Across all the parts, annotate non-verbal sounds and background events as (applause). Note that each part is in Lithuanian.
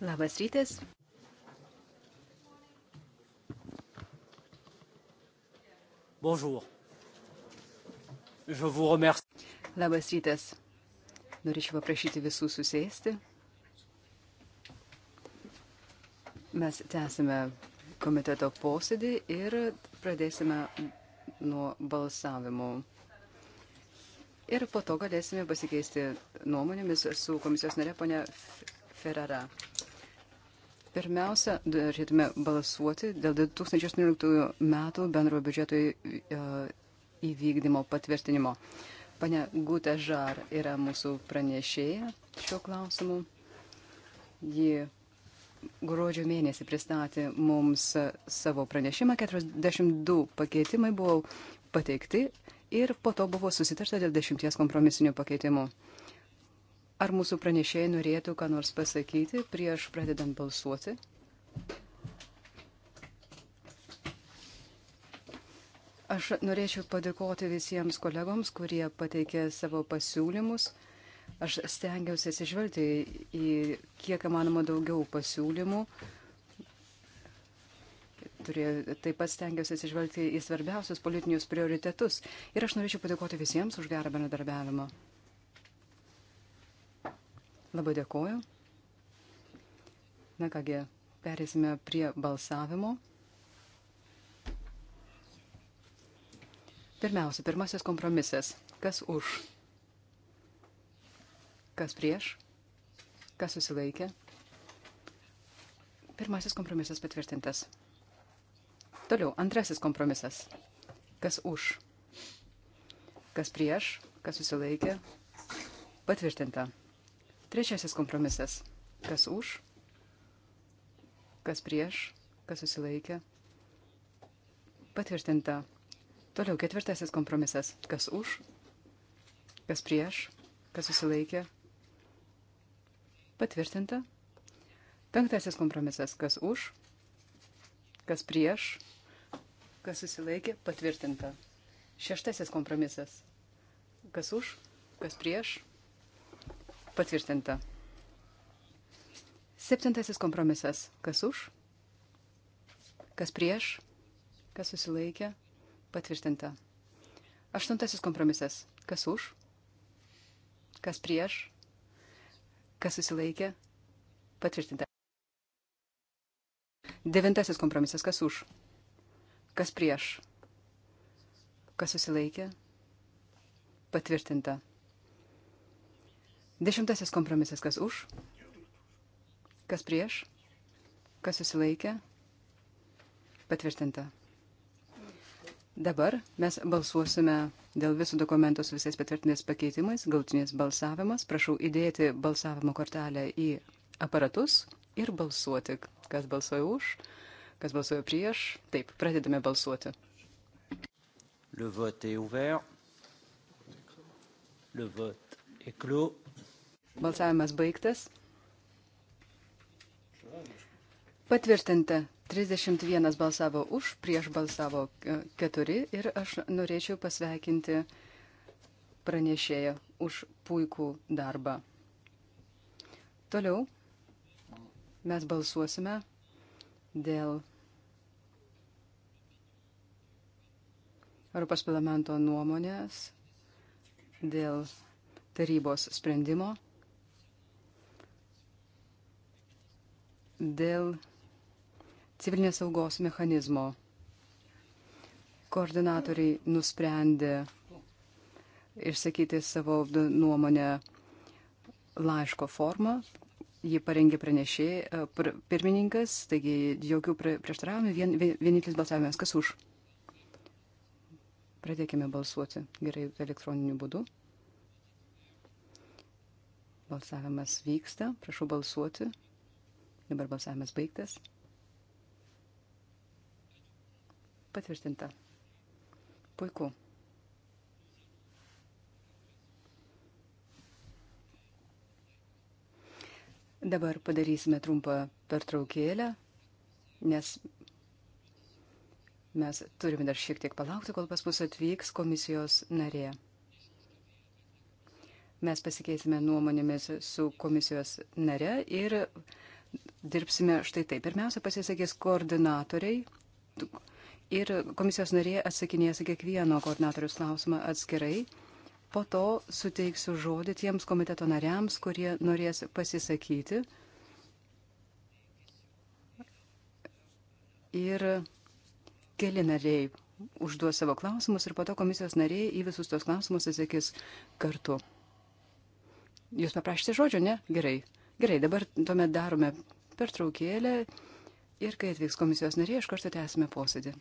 Labas rytas. Bonjour. Je vous remercie. Labas rytas. Norėčiau paprašyti visų susėsti. Mes tęsime komiteto posėdį ir pradėsime nuo balsavimų. Ir po to galėsime pasikeisti nuomonėmis su komisijos nare ponia Ferrara. Pirmiausia, turėtume balsuoti dėl 2018 metų bendrojo biudžeto e, įvykdymo patvirtinimo. Pane Gutė Žar yra mūsų pranešėja šiuo klausimu. Ji gruodžio mėnesį pristatė mums savo pranešimą. 42 pakeitimai buvo pateikti ir po to buvo susitarta dėl 10 kompromisinių pakeitimų. Ar mūsų pranešėjai norėtų ką nors pasakyti prieš pradedant balsuoti? Aš norėčiau padėkoti visiems kolegoms, kurie pateikė savo pasiūlymus. Aš stengiausi atsižvelgti į kiek įmanoma daugiau pasiūlymų. Turėjau, taip pat stengiausi atsižvelgti į svarbiausius politinius prioritetus. Ir aš norėčiau padėkoti visiems už gerą bendradarbiavimą. Labai dėkoju. Na kągi, perėsime prie balsavimo. Pirmiausia, pirmasis kompromisas. Kas už? Kas prieš? Kas susilaikė? Pirmasis kompromisas patvirtintas. Toliau, antrasis kompromisas. Kas už? Kas prieš? Kas susilaikė? Patvirtinta. Trečiasis kompromisas. Kas už, kas prieš, kas susilaikė. Patvirtinta. Toliau ketvirtasis kompromisas. Kas už, kas prieš, kas susilaikė. Patvirtinta. Penktasis kompromisas. Kas už, kas prieš, kas susilaikė. Patvirtinta. Šeštasis kompromisas. Kas už, kas prieš, Patvirtinta. Septintasis kompromisas. Kas už? Kas prieš? Kas susilaikė? Patvirtinta. Aštuntasis kompromisas. Kas už? Kas prieš? Kas susilaikė? Patvirtinta. Devintasis kompromisas. Kas už? Kas prieš? Kas susilaikė? Patvirtinta. Dešimtasis kompromisas, kas už, kas prieš, kas susilaikė, patvirtinta. Dabar mes balsuosime dėl visų dokumentų su visais patvirtinės pakeitimais, galtinis balsavimas. Prašau įdėti balsavimo kortelę į aparatus ir balsuoti, kas balsuoja už, kas balsuoja prieš. Taip, pradedame balsuoti. Le vote est ouvert. Le vote est clos. Balsavimas baigtas. Patvirtinta. 31 balsavo už, prieš balsavo 4 e, ir aš norėčiau pasveikinti pranešėją už puikų darbą. Toliau mes balsuosime dėl Europos parlamento nuomonės, dėl tarybos sprendimo. dėl civilinės saugos mechanizmo. Koordinatoriai nusprendė išsakyti savo nuomonę laiško formą. Jį parengė pranešė e, pr pirmininkas, taigi jokių prieštaravimų, vien, vien, vienintelis balsavimas, kas už. Pradėkime balsuoti gerai elektroniniu būdu. Balsavimas vyksta, prašau balsuoti. Dabar balsavimas baigtas. Patvirtinta. Puiku. Dabar padarysime trumpą pertraukėlę, nes mes turime dar šiek tiek palaukti, kol pas mus atvyks komisijos narė. Mes pasikeisime nuomonėmis su komisijos nare ir dirbsime štai taip. Pirmiausia, pasisakys koordinatoriai ir komisijos narė atsakinės kiekvieno koordinatorius klausimą atskirai. Po to suteiksiu žodį tiems komiteto nariams, kurie norės pasisakyti. Ir keli nariai užduos savo klausimus ir po to komisijos nariai į visus tos klausimus atsakys kartu. Jūs paprašėte žodžio, ne? Gerai. Gerai, dabar tuomet darome pertraukėlę ir kai atvyks komisijos narė, iš karto tęsime posėdį.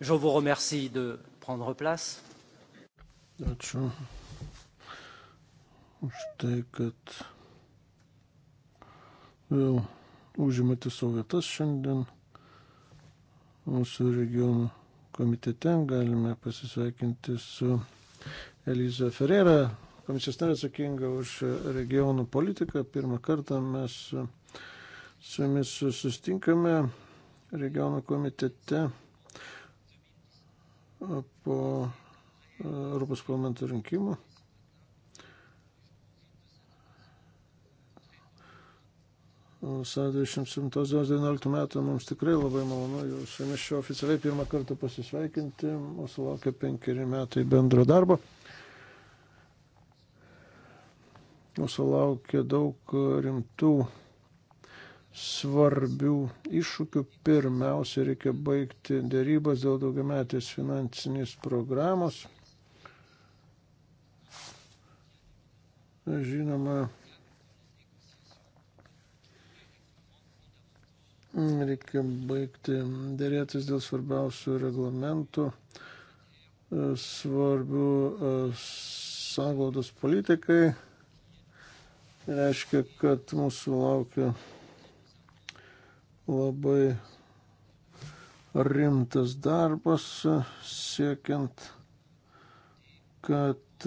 Je vous remercie de prendre place. Ačiū už tai, kad vėl užimate savo vietas šiandien mūsų regionų komitete. Galime pasisveikinti su Eliza Ferreira, komisijos narė atsakinga už regionų politiką. Pirmą kartą mes su jumis sustinkame regionų komitete po e, Europos parlamento rinkimų. Vasario 27-19 metų mums tikrai labai malonu jau su jumis šio oficialiai pirmą kartą pasisveikinti. Mūsų laukia penkeri metai bendro darbo. Mūsų laukia daug rimtų svarbių iššūkių. Pirmiausia, reikia baigti dėrybas dėl daugiametės finansinės programos. Žinoma, reikia baigti dėrėtis dėl svarbiausių reglamentų, svarbių e, sąglaudos politikai reiškia, kad mūsų laukia labai rimtas darbas siekiant, kad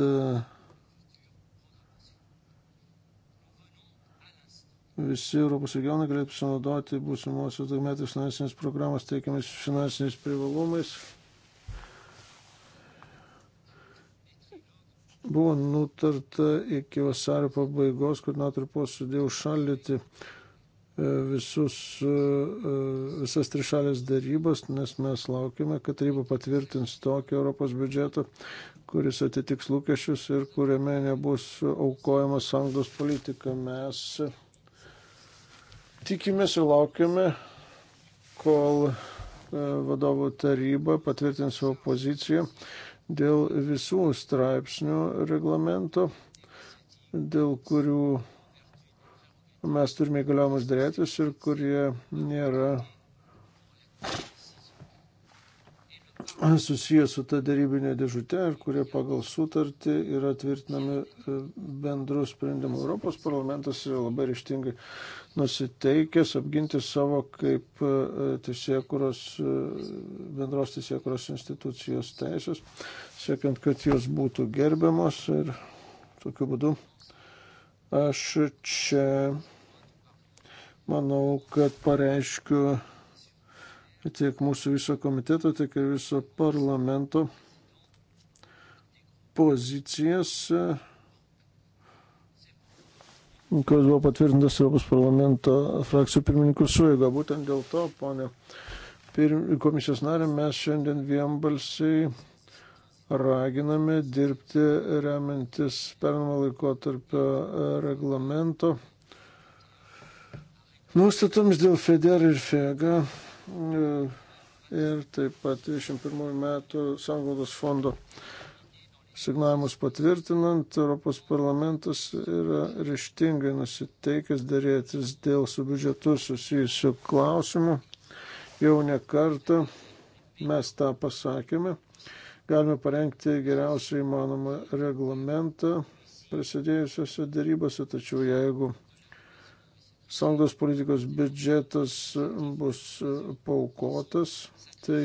visi Europos regionai galėtų sunaudoti būsimosios daugmetės finansinės programos teikiamais finansiniais privalumais. Buvo nutarta iki vasario pabaigos, kad NATO posėdė užšaldyti E, visus, e, e, visas trišalės darybas, nes mes laukime, kad taryba patvirtins tokį Europos biudžetą, kuris atitiks lūkesčius ir kuriame nebus aukojama sanglos politika. Mes tikimės ir laukiame, kol vadovų taryba patvirtins savo poziciją dėl visų straipsnių reglamento, dėl kurių mes turime įgaliojimus dėrėtis ir kurie nėra susijęs su ta darybinė dėžutė ir kurie pagal sutartį yra tvirtinami e, bendrų sprendimų. Europos parlamentas yra labai ryštingai nusiteikęs apginti savo kaip e, teisėkuros, e, bendros teisėkuros institucijos teisės, siekiant, kad jos būtų gerbiamos ir tokiu būdu Aš čia manau, kad pareiškiu tiek mūsų viso komiteto, tiek ir viso parlamento pozicijas, kurios buvo patvirtintas Europos parlamento frakcijų pirmininkų suėga. Būtent dėl to, ponė komisijos narė, mes šiandien vienbalsiai raginami dirbti remiantis pernamo laikotarpio e, reglamento. Nuostatoms dėl FEDER ir FEGA e, ir taip pat 21 metų Sanglaudos fondo signavimus patvirtinant, Europos parlamentas yra ryštingai nusiteikęs dėrėtis dėl su biudžetu susijusių klausimų. Jau ne kartą mes tą pasakėme galime parengti geriausią įmanomą reglamentą prasidėjusiuose darybose, tačiau jeigu sąjungos politikos biudžetas bus paukotas, tai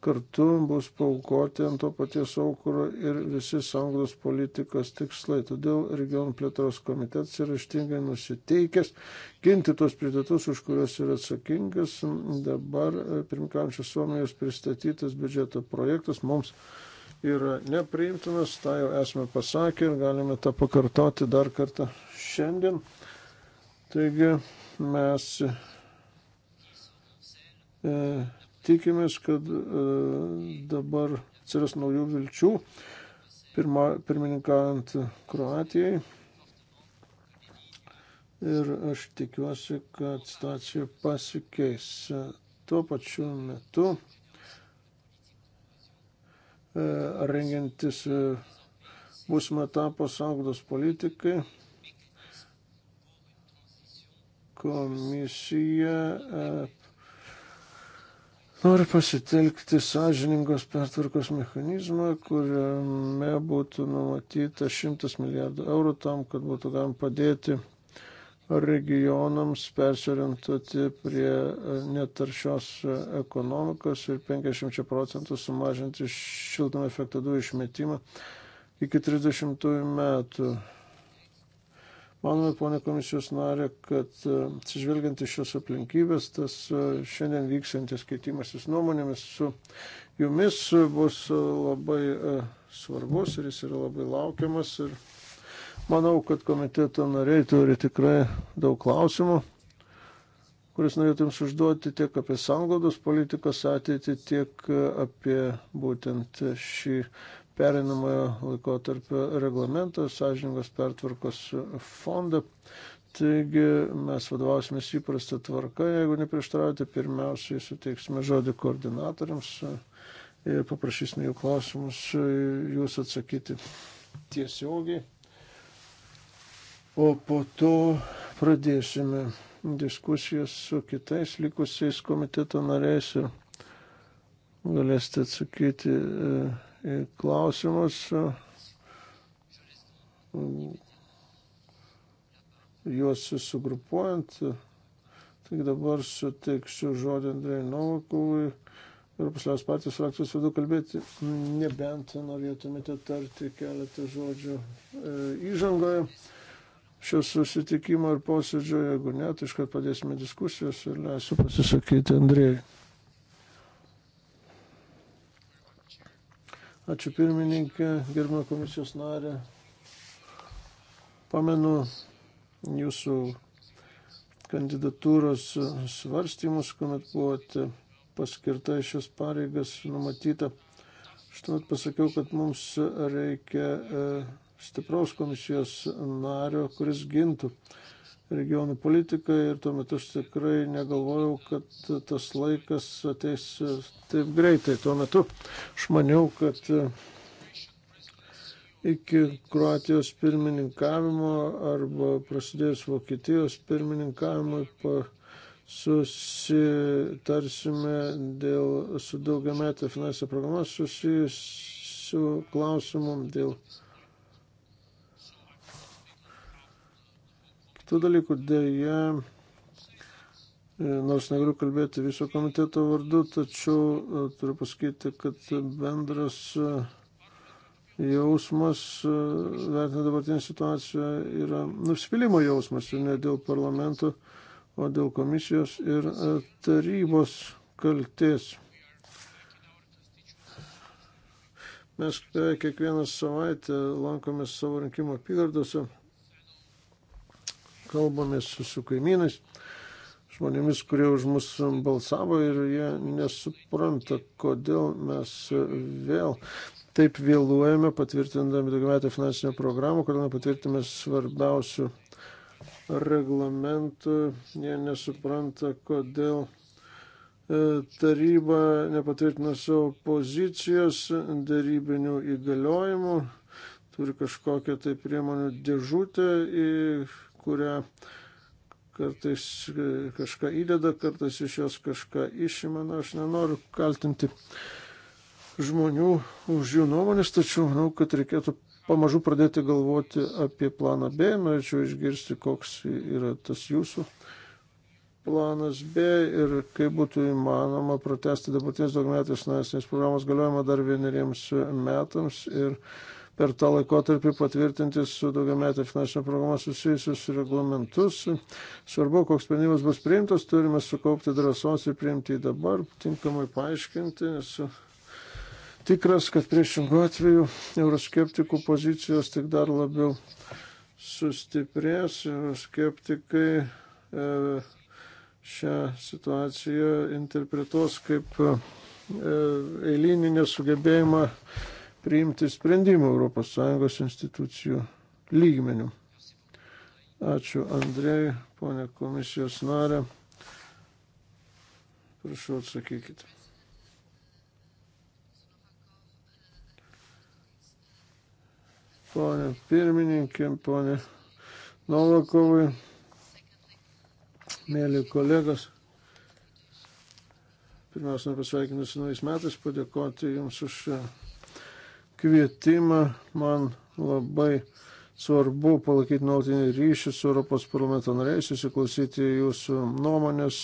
kartu bus paukoti ant to paties aukuro ir visi sąjungos politikos tikslai. Todėl regionų plėtros komitetas yra ištingai nusiteikęs ginti tos prioritetus, už kuriuos yra atsakingas. Dabar e, pirmkančios Suomijos pristatytas biudžeto projektas mums yra nepriimtinas, tą jau esame pasakę ir galime tą pakartoti dar kartą šiandien. Taigi mes e, tikimės, kad e, dabar atsiras naujų vilčių, pirma, pirmininkaujant Kroatijai. Ir aš tikiuosi, kad situacija pasikeis. Tuo pačiu metu e, rengiantis e, būsimą etapą sąjungos politikai, komisija nori pasitelkti sąžiningos pertvarkos mechanizmą, kuriame būtų numatyta 100 milijardų eurų tam, kad būtų galima padėti regionams persiorientuoti prie netaršios ekonomikos ir 50 procentų sumažinti šiltnamio efektą dujų išmetimą iki 30 metų. Manome, ponė komisijos narė, kad e, atsižvelgiant iš šios aplinkybės, tas e, šiandien vyksantis keitimasis nuomonėmis su jumis bus e, labai svarbus ir jis yra labai laukiamas. Ir manau, kad komiteto nariai turi tikrai daug klausimų, kuris norėtum užduoti tiek apie sanglaudos politikos ateitį, tiek apie būtent šį perinamojo laikotarpio reglamentą, sąžiningos pertvarkos fondą. Taigi mes vadovausimės įprasta tvarka, jeigu neprieštaraujate, pirmiausiai suteiksime žodį koordinatoriams ir paprašysime jų klausimus jūs atsakyti tiesiogiai. O po to pradėsime diskusijas su kitais likusiais komiteto nariais ir galėsite atsakyti. E, klausimus. E, juos sugrupuojant, tik dabar suteiksiu žodį Andrei Novakovui. Europos Liaus partijos frakcijos vadu kalbėti, nebent norėtumėte tarti keletą žodžių e, įžangoje šio susitikimo ir posėdžio, jeigu net tai iškart padėsime diskusijos ir leisiu pasisakyti Andrėjui. Ačiū pirmininkė, gerbimo komisijos narė. Pamenu jūsų kandidatūros svarstymus, kuomet buvote paskirta iš šios pareigas numatyta. Aš tuomet pasakiau, kad mums reikia e, stipraus komisijos nario, kuris gintų regionų politiką ir tuo metu aš tikrai negalvojau, kad tas laikas ateis e, taip greitai. Tuo metu aš maniau, kad e, iki Kroatijos pirmininkavimo arba prasidėjus Vokietijos pirmininkavimui susitarsime dėl su daugiametė finansinė programa susijusių klausimų, dėl kitų dalykų. Deja, nors negaliu kalbėti viso komiteto vardu, tačiau e, turiu pasakyti, kad bendras e, jausmas, e, vertinant dabartinę situaciją, yra nusipilimo jausmas ir ne dėl parlamento, o dėl komisijos ir tarybos kalties. Mes kiekvieną savaitę lankomės savo rinkimo apygardose kalbamės su, su kaimynais, žmonėmis, kurie už mus balsavo ir jie nesupranta, kodėl mes vėl taip vėluojame patvirtindami daugiametę finansinę programą, kodėl nepatvirtiname svarbiausių reglamentų, jie nesupranta, kodėl e, taryba nepatvirtina savo pozicijos darybinių įgaliojimų, turi kažkokią tai priemonių dėžutę, į kurią kartais kažką įdeda, kartais iš jos kažką išima. Na, aš nenoriu kaltinti žmonių už jų nuomonės, tačiau manau, kad reikėtų pamažu pradėti galvoti apie planą B. Norėčiau išgirsti, koks yra tas jūsų planas B ir kaip būtų įmanoma pratesti dabartinės daugmetės nacinės programos galiojimą dar vieneriems metams ir per tą laikotarpį patvirtinti su daugiametė finansinė programa susijusius reglamentus. Svarbu, koks sprendimas bus priimtas, turime sukaupti drąsos ir priimti jį dabar, tinkamai paaiškinti, nes tikras, kad priešingų atveju euroskeptikų pozicijos tik dar labiau sustiprės, euroskeptikai. E, šią situaciją interpretuos kaip e, eilinį nesugebėjimą priimti sprendimų ES institucijų lygmenių. Ačiū Andrėjai, ponė komisijos narė. Prašau atsakykite. Pone pirmininkė, pone Novakovai, mėly kolegos. Pirmiausia, pasveikinu su naujais metais, padėkoti Jums už kvietimą. Man labai svarbu palaikyti nuolatinį ryšį su Europos parlamento nariais, įsiklausyti jūsų nuomonės.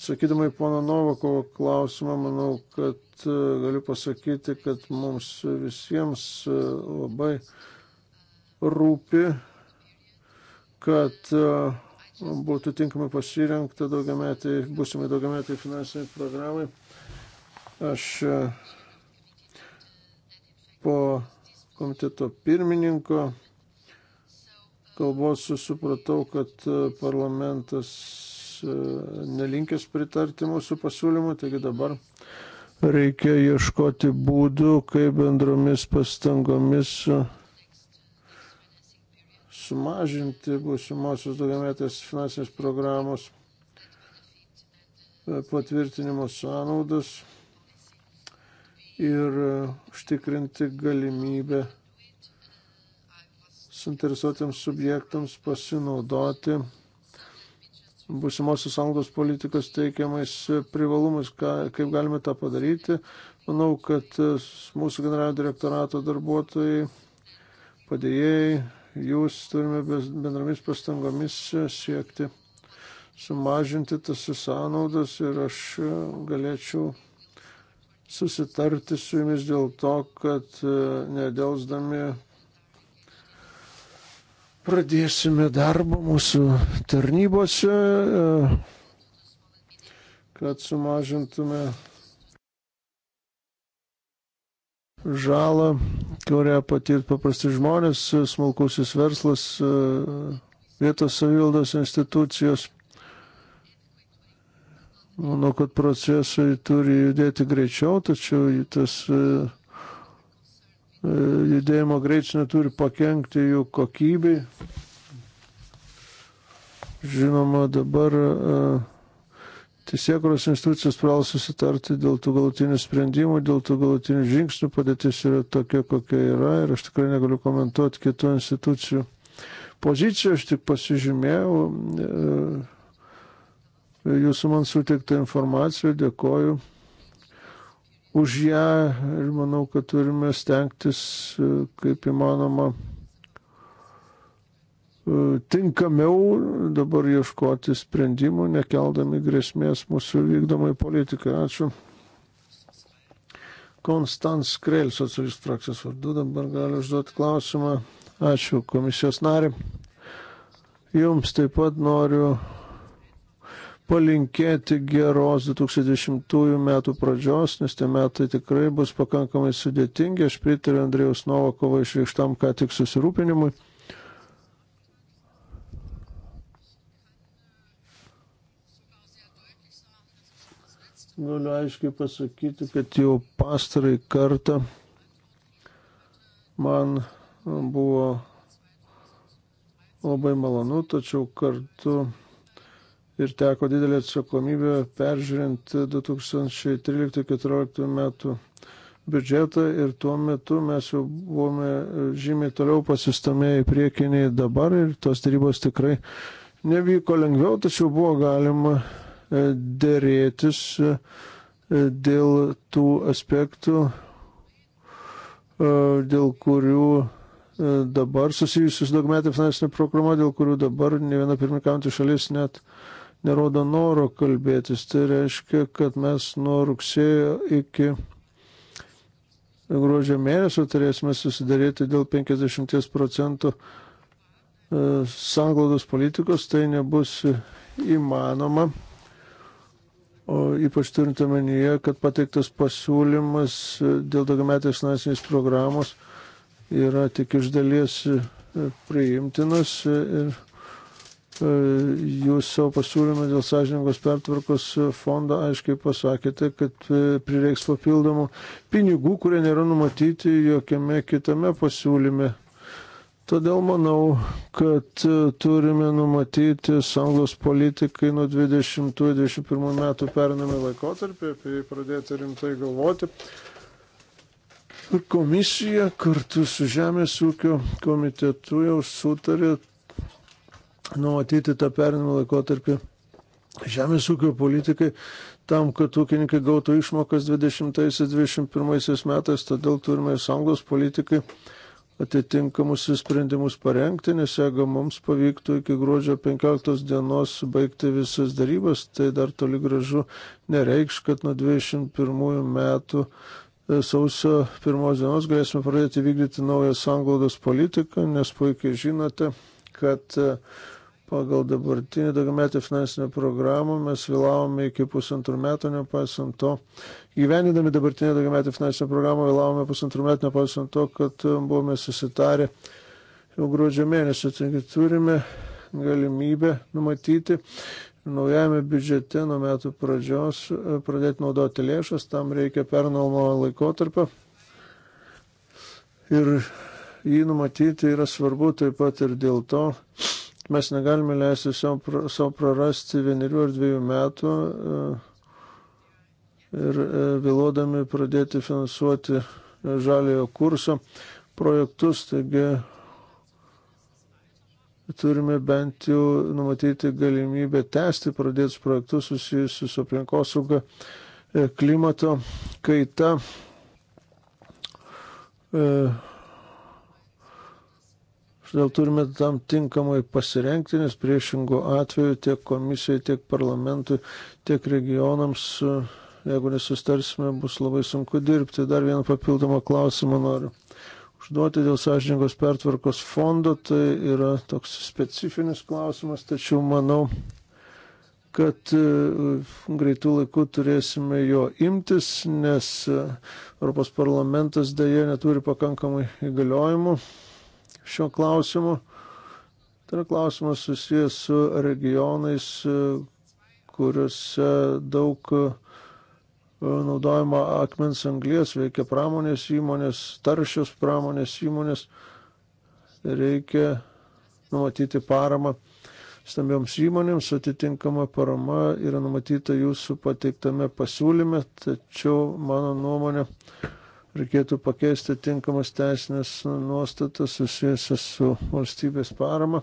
Sakydama į pono Novakovo klausimą, manau, kad e, galiu pasakyti, kad mums visiems e, labai rūpi, kad e, būtų tinkamai pasirinkta daugiametai, būsimai daugiametai finansiniai programai. Aš po komiteto pirmininko kalbos supratau, kad e, parlamentas e, nelinkęs pritarti mūsų pasiūlymų, taigi dabar reikia ieškoti būdų, kaip bendromis pastangomis sumažinti būsimosios daugiametės finansinės programos e, patvirtinimo sąnaudas ir e, užtikrinti galimybę suinteresuotiems subjektams pasinaudoti būsimosios sąjungos politikos teikiamais privalumais, ką, kaip galime tą padaryti. Manau, kad e, mūsų generalinio direktorato darbuotojai, padėjėjai, jūs turime bendromis pastangomis siekti sumažinti tas sąnaudas ir aš e, galėčiau susitarti su jumis dėl to, kad e, nedelsdami pradėsime darbą mūsų tarnybose, e, kad sumažintume žalą, kurią patirt paprasti žmonės, smulkusis verslas, e, vietos savivaldos institucijos. Manau, kad procesai turi judėti greičiau, tačiau tas e, e, judėjimo greitis neturi pakengti jų kokybei. Žinoma, dabar e, teisėkuros institucijos privalo susitarti dėl tų galutinių sprendimų, dėl tų galutinių žingsnių, padėtis yra tokia, kokia yra ir aš tikrai negaliu komentuoti kitų institucijų. Poziciją aš tik pasižymėjau. E, jūsų man sutiktą informaciją, dėkoju už ją ir manau, kad turime stengtis e, kaip įmanoma e, tinkamiau dabar ieškoti sprendimų, nekeldami grėsmės mūsų vykdomai politikai. Ačiū. Konstans Krell, socialistų frakcijos vardu, dabar gali užduoti klausimą. Ačiū komisijos nari. Jums taip pat noriu palinkėti geros 2010 metų pradžios, nes tie metai tikrai bus pakankamai sudėtingi. Aš pritariu Andrėjus Novakovo išreikštam ką tik susirūpinimui. Galiu aiškiai pasakyti, kad jau pastarai kartą man buvo labai malonu, tačiau kartu ir teko didelį atsakomybę peržiūrint 2013-2014 metų biudžetą ir tuo metu mes jau buvome žymiai toliau pasistumėję į priekinį dabar ir tos darybos tikrai nevyko lengviau, tačiau buvo galima e, dėrėtis e, dėl tų aspektų, e, dėl kurių dabar susijusius daugmetį finansinę programą, dėl kurių dabar ne viena pirmininkaujanti šalis net uh, nerodo noro kalbėtis. Tai reiškia, kad mes nuo rugsėjo iki gruodžio mėnesio turėsime susidaryti dėl 50 procentų e, sanglaudos politikos, tai nebus įmanoma. O ypač turint omenyje, kad pateiktas pasiūlymas dėl daugiametės finansinės programos yra tik iš dalies priimtinas ir E, jūs savo pasiūlymą dėl sąžiningos pertvarkos fondo aiškiai pasakėte, kad e, prireiks papildomų pinigų, kurie nėra numatyti jokiame kitame pasiūlyme. Todėl manau, kad e, turime numatyti sąjungos politikai nuo 20-21 metų perinami laikotarpį, apie jį pradėti rimtai galvoti. Ir komisija kartu su Žemės ūkio komitetu jau sutarė numatyti tą perinamą laikotarpį žemės ūkio politikai tam, kad ūkininkai gautų išmokas 20-21 metais, todėl turime sąjungos politikai atitinkamus sprendimus parengti, nes jeigu mums pavyktų iki gruodžio 15 dienos baigti visas darybas, tai dar toli gražu nereikš, kad nuo 21 metų e, sausio pirmos dienos galėsime pradėti vykdyti naują sanglaudos politiką, nes puikiai žinote, kad uh, Pagal dabartinį daugiametį finansinę programą mes vėlavome iki pusantrų metų, nepaisant to. Gyvenydami dabartinę daugiametį finansinę programą vėlavome pusantrų metų, nepaisant to, kad e, buvome susitarę jau gruodžio mėnesį. Taigi turime galimybę numatyti naujame biudžete nuo metų pradžios e, pradėti naudoti lėšas, tam reikia pernalmo laikotarpio. Ir jį numatyti yra svarbu taip pat ir dėl to, Mes negalime leisti savo prarasti vienerių ar dviejų metų e, ir e, vėluodami pradėti finansuoti e, žaliojo kurso projektus, taigi turime bent jau numatyti galimybę tęsti pradėtus projektus susijusius su aplinkosauga, klimato kaita. E, Todėl turime tam tinkamai pasirengti, nes priešingų atveju tiek komisijai, tiek parlamentui, tiek regionams, jeigu nesustarsime, bus labai sunku dirbti. Dar vieną papildomą klausimą noriu užduoti dėl sąžiningos pertvarkos fondo. Tai yra toks specifinis klausimas, tačiau manau, kad e, greitų laikų turėsime jo imtis, nes e, Europos parlamentas dėje neturi pakankamai įgaliojimų šio klausimu. Tai yra klausimas susijęs su regionais, kuriuose daug e, naudojama akmens anglės, veikia pramonės įmonės, taršios pramonės įmonės. Reikia numatyti paramą stambioms įmonėms, atitinkama parama yra numatyta jūsų pateiktame pasiūlyme, tačiau mano nuomonė reikėtų pakeisti tinkamas teisinės nuostatas susijusias su valstybės parama.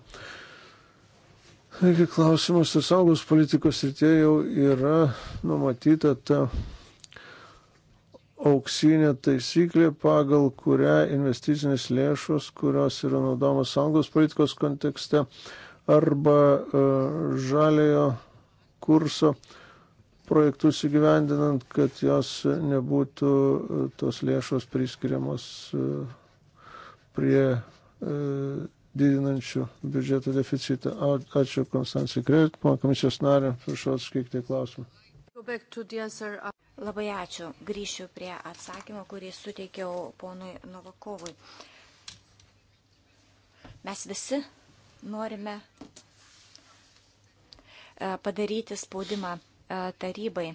Taigi klausimas, ar saugos politikos rytė jau yra numatyta ta auksinė taisyklė, pagal kurią investicinės lėšos, kurios yra naudojamos saugos politikos kontekste arba uh, žaliojo kurso uh, projektus įgyvendinant, kad jos nebūtų e, tos lėšos priskiriamos e, prie e, didinančių biudžeto deficitą. Ačiū Konstancijai Kreit, komisijos narė, prašau atskaikti klausimą. Labai ačiū. Grįšiu prie atsakymo, kurį suteikiau ponui Novakovui. Mes visi norime padaryti spaudimą E, tarybai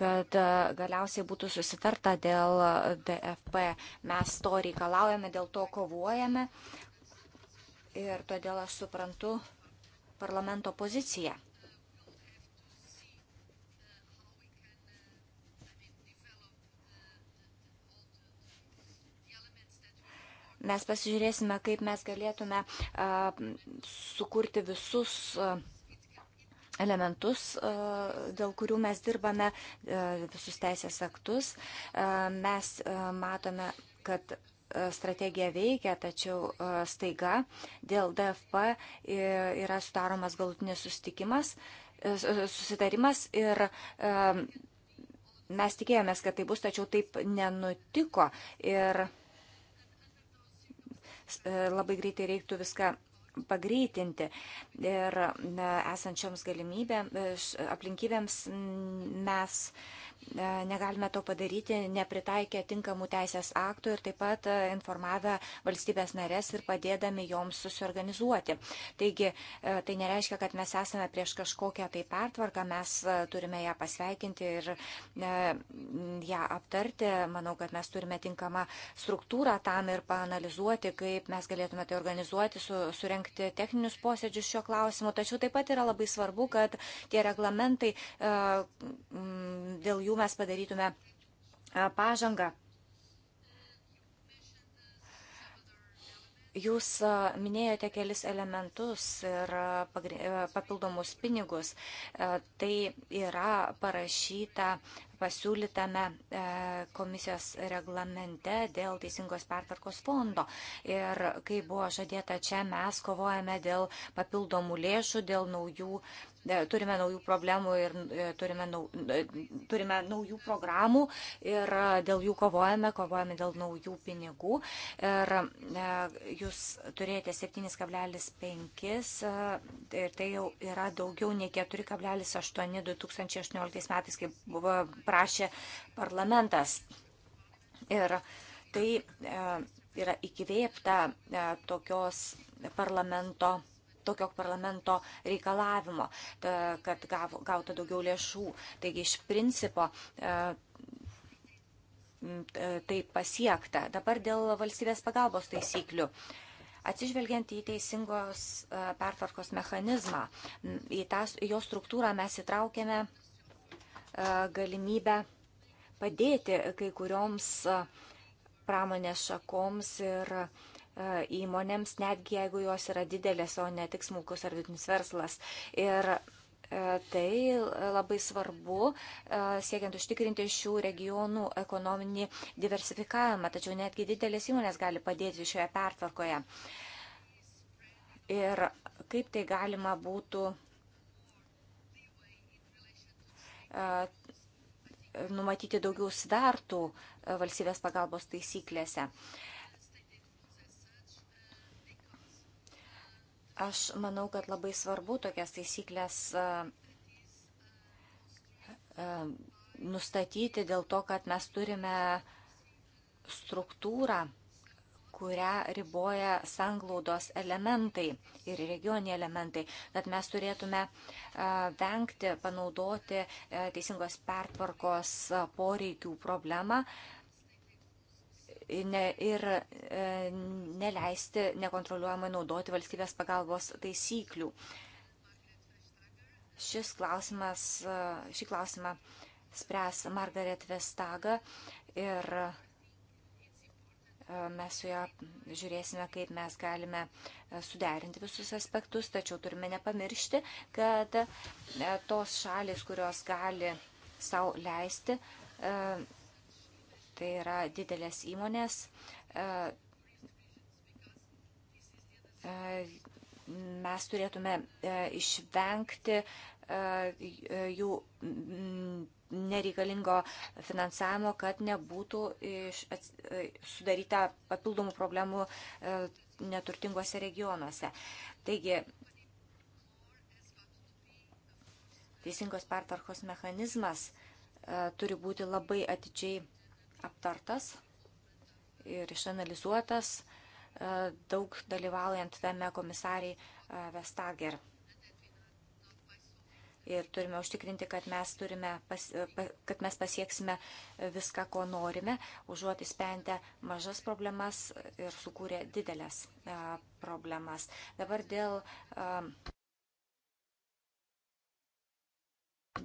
kad e, galiausiai būtų susitarta dėl DFP. Mes to reikalaujame, dėl to kovojame ir todėl aš suprantu parlamento poziciją. mes pasižiūrėsime, kaip mes galėtume e, sukurti visus elementus, e, dėl kurių mes dirbame, e, visus teisės aktus. E, mes matome, kad strategija veikia, tačiau staiga dėl DFP yra sudaromas galutinis susitikimas, susitarimas ir mes tikėjomės, kad tai bus, tačiau taip nenutiko ir labai greitai reiktų viską pagreitinti. Ir esančioms galimybėms, aplinkybėms mes E, negalime to padaryti, nepritaikę tinkamų teisės aktų ir taip pat e, informavę valstybės narės ir padėdami joms susiorganizuoti. Taigi, e, tai nereiškia, kad mes esame prieš kažkokią tai pertvarką, mes turime ją pasveikinti ir ją aptarti. Manau, kad mes turime tinkamą struktūrą tam ir panalizuoti, kaip mes galėtume tai organizuoti, su, surenkti techninius posėdžius šio klausimu. Tačiau taip pat yra labai svarbu, kad tie reglamentai dėl jų jų mes padarytume e, pažangą. Jūs e, minėjote kelis elementus ir e, papildomus pinigus. Tai yra parašyta pasiūlytame komisijos reglamente dėl teisingos pertvarkos fondo. Ir kai buvo žadėta čia, mes kovojame dėl papildomų lėšų, dėl naujų E, turime naujų problemų ir e, turime, nau, e, turime naujų programų ir dėl jų kovojame, kovojame dėl naujų pinigų. Ir jūs turėjote 7,5 ir tai jau yra daugiau nei 4,8 2018 metais, kaip buvo prašė parlamentas. Ir tai yra įkvėpta tokios parlamento tokio parlamento reikalavimo, kad gauta daugiau lėšų. Taigi iš principo tai pasiekta. Dabar dėl valstybės pagalbos taisyklių. Atsižvelgiant į teisingos e, pertvarkos mechanizmą, į tą, jo struktūrą mes įtraukėme e, galimybę padėti kai kurioms pramonės šakoms ir uh, E, įmonėms, netgi jeigu jos yra didelės, o ne tik smulkus ar vidutinis verslas. Ir e, Tai labai svarbu e, siekiant užtikrinti šių regionų ekonominį diversifikavimą, tačiau netgi didelės įmonės gali padėti šioje pertvarkoje. Ir kaip tai galima būtų numatyti daugiau svertų valstybės pagalbos taisyklėse. Uh, Aš manau, kad labai svarbu tokias taisyklės e, e, nustatyti dėl to, kad mes turime struktūrą, kurią riboja sanglaudos elementai ir regioniai elementai, kad mes turėtume e, vengti panaudoti teisingos pertvarkos poreikių problemą ir e, neleisti nekontroliuojamai naudoti valstybės pagalbos taisyklių. Šis klausimas, e, šį klausimą spręs Margaret Vestaga ir e, mes su ją žiūrėsime, kaip mes galime suderinti visus aspektus, tačiau turime nepamiršti, kad tos šalis, kurios gali savo leisti, tai yra didelės įmonės. E, e, mes turėtume e, išvengti jų nereikalingo finansavimo, kad nebūtų iš, ats, sudaryta papildomų problemų neturtingose regionuose. Taigi, teisingos pertarkos mechanizmas turi būti labai atidžiai aptartas ir išanalizuotas e, daug dalyvaujant tame komisariai e, Vestager. Ir turime užtikrinti, kad mes, turime pas, e, kad mes pasieksime viską, ko norime, užuot įspendę mažas problemas ir sukūrė didelės problemas. Dabar dėl,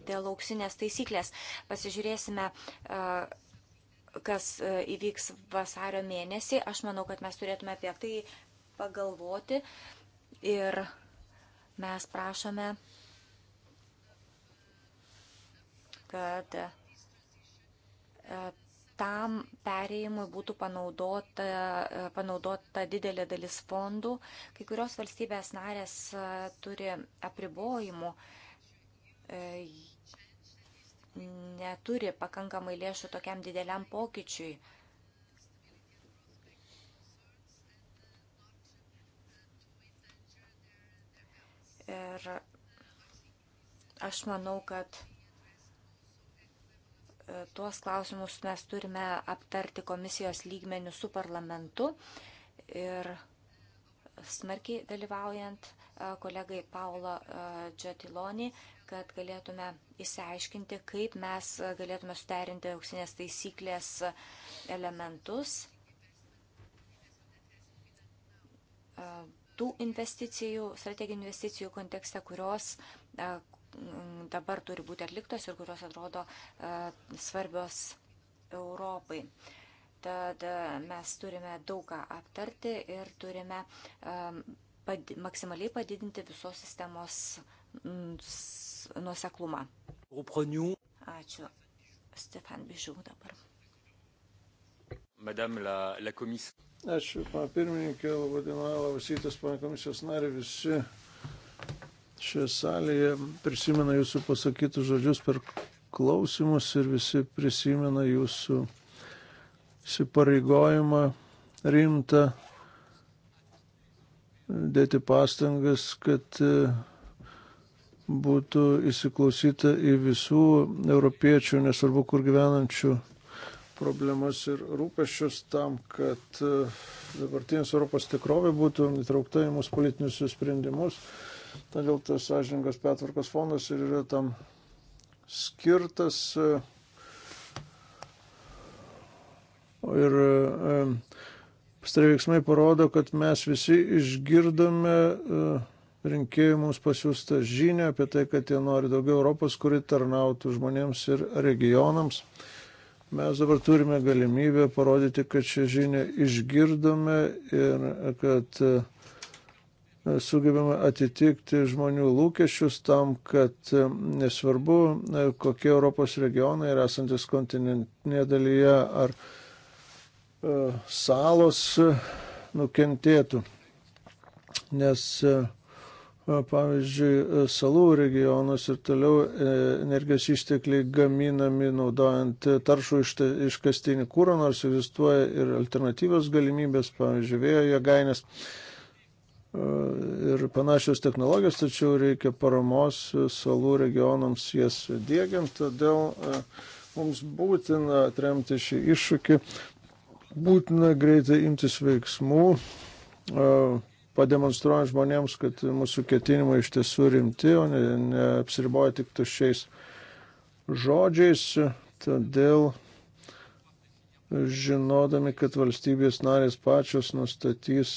dėl auksinės taisyklės pasižiūrėsime kas e, įvyks vasario mėnesį. Aš manau, kad mes turėtume apie tai pagalvoti ir mes prašome, kad e, tam perėjimui būtų panaudota, e, panaudota didelė dalis fondų. Kai kurios valstybės narės turi apribojimų neturi pakankamai lėšų tokiam dideliam pokyčiui. Ir aš manau, kad e, tuos klausimus mes turime aptarti komisijos lygmenių su parlamentu ir smarkiai dalyvaujant kolegai Paulo Džatilonį, kad galėtume įsiaiškinti, kaip mes galėtume suderinti auksinės taisyklės elementus tų investicijų, strateginių investicijų kontekste, kurios dabar turi būti atliktos ir kurios atrodo svarbios Europai. Tad mes turime daug ką aptarti ir turime pad, maksimaliai padidinti visos sistemos mm, nuoseklumą. Ačiū. Stefan Bižiau dabar. Madame la, la komisija. Ačiū, pana pirmininkė, labadiena, labas rytas, pana komisijos nariai, visi šioje salėje prisimena jūsų pasakytus žodžius per klausimus ir visi prisimena jūsų įsipareigojimą rimtą dėti pastangas, kad e, būtų įsiklausyta į visų europiečių, nesvarbu kur gyvenančių problemas ir rūpešius tam, kad e, dabartinės Europos tikrovė būtų įtraukta į mūsų politinius sprendimus. Todėl tas sąžininkas petvarkos fondas ir yra tam skirtas. E, ir Pastari veiksmai parodo, kad mes visi išgirdome e, rinkėjų mums pasiūstą žinę apie tai, kad jie nori daugiau Europos, kuri tarnautų žmonėms ir regionams. Mes dabar turime galimybę parodyti, kad šią žinę išgirdome ir kad e, sugebame atitikti žmonių lūkesčius tam, kad e, nesvarbu, kokie Europos regionai ir esantis kontinentinėje dalyje ar E, salos e, nukentėtų. Nes, e, pavyzdžiui, salų regionus ir toliau energijos ištekliai gaminami naudojant taršų iškastinį kūrą, nors egzistuoja ir alternatyvios galimybės, pavyzdžiui, vėjo jėgainės ir panašios technologijos, tačiau reikia paramos salų regionams jas dėgiant, todėl mums būtina atremti šį iššūkį, būtina greitai imtis veiksmų, pademonstruojant žmonėms, kad mūsų ketinimai iš tiesų rimti, o neapsiriboja ne tik tuščiais žodžiais. Todėl, žinodami, kad valstybės narės pačios nustatys,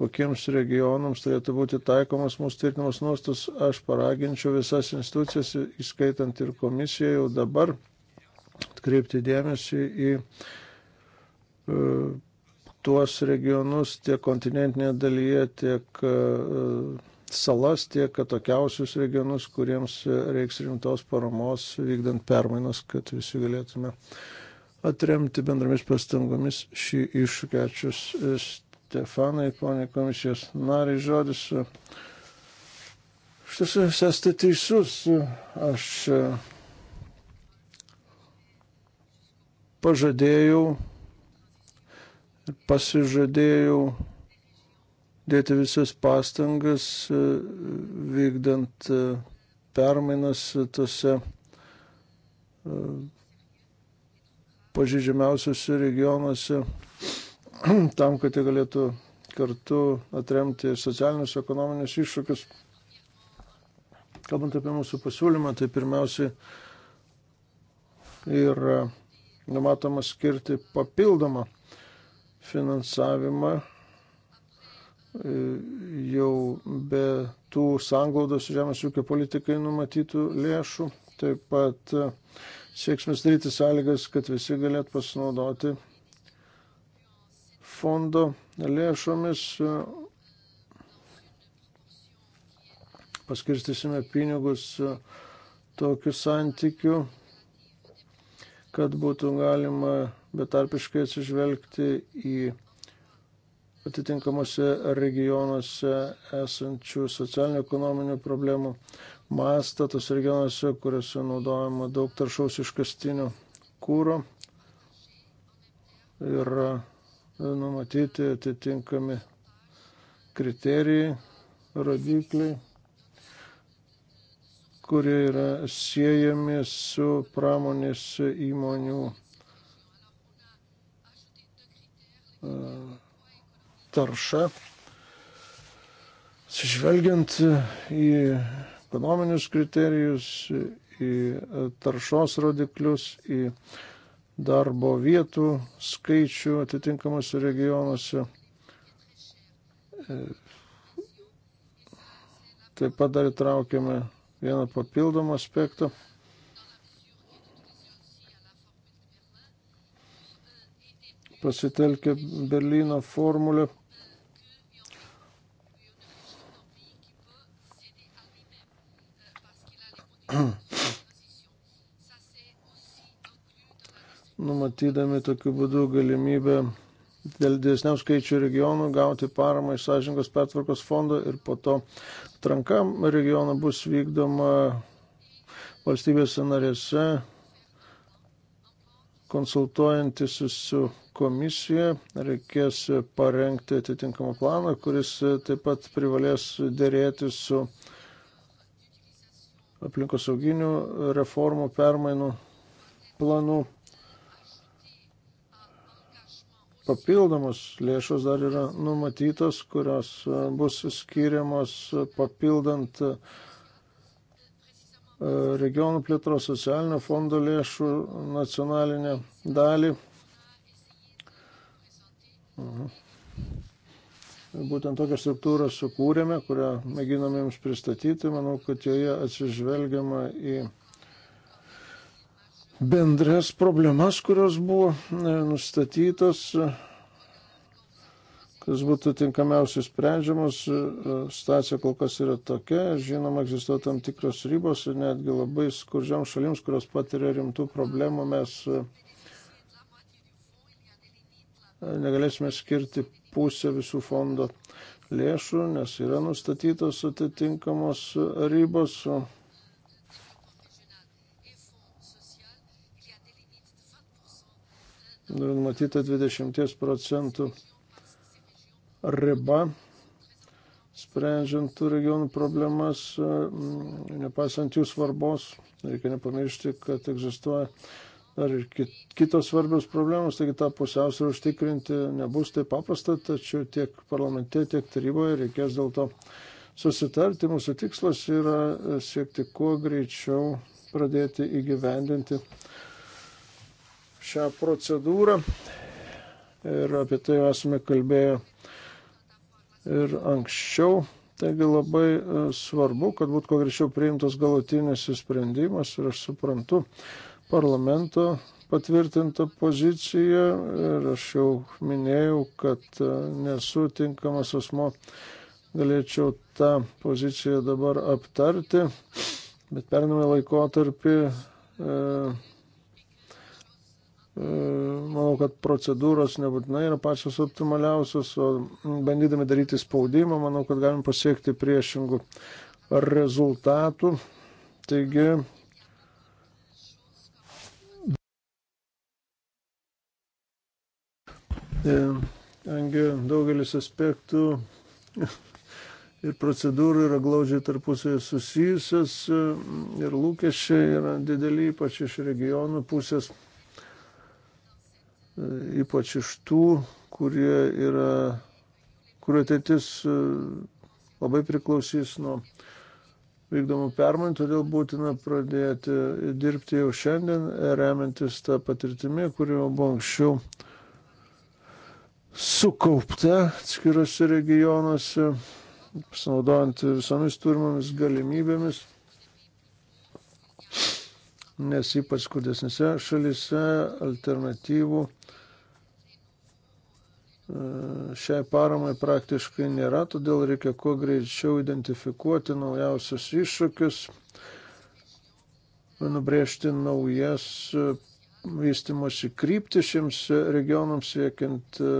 kokiems regionams turėtų būti taikomas mūsų tvirtinamas nuostas, aš paraginčiau visas institucijas, įskaitant ir komisiją jau dabar, atkreipti dėmesį į E, tuos regionus tiek kontinentinėje dalyje, tiek e, salas, tiek atokiausius regionus, kuriems reiks rimtos paramos vykdant permainas, kad visi galėtume atremti bendromis pastangomis šį iššūkį. Ačiū Stefanai, ponė komisijos nariai, žodis. Štai jūs esate teisus. Aš e, pažadėjau ir pasižadėjau dėti visas pastangas e, vykdant e, permainas tose e, pažydžiamiausiose regionuose (clears throat) tam, kad jie galėtų kartu atremti socialinius, ekonominius iššūkius. Kalbant apie mūsų pasiūlymą, tai pirmiausiai yra numatoma skirti papildomą finansavimą e, jau be tų sanglaudos žemės ūkio politikai numatytų lėšų. Taip pat e, sieksime daryti sąlygas, kad visi galėtų pasinaudoti fondo lėšomis. Paskirstysime pinigus tokiu santykiu, kad būtų galima betarpiškai atsižvelgti į atitinkamuose regionuose esančių socialinių ekonominių problemų mastą, tos regionuose, kuriuose naudojama daug taršaus iškastinio kūro ir e, numatyti atitinkami kriterijai, rodikliai kurie yra siejami su pramonės įmonių e, tarša. Sižvelgiant į ekonominius kriterijus, į taršos rodiklius, į darbo vietų skaičių atitinkamuose regionuose. E, taip pat dar įtraukiame vieną papildomą aspektą. Pasitelkę Berlyno formulę. Numatydami tokiu būdu galimybę dėl didesniam skaičių regionų gauti paramą iš sąžingos pertvarkos fondo ir po to atranka regioną bus vykdoma valstybėse narėse, konsultuojantis su komisija, reikės parengti atitinkamą planą, kuris taip pat privalės dėrėti su aplinkosauginių reformų permainų planu papildomos lėšos dar yra numatytos, kurios e, bus skiriamos papildant e, regionų plėtros socialinio fondo lėšų nacionalinę dalį. Mhm. Būtent tokią struktūrą sukūrėme, kurią mėginame jums pristatyti. Manau, kad joje atsižvelgiama į bendras problemas, kurios buvo e, nustatytos, e, kas būtų tinkamiausiai sprendžiamos. E, Stacija kol kas yra tokia, žinoma, egzistuoja tam tikros ribos ir netgi labai skurdžiam šalims, kurios patiria rimtų problemų, mes negalėsime skirti pusę visų fondo lėšų, nes yra nustatytos atitinkamos ribos. O numatyta 20 procentų riba, sprendžiant tų regionų problemas, mm, nepasant jų svarbos. Reikia nepamiršti, kad egzistuoja dar ir kitos svarbios problemos, taigi tą pusiausvyrą užtikrinti nebus taip paprasta, tačiau tiek parlamente, tiek taryboje reikės dėl to susitarti. Mūsų tikslas yra siekti kuo greičiau pradėti įgyvendinti šią procedūrą ir apie tai esame kalbėję ir anksčiau. Taigi labai e, svarbu, kad būtų kuo greičiau priimtas galutinis sprendimas ir aš suprantu parlamento patvirtintą poziciją ir aš jau minėjau, kad e, nesu tinkamas asmo, galėčiau tą poziciją dabar aptarti, bet pername laikotarpį e, Mm, manau, kad procedūros nebūtinai yra pačios optimaliausios, o bandydami daryti spaudimą, manau, kad galim pasiekti priešingų rezultatų. Taigi, e, Angi daugelis aspektų ir procedūrų yra glaudžiai tarpusėje susijusios e, ir lūkesčiai yra dideli, ypač iš regionų pusės ypač iš tų, kurie yra, kurio ateitis e, labai priklausys nuo vykdomų permainų, todėl būtina pradėti dirbti jau šiandien, remiantis tą patirtimį, kuri jau buvo anksčiau sukaupta atskiriuose regionuose, pasinaudojant visomis turimomis galimybėmis nes ypač skurdesnėse šalise alternatyvų e, šiai paramai praktiškai nėra, todėl reikia kuo greičiau identifikuoti naujausius iššūkius, nubrėžti naujas e, vystimosi krypti šiems regionams, siekiant, e,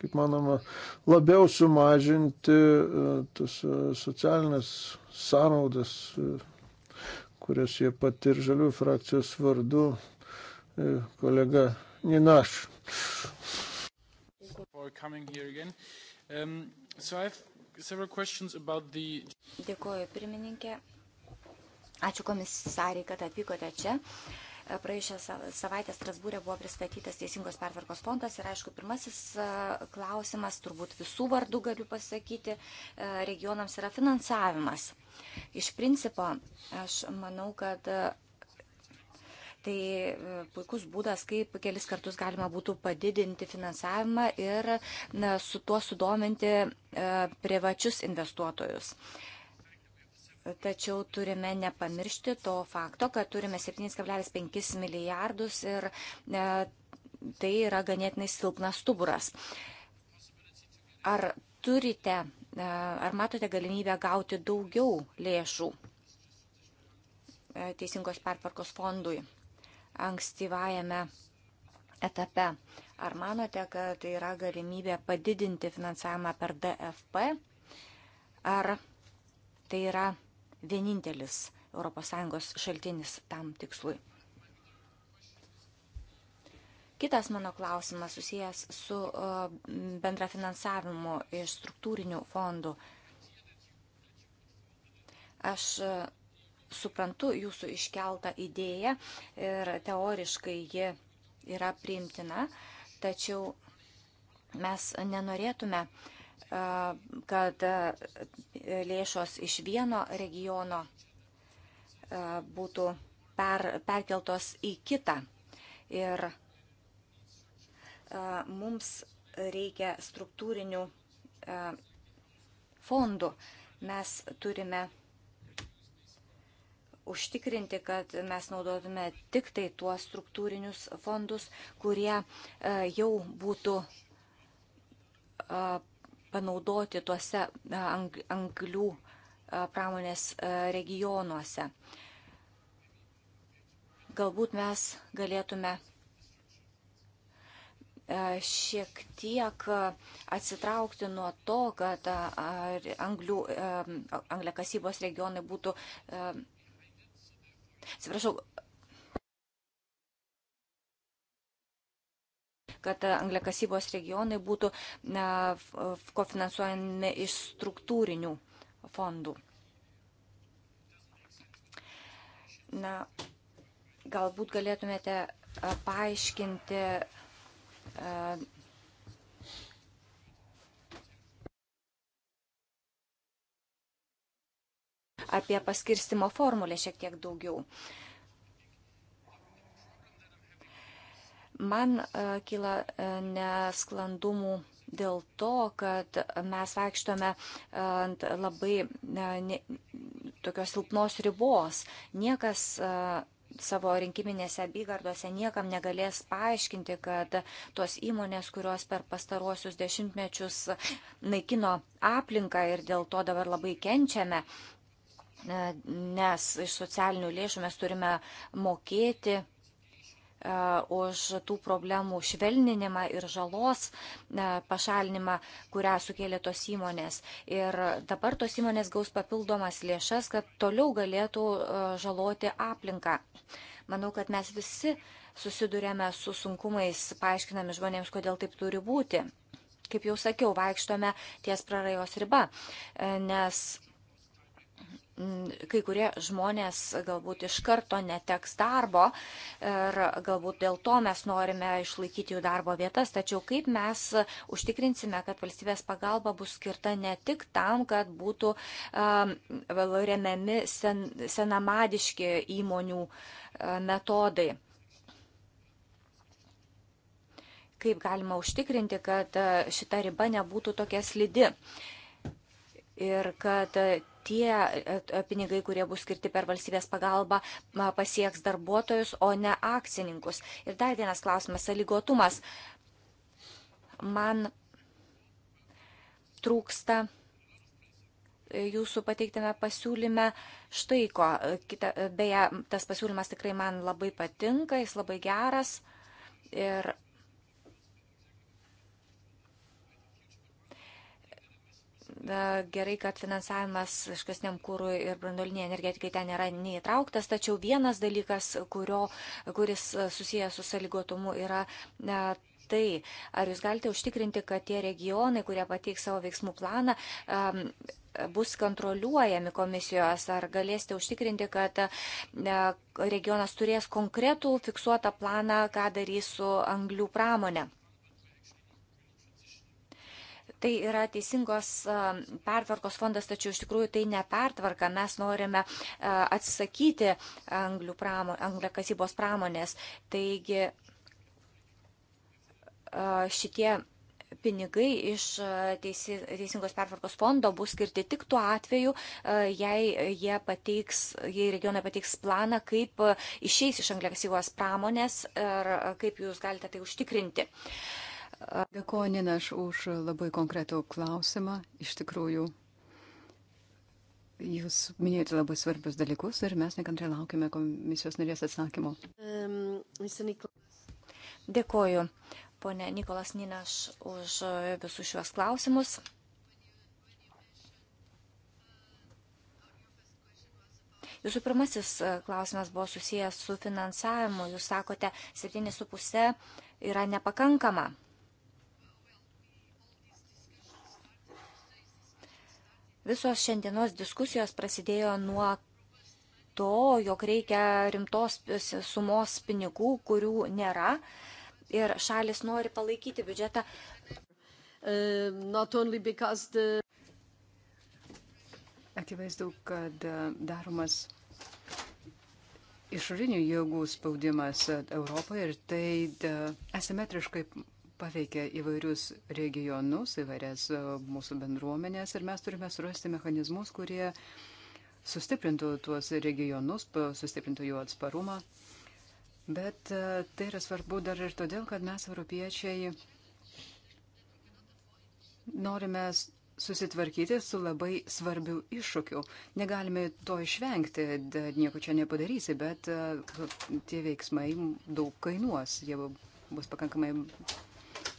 kaip manoma, labiau sumažinti tas socialinės sąnaudas kurias jie pati ir žalių frakcijos vardu e, kolega Ninaš. Um, Dėkuoju pirmininkė. Ačiū komisariai, kad atvykote čia. Uh, Praėjusią savaitę Strasbūrė buvo pristatytas Teisingos pertvarkos fondas ir, aišku, pirmasis klausimas, turbūt visų vardų galiu pasakyti, regionams yra finansavimas. Iš principo, aš manau, kad Tai puikus būdas, kaip kelis kartus galima būtų padidinti finansavimą ir na, su tuo sudominti e, privačius investuotojus. E, Tačiau turime nepamiršti to fakto, kad turime 7,5 milijardus ir e, tai yra ganėtinai silpnas stuburas. Ar turite, e, ar matote galimybę gauti daugiau lėšų e, Teisingos pertvarkos fondui ankstyvajame etape? Ar manote, kad tai yra galimybė padidinti finansavimą per DFP? Ar tai yra vienintelis ES šaltinis tam tikslui. Kitas mano klausimas susijęs su e, bendrafinansavimu iš struktūrinių fondų. Aš e, suprantu jūsų iškeltą idėją ir teoriškai ji yra priimtina, tačiau mes nenorėtume uh, kad e, lėšos iš vieno regiono e, būtų per, perkeltos į kitą. Ir e, mums reikia struktūrinių fondų. Mes turime užtikrinti, kad mes naudotume tik tai tuos struktūrinius fondus, kurie jau būtų panaudoti tuose e, anglių e, pramonės e, regionuose. Galbūt mes galėtume šiek tiek atsitraukti nuo to, kad anglių, angliakasybos regionai būtų, atsiprašau, kad angliakasybos regionai būtų kofinansuojami iš struktūrinių fondų. Na, galbūt galėtumėte paaiškinti apie paskirstimo formulę šiek tiek daugiau. Uh, Man e, kyla e, nesklandumų dėl to, kad mes vaikštome e, ant labai ne, ne, tokios silpnos ribos. Niekas savo rinkiminėse apygardose niekam negalės paaiškinti, kad tos įmonės, kurios per pastaruosius dešimtmečius naikino aplinką ir dėl to dabar labai kenčiame, nes iš socialinių lėšų mes turime mokėti E, už tų problemų švelninimą ir žalos e, pašalinimą, kurią sukėlė tos įmonės. Ir dabar tos įmonės gaus papildomas lėšas, kad toliau galėtų e, žaloti aplinką. Manau, kad mes visi susidurėme su sunkumais, paaiškinami žmonėms, kodėl taip turi būti. Kaip jau sakiau, vaikštome ties prarajos riba, nes Mm, kai kurie žmonės galbūt iš karto neteks darbo ir galbūt dėl to mes norime išlaikyti jų darbo vietas, tačiau kaip mes užtikrinsime, kad valstybės pagalba bus skirta ne tik tam, kad būtų um, remiami sen, senamadiški įmonių e, metodai kaip galima užtikrinti, kad e, šita riba nebūtų tokia slidi ir kad tie e, e, pinigai, kurie bus skirti per valstybės pagalbą, pasieks darbuotojus, o ne akcininkus. Ir dar vienas klausimas - saligotumas. Man trūksta e, jūsų pateiktame pasiūlyme štai ko. Kita, beje, tas pasiūlymas tikrai man labai patinka, jis labai geras. Ir gerai, kad finansavimas iškasniam kūrui ir brandoliniai energetikai ten yra neįtrauktas, tačiau vienas dalykas, kurio, kuris e, susijęs su saligotumu, yra tai, ar jūs galite užtikrinti, kad tie regionai, kurie pateiks savo veiksmų planą, bus kontroliuojami komisijos, ar galėsite užtikrinti, kad regionas turės konkretų fiksuotą planą, ką darys su anglių pramonė. Tai yra teisingos pertvarkos fondas, tačiau iš tikrųjų tai ne pertvarka. Mes norime atsisakyti pramo, angliakasybos pramonės. Taigi šitie pinigai iš teisi, Teisingos pertvarkos fondo bus skirti tik tuo atveju, jei, jie pateiks, jei regionai pateiks planą, kaip išeis iš angliakasybos pramonės ir kaip jūs galite tai užtikrinti. Uh, Dėkuoju, Ninaš, už labai konkretų klausimą. Iš tikrųjų, jūs minėjote labai svarbius dalykus ir mes nekantrai laukime komisijos narės atsakymo. Dėkuoju, ponė Nikolas Ninaš, už visus šiuos klausimus. Jūsų pirmasis e, klausimas buvo susijęs su finansavimu. Jūs sakote, 7,5 yra nepakankama. Visos šiandienos diskusijos prasidėjo nuo to, jog reikia rimtos sumos pinigų, kurių nėra. Ir šalis nori palaikyti biudžetą. Uh, the... Akivaizdu, kad e, daromas išorinių jėgų spaudimas Europoje ir tai e, asimetriškai paveikia įvairius regionus, įvairias e, mūsų bendruomenės ir mes turime surasti mechanizmus, kurie sustiprintų tuos regionus, sustiprintų jų atsparumą. Bet e, tai yra svarbu dar ir todėl, kad mes, europiečiai, norime susitvarkyti su labai svarbiu iššūkiu. Negalime to išvengti, nieko čia nepadarysi, bet e, tie veiksmai daug kainuos, jie bus pakankamai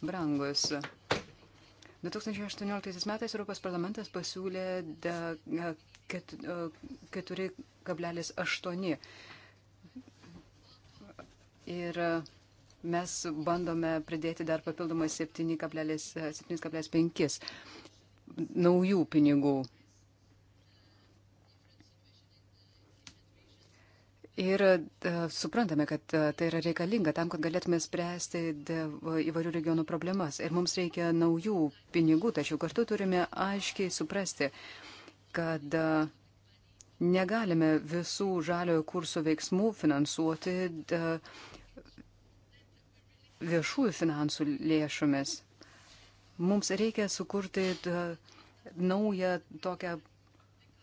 brangus. 2018 metais Europos parlamentas pasiūlė 4,8. Ir mes bandome pridėti dar papildomai 7,5 naujų pinigų Ir e, suprantame, kad e, tai yra reikalinga tam, kad galėtume spręsti įvairių regionų problemas. Ir mums reikia naujų pinigų, tačiau kartu turime aiškiai suprasti, kad e, negalime visų žaliojo kurso veiksmų finansuoti viešųjų finansų lėšomis. Mums reikia sukurti naują tokią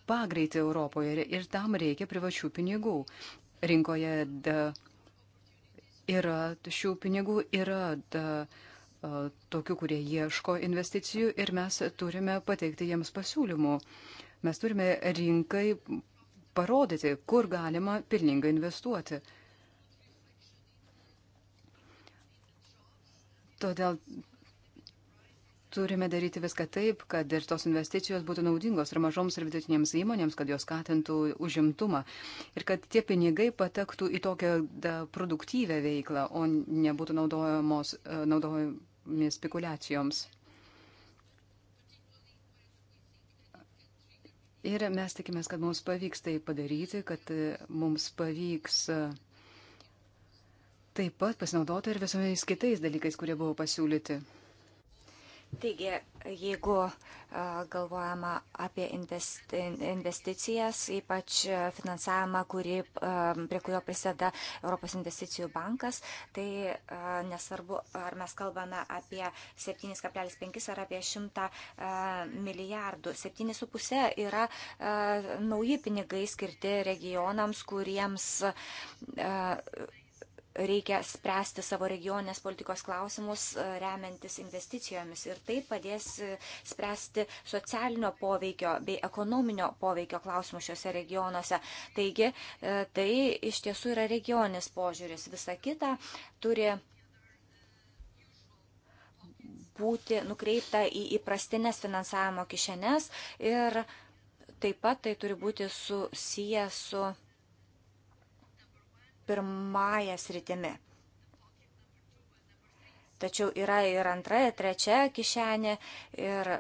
pagreitį Europoje ir tam reikia privačių pinigų rinkoje da, yra šių pinigų, yra da, tokių, kurie ieško investicijų ir mes turime pateikti jiems pasiūlymų. Mes turime rinkai parodyti, kur galima pilningai investuoti. Todėl Turime daryti viską taip, kad ir tos investicijos būtų naudingos ir mažoms ir vidutinėms įmonėms, kad jos skatintų užimtumą ir kad tie pinigai patektų į tokią da, produktyvę veiklą, o nebūtų naudojami e, spekulacijoms. Ir mes tikimės, kad mums pavyks tai padaryti, kad e, mums pavyks e, taip pat pasinaudoti ir visomis kitais dalykais, kurie buvo pasiūlyti. Taigi, jeigu galvojama apie investicijas, ypač finansavimą, kurį, prie kurio prisėda Europos investicijų bankas, tai nesvarbu, ar mes kalbame apie 7,5 ar apie 100 milijardų. 7,5 yra nauji pinigai skirti regionams, kuriems reikia spręsti savo regionės politikos klausimus e, remiantis investicijomis. Ir tai padės e, spręsti socialinio poveikio bei ekonominio poveikio klausimus šiuose regionuose. Taigi, e, tai iš tiesų yra regioninis požiūris. Visa kita turi būti nukreipta į įprastinės finansavimo kišenes ir taip pat tai turi būti susiję su pirmąją sritimi. Tačiau yra ir antra, ir trečia kišenė ir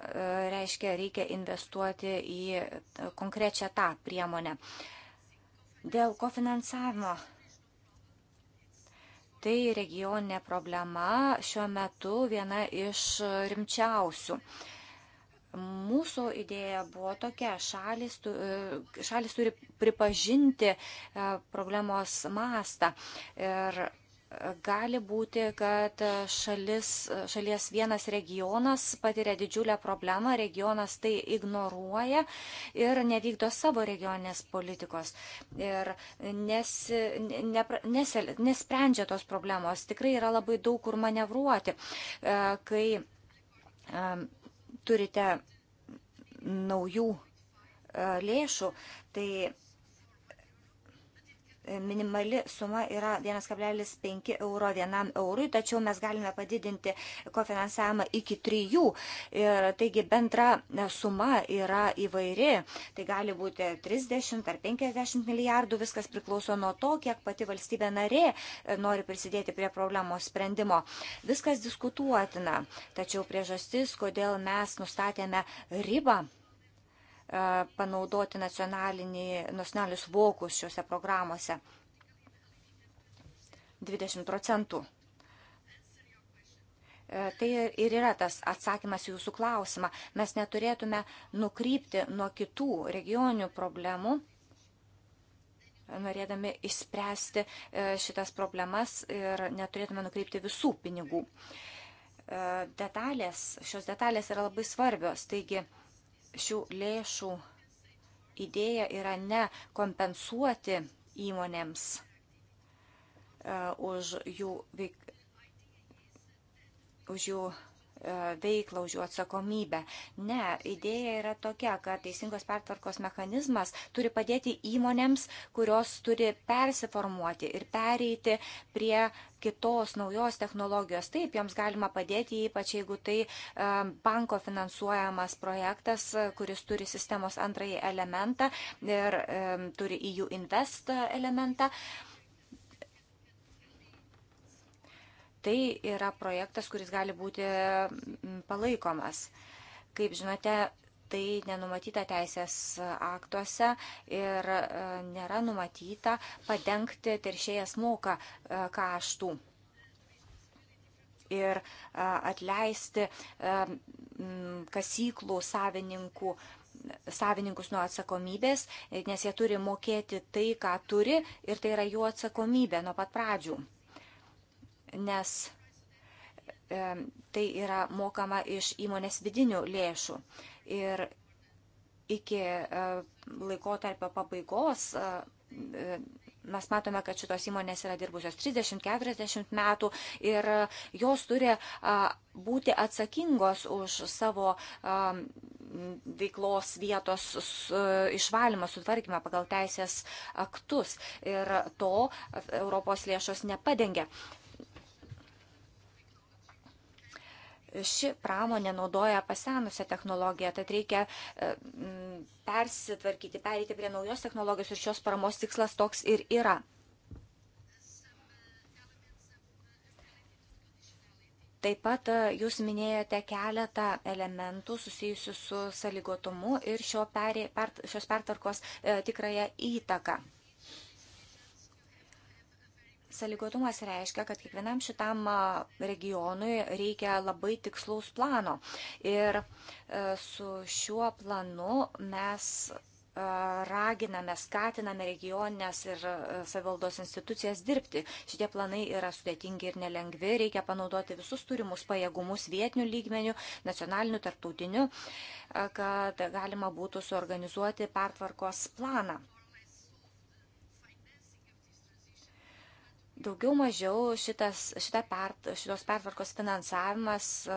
reiškia reikia investuoti į e, konkrečią tą priemonę. Dėl kofinansavimo. Tai regioninė problema šiuo metu viena iš e, rimčiausių. Mūsų idėja buvo tokia, šalis, e, šalis turi pripažinti e, problemos mastą. Ir e, gali būti, kad šalis, šalies vienas regionas patiria didžiulę problemą, regionas tai ignoruoja ir nevykdo savo regioninės politikos ir nes, ne, nes, nesprendžia tos problemos. Tikrai yra labai daug kur manevruoti, kai turite naujų e, lėšų, tai E, minimali suma yra 1,5 euro vienam eurui, tačiau mes galime padidinti kofinansavimą iki 3. Ir taigi bendra e, suma yra įvairi. Tai gali būti 30 ar 50 milijardų, viskas priklauso nuo to, kiek pati valstybė narė e, nori prisidėti prie problemos sprendimo. Viskas diskutuotina, tačiau priežastis, kodėl mes nustatėme ribą E, panaudoti nacionalinius vokus šiuose programuose. 20 procentų. E, tai ir yra tas atsakymas jūsų klausimą. Mes neturėtume nukrypti nuo kitų regioninių problemų, norėdami išspręsti e, šitas problemas ir neturėtume nukreipti visų pinigų. Detalės, šios detalės yra labai svarbios, taigi šių lėšų idėja yra ne kompensuoti įmonėms uh, už jų veik, už jų E, veiklą, už jų atsakomybę. Ne, idėja yra tokia, kad teisingos pertvarkos mechanizmas turi padėti įmonėms, kurios turi persiformuoti ir pereiti prie kitos naujos technologijos. Taip, joms galima padėti, ypač jeigu tai e, banko finansuojamas projektas, kuris turi sistemos antrąjį elementą ir e, turi į jų invest elementą. elementą tai yra projektas, kuris gali būti mm, palaikomas. Kaip žinote, tai nenumatyta teisės aktuose ir e, nėra numatyta padengti teršėjas moka e, kaštų ir e, atleisti mm, kasyklų savininkų savininkus nuo atsakomybės, nes jie turi mokėti tai, ką turi ir tai yra jų atsakomybė nuo pat pradžių nes e, tai yra mokama iš įmonės vidinių lėšų. Ir iki e, laikotarpio pabaigos e, mes matome, kad šitos įmonės yra dirbusios 30-40 metų ir jos turi būti atsakingos už savo veiklos vietos išvalymą, sutvarkymą pagal teisės aktus. Ir to Europos lėšos nepadengia. ši pramonė naudoja pasenusią technologiją, tad reikia e, persitvarkyti, pereiti prie naujos technologijos ir šios paramos tikslas toks ir yra. Taip pat e, jūs minėjote keletą elementų susijusių su saligotumu ir šio perė, per, šios pertvarkos e, tikrąją įtaką. Saligotumas reiškia, kad kiekvienam šitam regionui reikia labai tikslaus plano. Ir e, su šiuo planu mes e, raginame, skatiname regioninės ir e, savivaldos institucijas dirbti. Šitie planai yra sudėtingi ir nelengvi, reikia panaudoti visus turimus pajėgumus vietinių lygmenių, nacionalinių, tarptautinių, kad galima būtų suorganizuoti pertvarkos planą. Daugiau mažiau šitas, šita pert, šitos pertvarkos finansavimas e,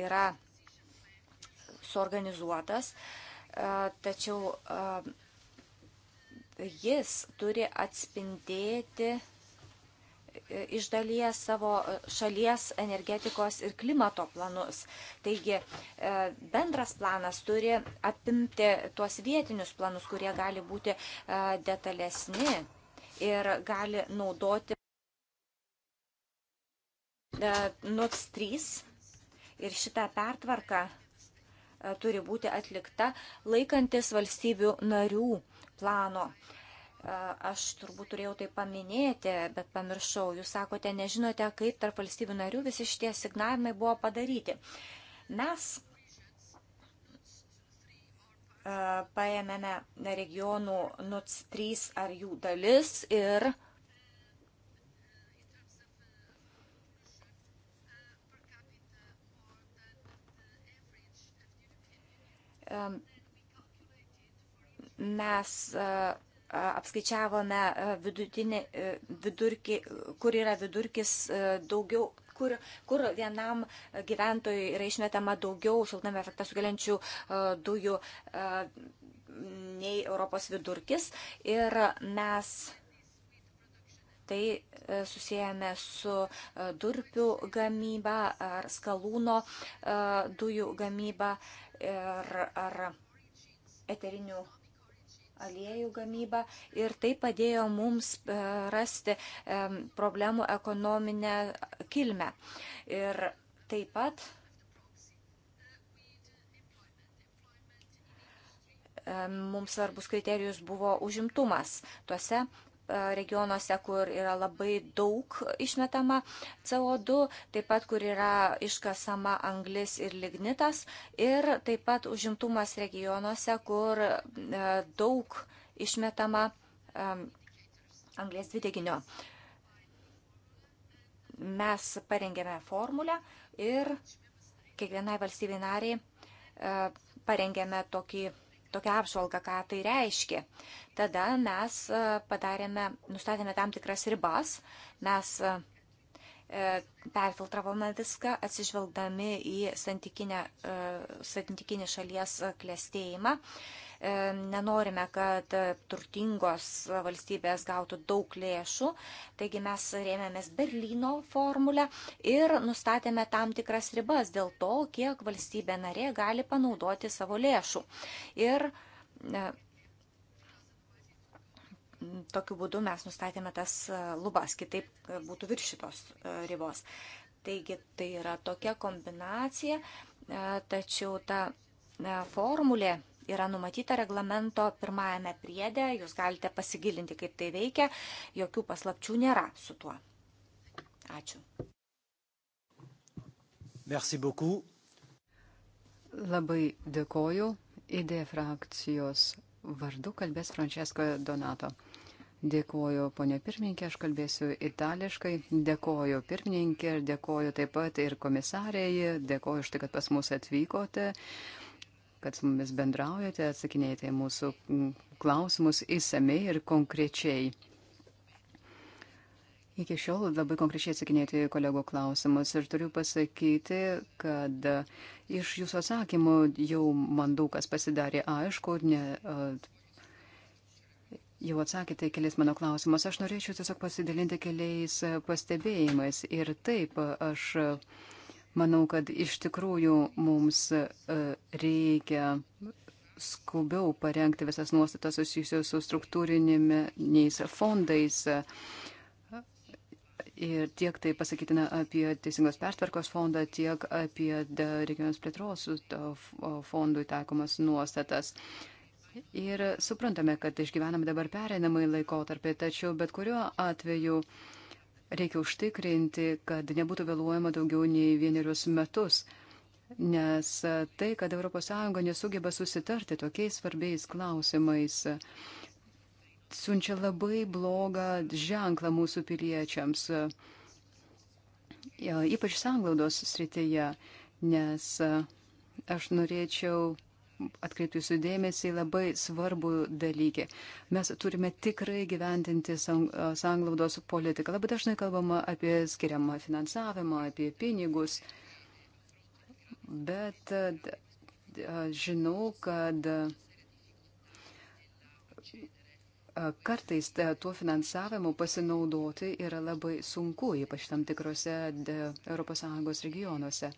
yra suorganizuotas, e, tačiau e, jis turi atspindėti iš dalies savo šalies energetikos ir klimato planus. Taigi bendras planas turi apimti tuos vietinius planus, kurie gali būti detalesni ir gali naudoti e, NOTS 3 ir šitą pertvarką e, turi būti atlikta laikantis valstybių narių plano. E, aš turbūt turėjau tai paminėti, bet pamiršau. Jūs sakote, nežinote, kaip tarp valstybių narių visi šitie signavimai buvo padaryti. Mes paėmėme regionų NUTS 3 ar jų dalis ir mes apskaičiavome vidutinį vidurkį, kur yra vidurkis daugiau kur, kur vienam gyventojui yra išmetama daugiau šiltnamio efektą sukeliančių e, dujų e, nei Europos vidurkis. Ir mes tai e, susijęme su durpių gamyba ar skalūno dujų gamyba ir ar eterinių aliejų gamybą ir tai padėjo mums e, rasti e, problemų ekonominę kilmę. Ir taip pat e, mums svarbus kriterijus buvo užimtumas tuose regionuose, kur yra labai daug išmetama CO2, taip pat kur yra iškasama anglis ir lignitas ir taip pat užimtumas regionuose, kur daug išmetama anglės dvideginio. Mes parengėme formulę ir kiekvienai valstybei nariai parengėme tokį tokią apžvalgą, ką tai reiškia. Tada mes e, padarėme, nustatėme tam tikras ribas, mes e, e, perfiltravome viską, atsižvelgdami į santykinį šalies klėstėjimą E, nenorime, kad turtingos valstybės gautų daug lėšų, taigi mes rėmėmės Berlyno formulę ir nustatėme tam tikras ribas dėl to, kiek valstybė narė gali panaudoti savo lėšų. Ir e, tokiu būdu mes nustatėme tas e, lubas, kitaip būtų viršytos ribos. Taigi tai yra tokia kombinacija, tačiau ta formulė yra numatyta reglamento pirmajame priedė, jūs galite pasigilinti, kaip tai veikia, jokių paslapčių nėra su tuo. Ačiū. Merci beaucoup. Labai dėkoju. ID frakcijos vardu kalbės Francesco Donato. Dėkoju, ponė pirmininkė, aš kalbėsiu itališkai. Dėkoju pirmininkė, dėkoju taip pat ir komisarėjai, dėkoju už tai, kad pas mus atvykote. Uh, kad su mumis bendraujate, atsakinėjate mūsų klausimus įsamei ir konkrečiai. Iki šiol labai konkrečiai atsakinėti kolego klausimus ir turiu pasakyti, kad e, iš jūsų atsakymų jau man daug kas pasidarė aišku, ne, e, jau atsakėte kelias mano klausimus. Aš norėčiau tiesiog pasidalinti keliais e, pastebėjimais ir taip aš. Uh, Manau, kad iš tikrųjų mums e, reikia skubiau parengti visas nuostatas susijusios su struktūrinėmis fondais. Ir tiek tai pasakytina apie Teisingos pertvarkos fondą, tiek apie regionos plėtros fondų taikomas nuostatas. Ir suprantame, kad išgyvename dabar pereinamąjį laikotarpį, tačiau bet kuriuo atveju uh, Reikia užtikrinti, kad nebūtų vėluojama daugiau nei vienerius metus, nes tai, kad ES nesugeba susitarti tokiais svarbiais klausimais, siunčia labai blogą ženklą mūsų piliečiams, e, ypač sanglaudos srityje, nes aš norėčiau atkreipti jūsų dėmesį labai svarbų dalykį. Mes turime tikrai gyventinti sanglaudos politiką. Labai dažnai kalbama apie skiriamą finansavimą, apie pinigus. Bet žinau, kad kartais tuo finansavimu pasinaudoti yra labai sunku, ypač tam tikrose ES regionuose.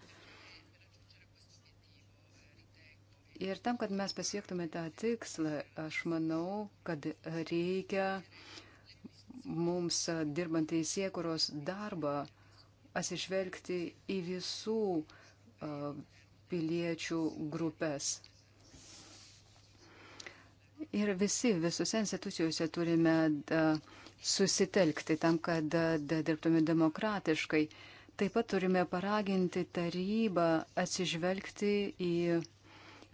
Ir tam, kad mes pasiektume tą tikslą, aš manau, kad reikia mums dirbant teisėkuros darbą atsižvelgti į visų uh, piliečių grupės. Ir visi, visose institucijose turime uh, susitelkti tam, kad uh, dirbtume demokratiškai. Taip pat turime paraginti tarybą atsižvelgti į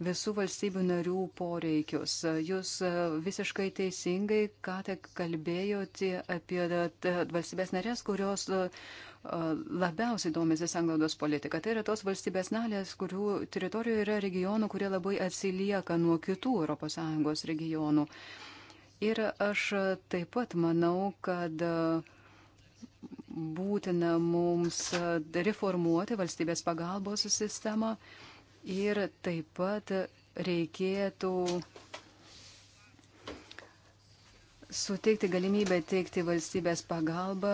visų valstybių narių poreikius. Jūs e, visiškai teisingai ką tik kalbėjote apie e, valstybės narės, kurios e, labiausiai domisi sanglaudos politika. Tai yra tos valstybės narės, kurių teritorijoje yra regionų, kurie labai atsilieka nuo kitų ES regionų. Ir aš taip pat manau, kad būtina mums reformuoti valstybės pagalbos sistemą Ir taip pat reikėtų suteikti galimybę teikti valstybės pagalbą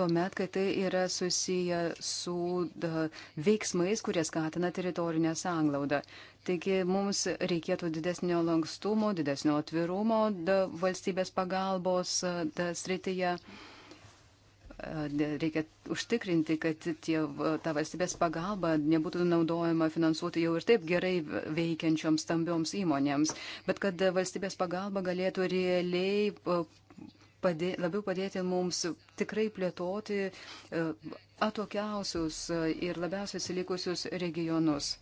tuomet, kai tai yra susiję su da, veiksmais, kurie skatina teritorinę sanglaudą. Taigi mums reikėtų didesnio lankstumo, didesnio atvirumo da, valstybės pagalbos da, srityje. Uh, Reikia užtikrinti, kad tie, ta valstybės pagalba nebūtų naudojama finansuoti jau ir taip gerai veikiančioms stambioms įmonėms, bet kad valstybės pagalba galėtų realiai padė, labiau padėti mums tikrai plėtoti e, atokiausius ir labiausiai atsilikusius regionus.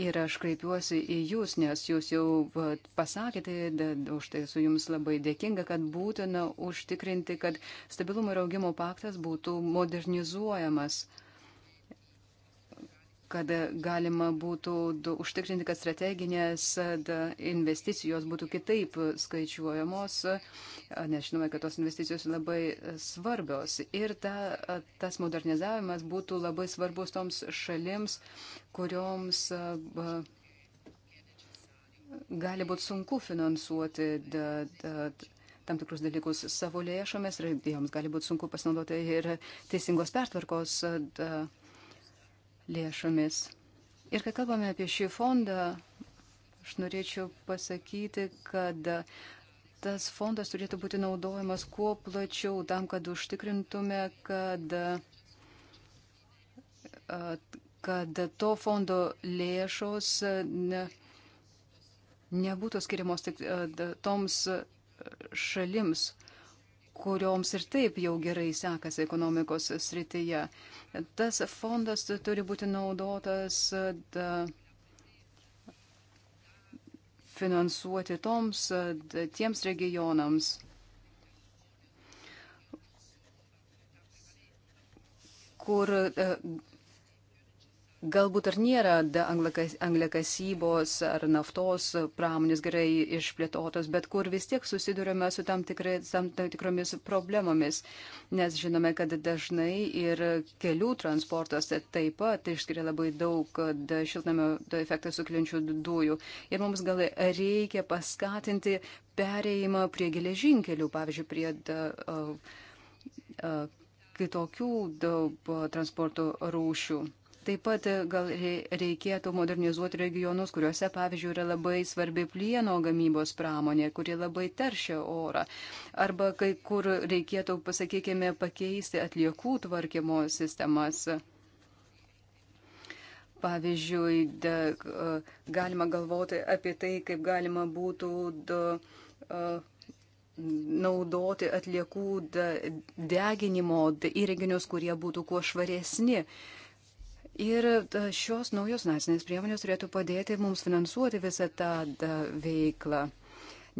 Ir aš kreipiuosi į jūs, nes jūs jau pasakėte, už tai esu jums labai dėkinga, kad būtina užtikrinti, kad stabilumo ir augimo paktas būtų modernizuojamas. Uh, kad galima būtų užtikrinti, kad strateginės investicijos būtų kitaip skaičiuojamos, nes žinome, kad tos investicijos labai svarbios. Ir ta, tas modernizavimas būtų labai svarbus toms šalims, kurioms gali būti sunku finansuoti. Da, da, tam tikrus dalykus savo lėšomis ir joms gali būti sunku pasinaudoti ir teisingos pertvarkos da, lėšomis. Ir kai kalbame apie šį fondą, aš norėčiau pasakyti, kad tas fondas turėtų būti naudojamas kuo plačiau tam, kad užtikrintume, kad, kad to fondo lėšos ne, nebūtų skiriamos tik toms šalims, kurioms ir taip jau gerai sekasi ekonomikos srityje. Tas fondas turi būti naudotas finansuoti toms, tiems regionams, kur e, Galbūt ir nėra angliakasybos ar naftos pramonės gerai išplėtotos, bet kur vis tiek susidurime su tam, tikrai, tam tikromis problemomis, nes žinome, kad dažnai ir kelių transportas taip pat išskiria labai daug šiltnamio efektą sukeliančių dujų. Ir mums gal reikia paskatinti pereimą prie geležinkelių, pavyzdžiui, prie da, a, a, kitokių da, transporto rūšių. Taip pat e, gal reikėtų modernizuoti regionus, kuriuose, pavyzdžiui, yra labai svarbi plieno gamybos pramonė, kuri labai teršia orą. Arba kai kur reikėtų, pasakykime, pakeisti atliekų tvarkymo sistemas. Pavyzdžiui, de, galima galvoti apie tai, kaip galima būtų de, naudoti atliekų de, deginimo de, įrenginius, kurie būtų kuo švaresni. Uh, Ir šios naujos nacinės priemonės turėtų padėti mums finansuoti visą tą veiklą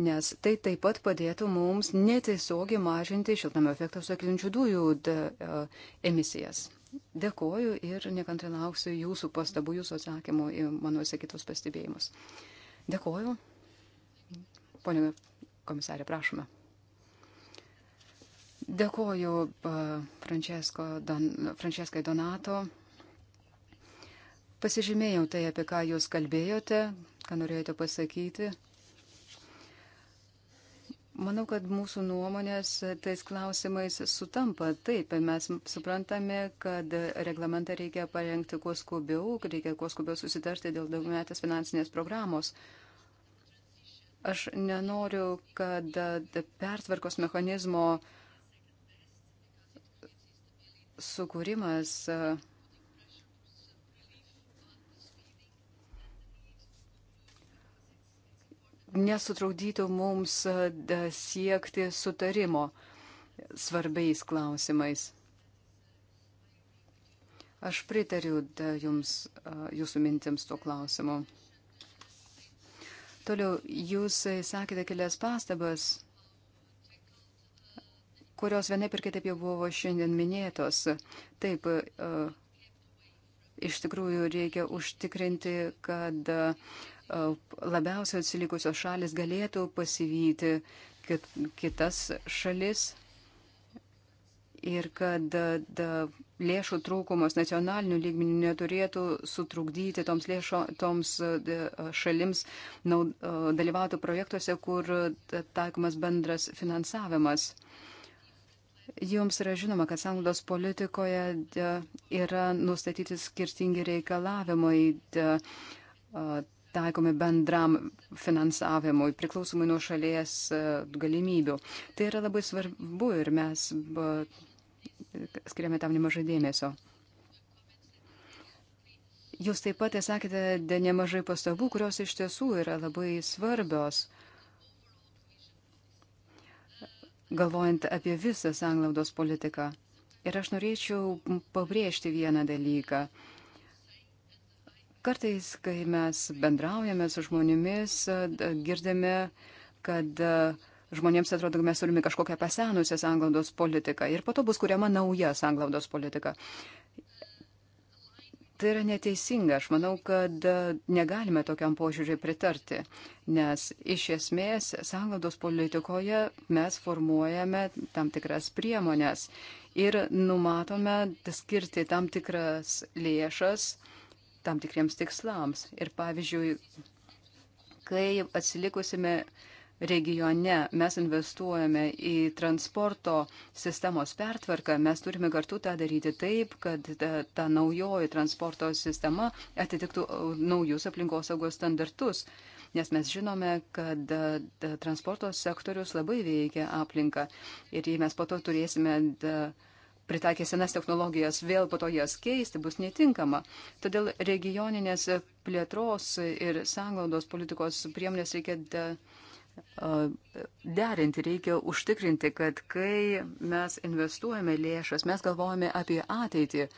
nes tai taip pat padėtų mums netiesiogiai mažinti šiltnamio efektą sukeliančių dujų de, uh, emisijas. Dėkoju ir nekantrai lauksiu jūsų pastabų, jūsų atsakymų į mano įsakytus pastebėjimus. Dėkoju. Pone komisarė, prašome. Dėkoju uh, Franceskai Don, Donato Pasižymėjau tai, apie ką jūs kalbėjote, ką norėjote pasakyti. Manau, kad mūsų nuomonės tais klausimais sutampa. Taip, mes suprantame, kad reglamentą reikia parengti kuo skubiau, kad reikia kuo skubiau susitarti dėl daugmetės finansinės programos. Aš nenoriu, kad pertvarkos mechanizmo sukūrimas. Uh, nesutraudytų mums e, siekti sutarimo svarbiais klausimais. Aš pritariu jums, e, jūsų mintims tuo klausimu. Toliau, jūs sakėte kelias pastabas, kurios vienaip ir kitaip jau buvo šiandien minėtos. Taip, e, iš tikrųjų reikia užtikrinti, kad uh, labiausiai atsilikusios šalis galėtų pasivyti kit, kitas šalis ir kad da, da, lėšų trūkumas nacionalinių lygmenių neturėtų sutrukdyti toms, lėšo, toms šalims naud, dalyvauti projektuose, kur taikomas bendras finansavimas. Jums yra žinoma, kad sąnaudos politikoje yra nustatyti skirtingi reikalavimai. De, taikomi bendram finansavimui, priklausomai nuo šalies e, galimybių. Tai yra labai svarbu ir mes skiriame tam nemažai dėmesio. Jūs taip pat įsakėte nemažai pastabų, kurios iš tiesų yra labai svarbios, galvojant apie visą sanglaudos politiką. Ir aš norėčiau pabrėžti vieną dalyką. Kartais, kai mes bendraujame su žmonėmis, girdime, kad žmonėms atrodo, kad mes turime kažkokią pasenusią sanglaudos politiką ir po to bus kuriama nauja sanglaudos politika. Tai yra neteisinga, aš manau, kad negalime tokiam požiūriui pritarti, nes iš esmės sanglaudos politikoje mes formuojame tam tikras priemonės ir numatome skirti tam tikras lėšas uh, tam tikriems tikslams. Ir pavyzdžiui, kai atsilikusime regione mes investuojame į transporto sistemos pertvarką, mes turime kartu tą daryti taip, kad ta, ta naujoji transporto sistema atitiktų e, naujus aplinkosaugos standartus. Nes mes žinome, kad e, transporto sektorius labai veikia aplinką ir jei mes po to turėsime da, pritaikę senas technologijas, vėl po to jas keisti bus netinkama. Todėl regioninės plėtros ir sanglaudos politikos priemonės reikia de, derinti, reikia užtikrinti, kad kai mes investuojame lėšas, mes galvojame apie ateitį.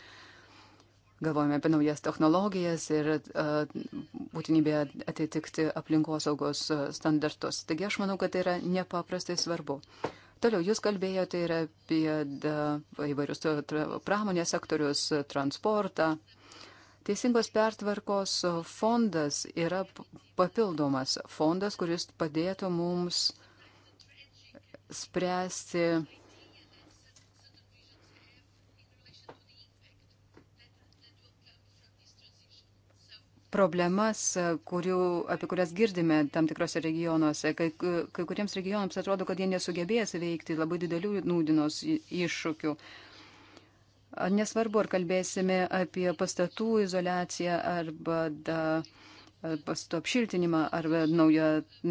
Galvojame apie naujas technologijas ir uh, būtinybę atitikti aplinkosaugos standartus. Taigi aš manau, kad tai yra nepaprastai svarbu. Uh, Toliau jūs kalbėjote ir apie įvairius pramonės sektorius, transportą. Teisingos pertvarkos fondas yra papildomas fondas, kuris padėtų mums spręsti problemas, kurių, apie kurias girdime tam tikrose regionuose. Kai, kai kuriems regionams atrodo, kad jie nesugebės veikti labai didelių nūdinos iššūkių. Nesvarbu, ar kalbėsime apie pastatų izolaciją arba da, pastatų apšiltinimą arba nauja,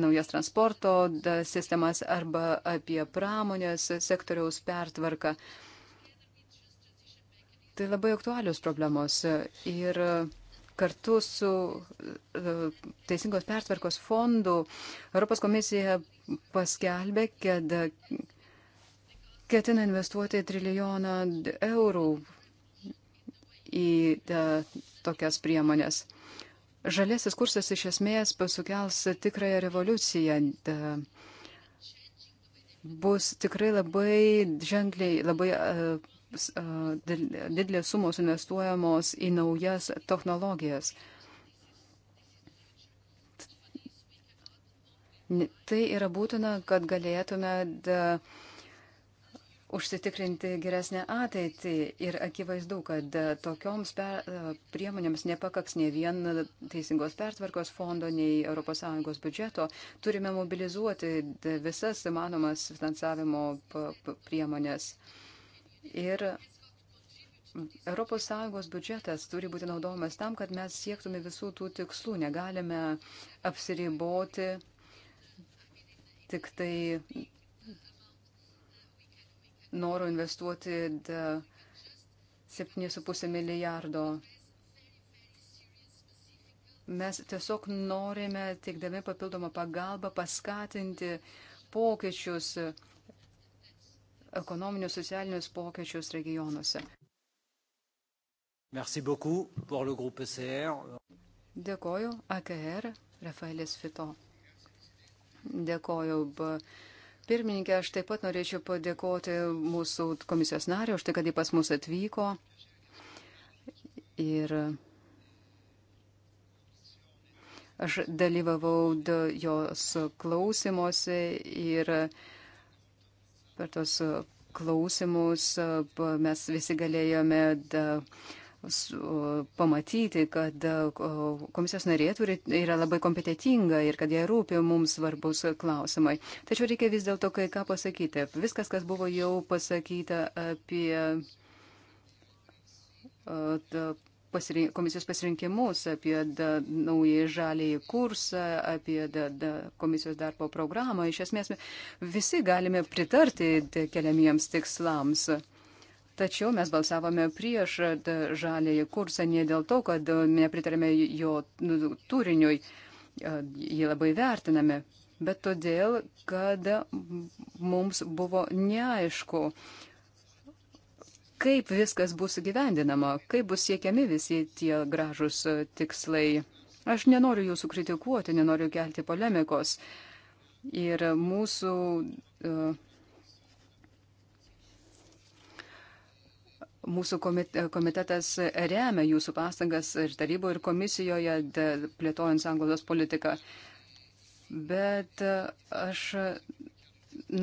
naujas transporto da, sistemas arba apie pramonės sektoriaus pertvarką. Tai labai aktualios problemos ir kartu su e, Teisingos pertvarkos fondu Europos komisija paskelbė, kad ketina investuoti trilijoną eurų į e, tokias priemonės. Žalėsis kursas iš esmės pasukels tikrąją revoliuciją. Da, e, bus tikrai labai ženkliai, labai uh, didelės sumos investuojamos į naujas technologijas. Tai yra būtina, kad galėtume da, užsitikrinti geresnę ateitį ir akivaizdu, kad tokioms per, priemonėms nepakaks ne vien Teisingos pertvarkos fondo, nei ES biudžeto. Turime mobilizuoti visas įmanomas finansavimo priemonės. Uh, Ir ES biudžetas turi būti naudojamas tam, kad mes siektume visų tų tikslų. Negalime apsiriboti tik tai noro investuoti 7,5 milijardo. Mes tiesiog norime, teikdami papildomą pagalbą, paskatinti pokyčius ekonominius, socialinius pokyčius regionuose. E Dėkoju AKR Rafaelis Fito. Dėkoju. Pirmininkė, aš taip pat norėčiau padėkoti mūsų komisijos nariu už tai, kad jį pas mus atvyko. Ir aš dalyvavau jos klausimuose ir uh, Per tos e, klausimus e, mes visi galėjome da, pamatyti, kad e, komisijos narė turi, yra labai kompetitinga ir kad jai rūpi mums svarbus klausimai. Tačiau reikia vis dėlto kai ką pasakyti. Viskas, kas buvo jau pasakyta apie pasirink, komisijos pasirinkimus, apie da, naują žalį kursą, apie da, da, komisijos darbo programą. Iš esmės visi galime pritarti keliamiems tikslams. Tačiau mes balsavome prieš žalėjį kursą ne dėl to, kad nepritarėme jo nu, turiniui, jį labai vertiname, bet todėl, kad mums buvo neaišku, kaip viskas bus gyvendinama, kaip bus siekiami visi tie gražus e, tikslai. Aš nenoriu jūsų kritikuoti, nenoriu kelti polemikos. Ir mūsų e, Mūsų komitetas remia jūsų pastangas ir taryboje, ir komisijoje plėtojant sanglaudos politiką. Bet e, aš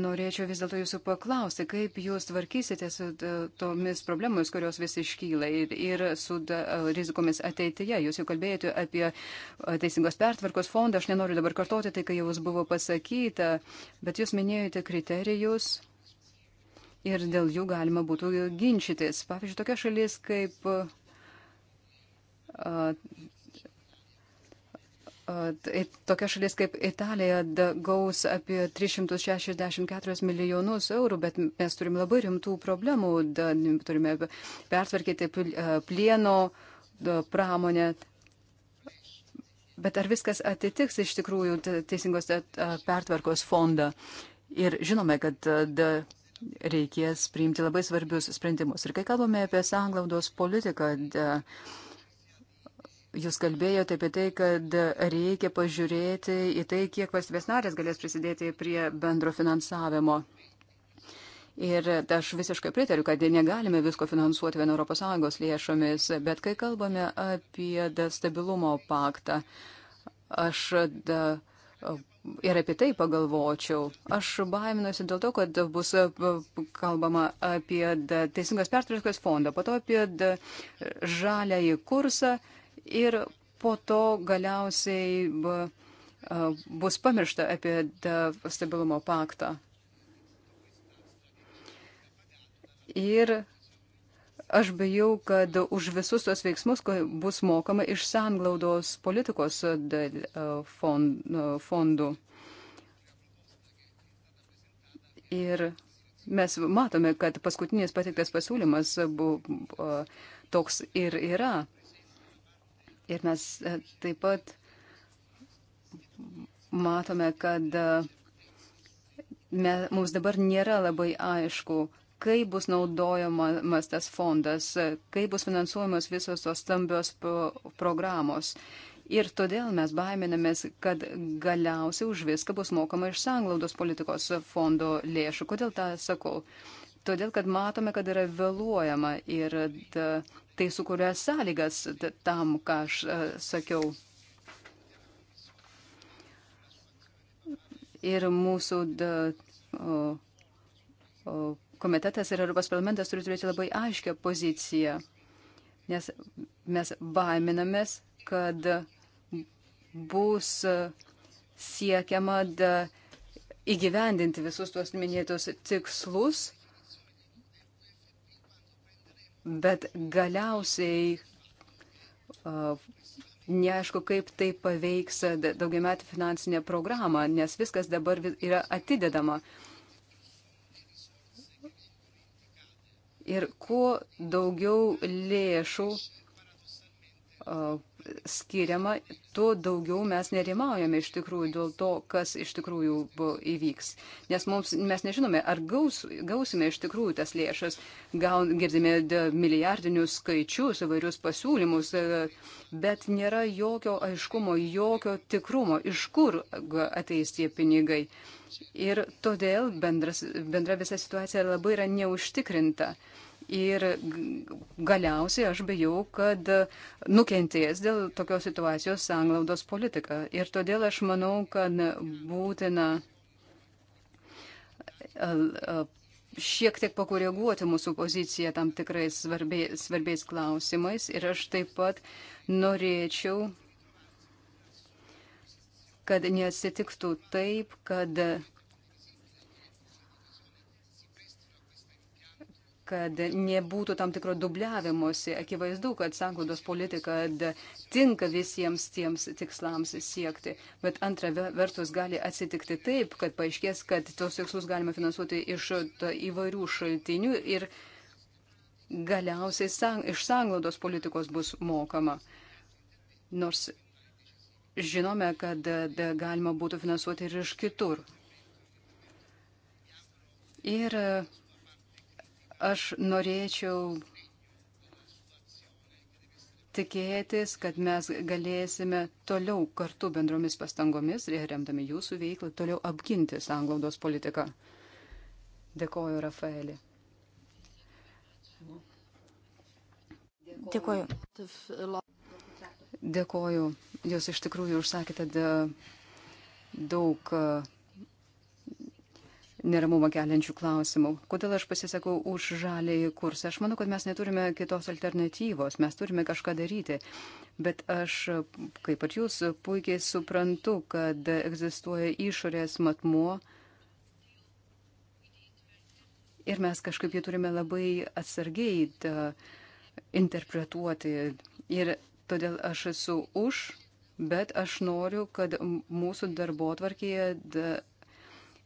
norėčiau vis dėlto jūsų paklausti, kaip jūs tvarkysite su e, tomis problemomis, kurios vis iškyla ir, ir su da, e, rizikomis ateityje. Jūs jau kalbėjote apie e, teisingos pertvarkos fondą, aš nenoriu dabar kartoti tai, ką jau buvo pasakyta, bet jūs minėjote kriterijus. Ir dėl jų galima būtų ginčytis. Pavyzdžiui, tokia šalis kaip Tokia šalis kaip Italija gaus apie 364 milijonus eurų, bet mes turim labai rimtų problemų. Turime pertvarkyti e, plieno pramonę. Bet ar viskas atitiks iš tikrųjų teisingos e, e, pertvarkos fondą? Ir žinome, kad reikės priimti labai svarbius sprendimus. Ir kai kalbame apie sanglaudos politiką, Jūs kalbėjote apie tai, kad reikia pažiūrėti į tai, kiek valstybės narės galės prisidėti prie bendro finansavimo. Ir aš visiškai pritariu, kad negalime visko finansuoti vien ES lėšomis, bet kai kalbame apie stabilumo paktą, aš da, ir apie tai pagalvočiau. Aš baiminuosi dėl to, kad bus kalbama apie da, Teisingas pertvarkos fondą, po to apie žalę į kursą ir po to galiausiai bus pamiršta apie stabilumo paktą. Ir aš bijau, kad už visus tos veiksmus bus mokama iš sanglaudos politikos fondų. Ir mes matome, kad paskutinis patiktas pasiūlymas buvo toks ir yra. Ir mes e, taip pat matome, kad e, me, mums dabar nėra labai aišku, kaip bus naudojamas tas fondas, e, kaip bus finansuojamos visos tos stambios programos. Ir todėl mes baiminamės, kad galiausiai už viską bus mokama iš sanglaudos politikos fondo lėšų. Kodėl tą sakau? Todėl, kad matome, kad yra vėluojama ir tai sukuria sąlygas tam, ką aš e, sakiau. Ir mūsų da, o, o, komitetas ir Europos parlamentas turi turėti labai aiškę poziciją, nes mes baiminamės, kad bus siekiama da, įgyvendinti visus tuos minėtus tikslus bet galiausiai neaišku, kaip tai paveiks daugiametį finansinę programą, nes viskas dabar yra atidedama. Ir kuo daugiau lėšų skiriama, tuo daugiau mes nerimaujame iš tikrųjų dėl to, kas iš tikrųjų įvyks. Nes mums, mes nežinome, ar gaus, gausime iš tikrųjų tas lėšas, gaun, girdime milijardinius skaičius, įvairius pasiūlymus, e, bet nėra jokio aiškumo, jokio tikrumo, iš kur ateis tie pinigai. Ir todėl bendras, bendra visa situacija labai yra neužtikrinta. Uh, Ir galiausiai aš bejau, kad nukentės dėl tokios situacijos sanglaudos politika. Ir todėl aš manau, kad būtina šiek tiek pakoreguoti mūsų poziciją tam tikrais svarbiais, svarbiais klausimais. Ir aš taip pat norėčiau, kad nesitiktų taip, kad kad nebūtų tam tikro dubliavimuose. Akivaizdu, kad sanglaudos politika tinka visiems tiems tikslams siekti. Bet antra vertus gali atsitikti taip, kad paaiškės, kad tos tikslus galima finansuoti iš įvairių šaltinių ir galiausiai sang, iš sanglaudos politikos bus mokama. Nors žinome, kad galima būtų finansuoti ir iš kitur. Ir Aš norėčiau tikėtis, kad mes galėsime toliau kartu bendromis pastangomis, remdami jūsų veiklą, toliau apginti sanglaudos politiką. Dėkoju, Rafaelį. Dėkoju. Dėkoju. Jūs iš tikrųjų užsakėte daug neramumą keliančių klausimų. Kodėl aš pasisakau už žalį kursą? Aš manau, kad mes neturime kitos alternatyvos, mes turime kažką daryti. Bet aš, kaip ir jūs, puikiai suprantu, kad egzistuoja išorės matmuo. Ir mes kažkaip jį turime labai atsargiai interpretuoti. Ir todėl aš esu už, bet aš noriu, kad mūsų darbo atvarkėje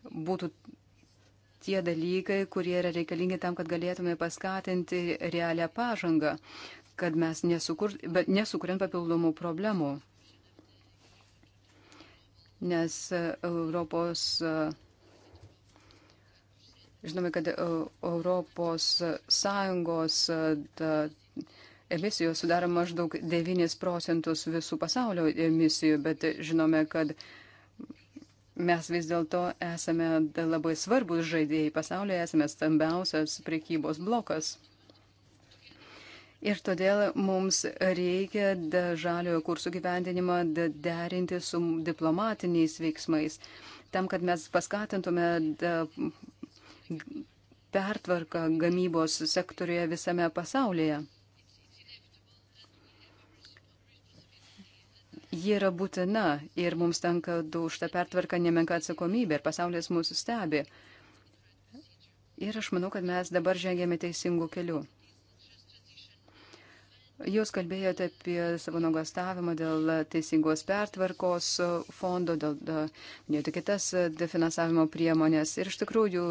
būtų tie dalykai, kurie yra reikalingi tam, kad galėtume paskatinti realią pažangą, kad mes nesukur, nesukuriam papildomų problemų. Nes e, Europos e, Žinome, kad e, Europos Sąjungos emisijos sudaro maždaug 9 procentus visų pasaulio emisijų, bet žinome, kad Mes vis dėlto esame labai svarbus žaidėjai pasaulyje, esame stambiausias priekybos blokas. Ir todėl mums reikia žaliojo kursų gyvendinimą derinti su diplomatiniais veiksmais, tam, kad mes paskatintume pertvarką gamybos sektorioje visame pasaulyje. ji yra būtina ir mums tenka už tą pertvarką nemenka atsakomybė ir pasaulis mūsų stebi. Ir aš manau, kad mes dabar žengėme teisingų kelių. Jūs kalbėjote apie savo nuogastavimą dėl teisingos pertvarkos fondo, dėl, dėl kitas finansavimo priemonės. Ir iš tikrųjų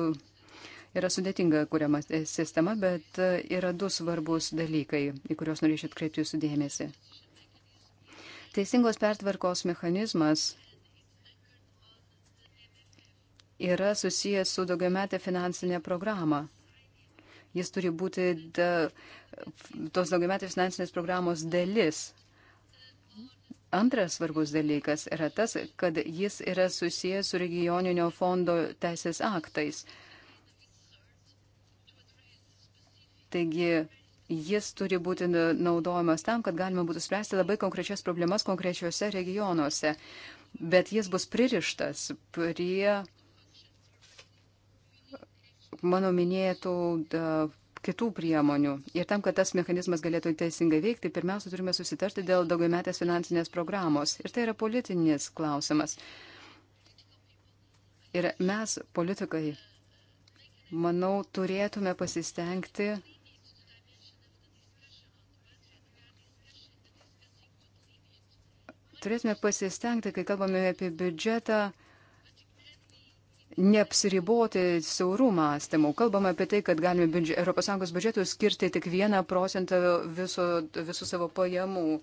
yra sudėtinga kuriama sistema, bet yra du svarbus dalykai, į kuriuos norėčiau atkreipti jūsų dėmesį. Teisingos pertvarkos mechanizmas yra susijęs su daugiametė finansinė programa. Jis turi būti da, tos daugiametės finansinės programos dalis. Antras svarbus dalykas yra tas, kad jis yra susijęs su regioninio fondo teisės aktais. Taigi jis turi būti naudojamas tam, kad galima būtų spręsti labai konkrečias problemas konkrečiuose regionuose. Bet jis bus pririštas prie mano minėtų da, kitų priemonių. Ir tam, kad tas mechanizmas galėtų teisingai veikti, pirmiausia, turime susitarti dėl daugiametės finansinės programos. Ir tai yra politinis klausimas. Ir mes, politikai, manau, turėtume pasistengti Turėtume pasistengti, kai kalbame apie biudžetą, neapsiriboti siaurų mąstymų. Kalbame apie tai, kad galime biudžet, ES biudžetų skirti tik vieną procentą viso, visų savo pajamų.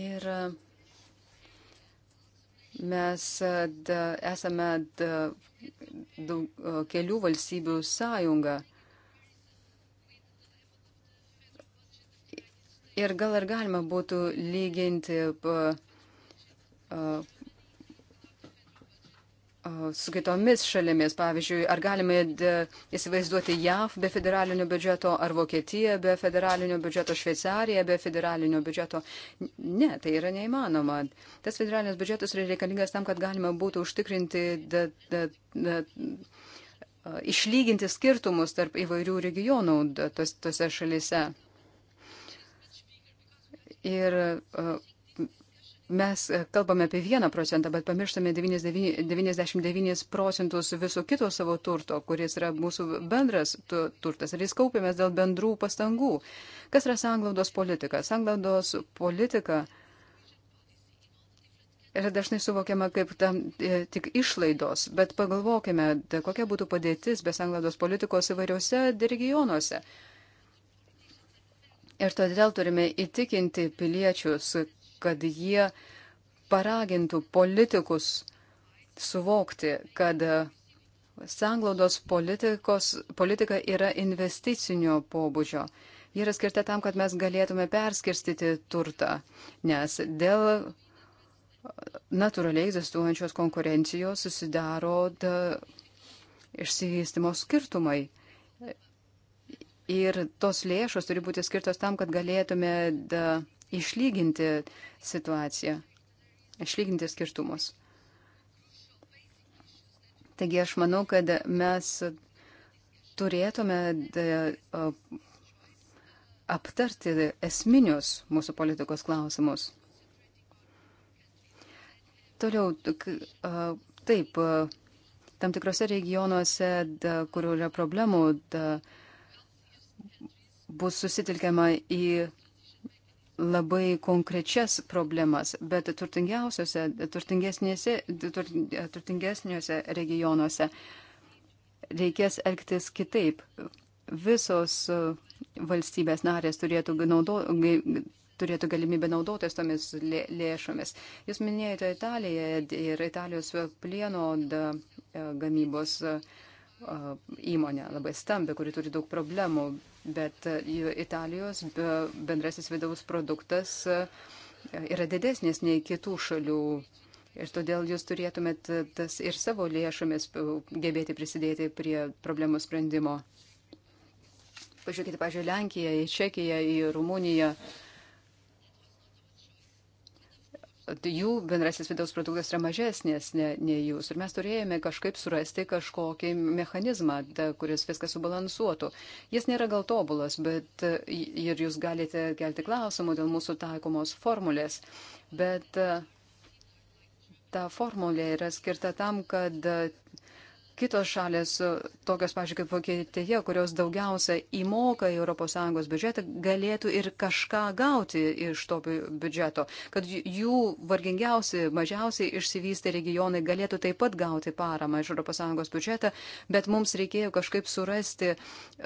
Ir mes da, esame da, daug, kelių valstybių sąjunga. Ir gal ir galima būtų lyginti su kitomis šalimis. Pavyzdžiui, ar galime įsivaizduoti JAV be federalinio biudžeto, ar Vokietiją be federalinio biudžeto, Šveicariją be federalinio biudžeto. Ne, tai yra neįmanoma. Tas federalinis biudžetas yra reikalingas tam, kad galima būtų užtikrinti, da, da, da, išlyginti skirtumus tarp įvairių regionų tose šalise. Ir e, mes kalbame apie 1 procentą, bet pamirštame 99 procentus viso kito savo turto, kuris yra mūsų bendras turtas. Ir jis kaupiamės dėl bendrų pastangų. Kas yra sanglaudos politika? Sanglaudos politika yra dažnai suvokiama kaip tam e, tik išlaidos, bet pagalvokime, tai kokia būtų padėtis be sanglaudos politikos įvairiuose regionuose. Ir todėl turime įtikinti piliečius, kad jie paragintų politikus suvokti, kad sanglaudos politika yra investicinio pobūdžio. Ji yra skirta tam, kad mes galėtume perskirstyti turtą, nes dėl natūraliai egzistuojančios konkurencijos susidaro išsivystimo skirtumai. Ir tos lėšos turi būti skirtos tam, kad galėtume da, išlyginti situaciją, išlyginti skirtumus. Taigi aš manau, kad mes turėtume da, aptarti esminius mūsų politikos klausimus. Toliau, taip, tam tikrose regionuose, da, kur yra problemų, da, bus susitelkiama į labai konkrečias problemas, bet turtingiausiose, turtingesnėse, turtingesniuose regionuose reikės elgtis kitaip. Visos uh, valstybės narės turėtų, naudo, turėtų galimybę naudotis tomis lė, lėšomis. Jūs minėjote Italiją ir Italijos plieno e, gamybos uh, įmonę, labai stambi, kuri turi daug problemų, bet Italijos bendrasis vidaus produktas yra didesnis nei kitų šalių. Ir todėl jūs turėtumėt tas ir savo lėšomis gebėti prisidėti prie problemų sprendimo. Pažiūrėkite, pažiūrėjau, Lenkiją, į Čekiją, į Rumuniją. Uh, jų bendrasis vidaus produktas yra mažesnės nei ne jūs. Ir mes turėjome kažkaip surasti kažkokį mechanizmą, da, kuris viską subalansuotų. Jis nėra gal tobulas, bet ir jūs galite kelti klausimų dėl mūsų taikomos formulės. Bet ta formulė yra skirta tam, kad kitos šalės, tokios, pažiūrėjau, kaip Vokietija, kurios daugiausia įmoka į ES biudžetą, galėtų ir kažką gauti iš to biudžeto, kad jų vargingiausi, mažiausiai išsivystę regionai galėtų taip pat gauti paramą iš ES biudžetą, bet mums reikėjo kažkaip surasti uh,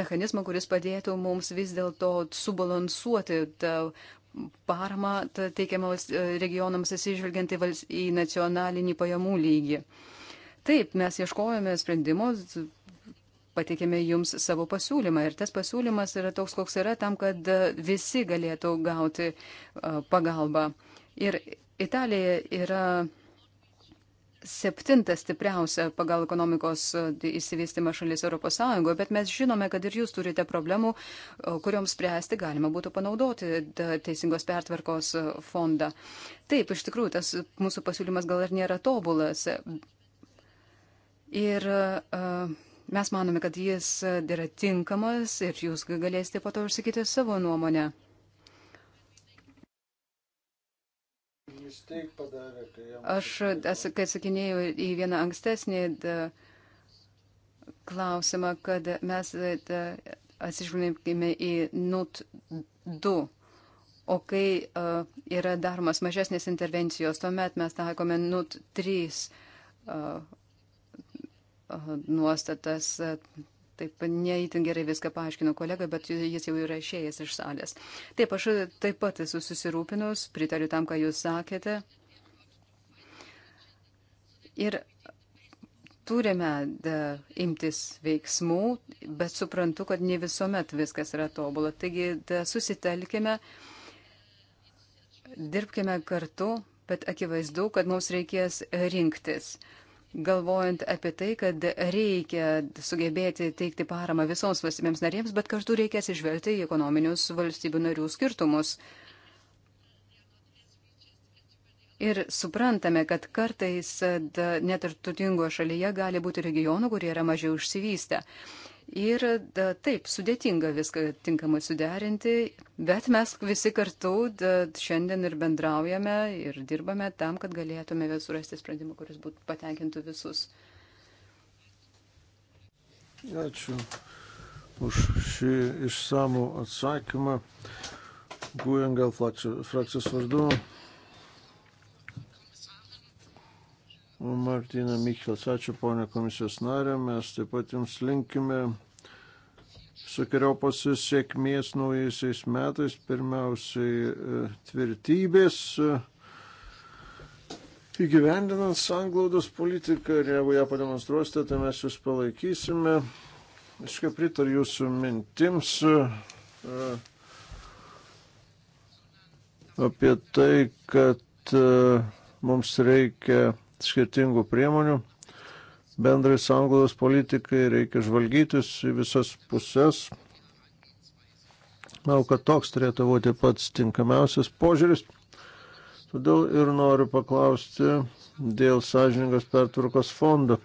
mechanizmą, kuris padėtų mums vis dėlto subalansuoti tą paramą teikiamą regionams atsižvelgiant į nacionalinį pajamų lygį. Uh, Taip, mes ieškojame sprendimus, pateikėme jums savo pasiūlymą ir tas pasiūlymas yra toks, koks yra, tam, kad visi galėtų gauti pagalbą. Ir Italija yra septinta stipriausia pagal ekonomikos įsivystimą šalis ES, bet mes žinome, kad ir jūs turite problemų, kuriuoms spręsti galima būtų panaudoti teisingos pertvarkos fondą. Taip, iš tikrųjų, tas mūsų pasiūlymas gal ir nėra tobulas, Ir e, mes manome, kad jis e, yra tinkamas ir jūs galėsite po to užsakyti savo nuomonę. Aš e, atsakinėjau į vieną ankstesnį klausimą, kad mes atsižvelgėme į NUT 2. O kai uh, yra daromas mažesnės intervencijos, tuomet mes taikome NUT 3 uh, nuostatas. Taip, neįtin gerai viską paaiškino kolega, bet jis jau yra išėjęs iš salės. Taip, aš taip pat esu susirūpinus, pritariu tam, ką jūs sakėte. Ir turime da, imtis veiksmų, bet suprantu, kad ne visuomet viskas yra tobulą. Taigi da, susitelkime, dirbkime kartu, bet akivaizdu, kad mums reikės rinktis. Uh, galvojant apie tai, kad reikia sugebėti teikti paramą visoms valstybėms narėms, bet kartu reikia atsižvelgti į ekonominius valstybių narių skirtumus. Ir suprantame, kad kartais net ir turtingoje šalyje gali būti regionų, kurie yra mažiau išsivystę. Ir da, taip, sudėtinga viską tinkamai suderinti, bet mes visi kartu da, šiandien ir bendraujame ir dirbame tam, kad galėtume surasti sprendimą, kuris būtų patenkintų visus. Ačiū už šį išsamų atsakymą. Gujangal frakcijos vardu Martina Michels. Ačiū, ponė komisijos narė. Mes taip pat jums linkime sukeriopos sėkmės naujaisiais metais, pirmiausiai e, tvirtybės e, įgyvendinant sanglaudos politiką ir jeigu ją pademonstruosite, tai mes jūs palaikysime. Iškai pritariu jūsų mintims e, apie tai, kad mums reikia skirtingų priemonių bendrai sanglaudos politikai, reikia žvalgytis į visas puses. Manau, kad toks turėtų būti pats tinkamiausias požiūris. Todėl ir noriu paklausti dėl sąžiningos pertvarkos fondo.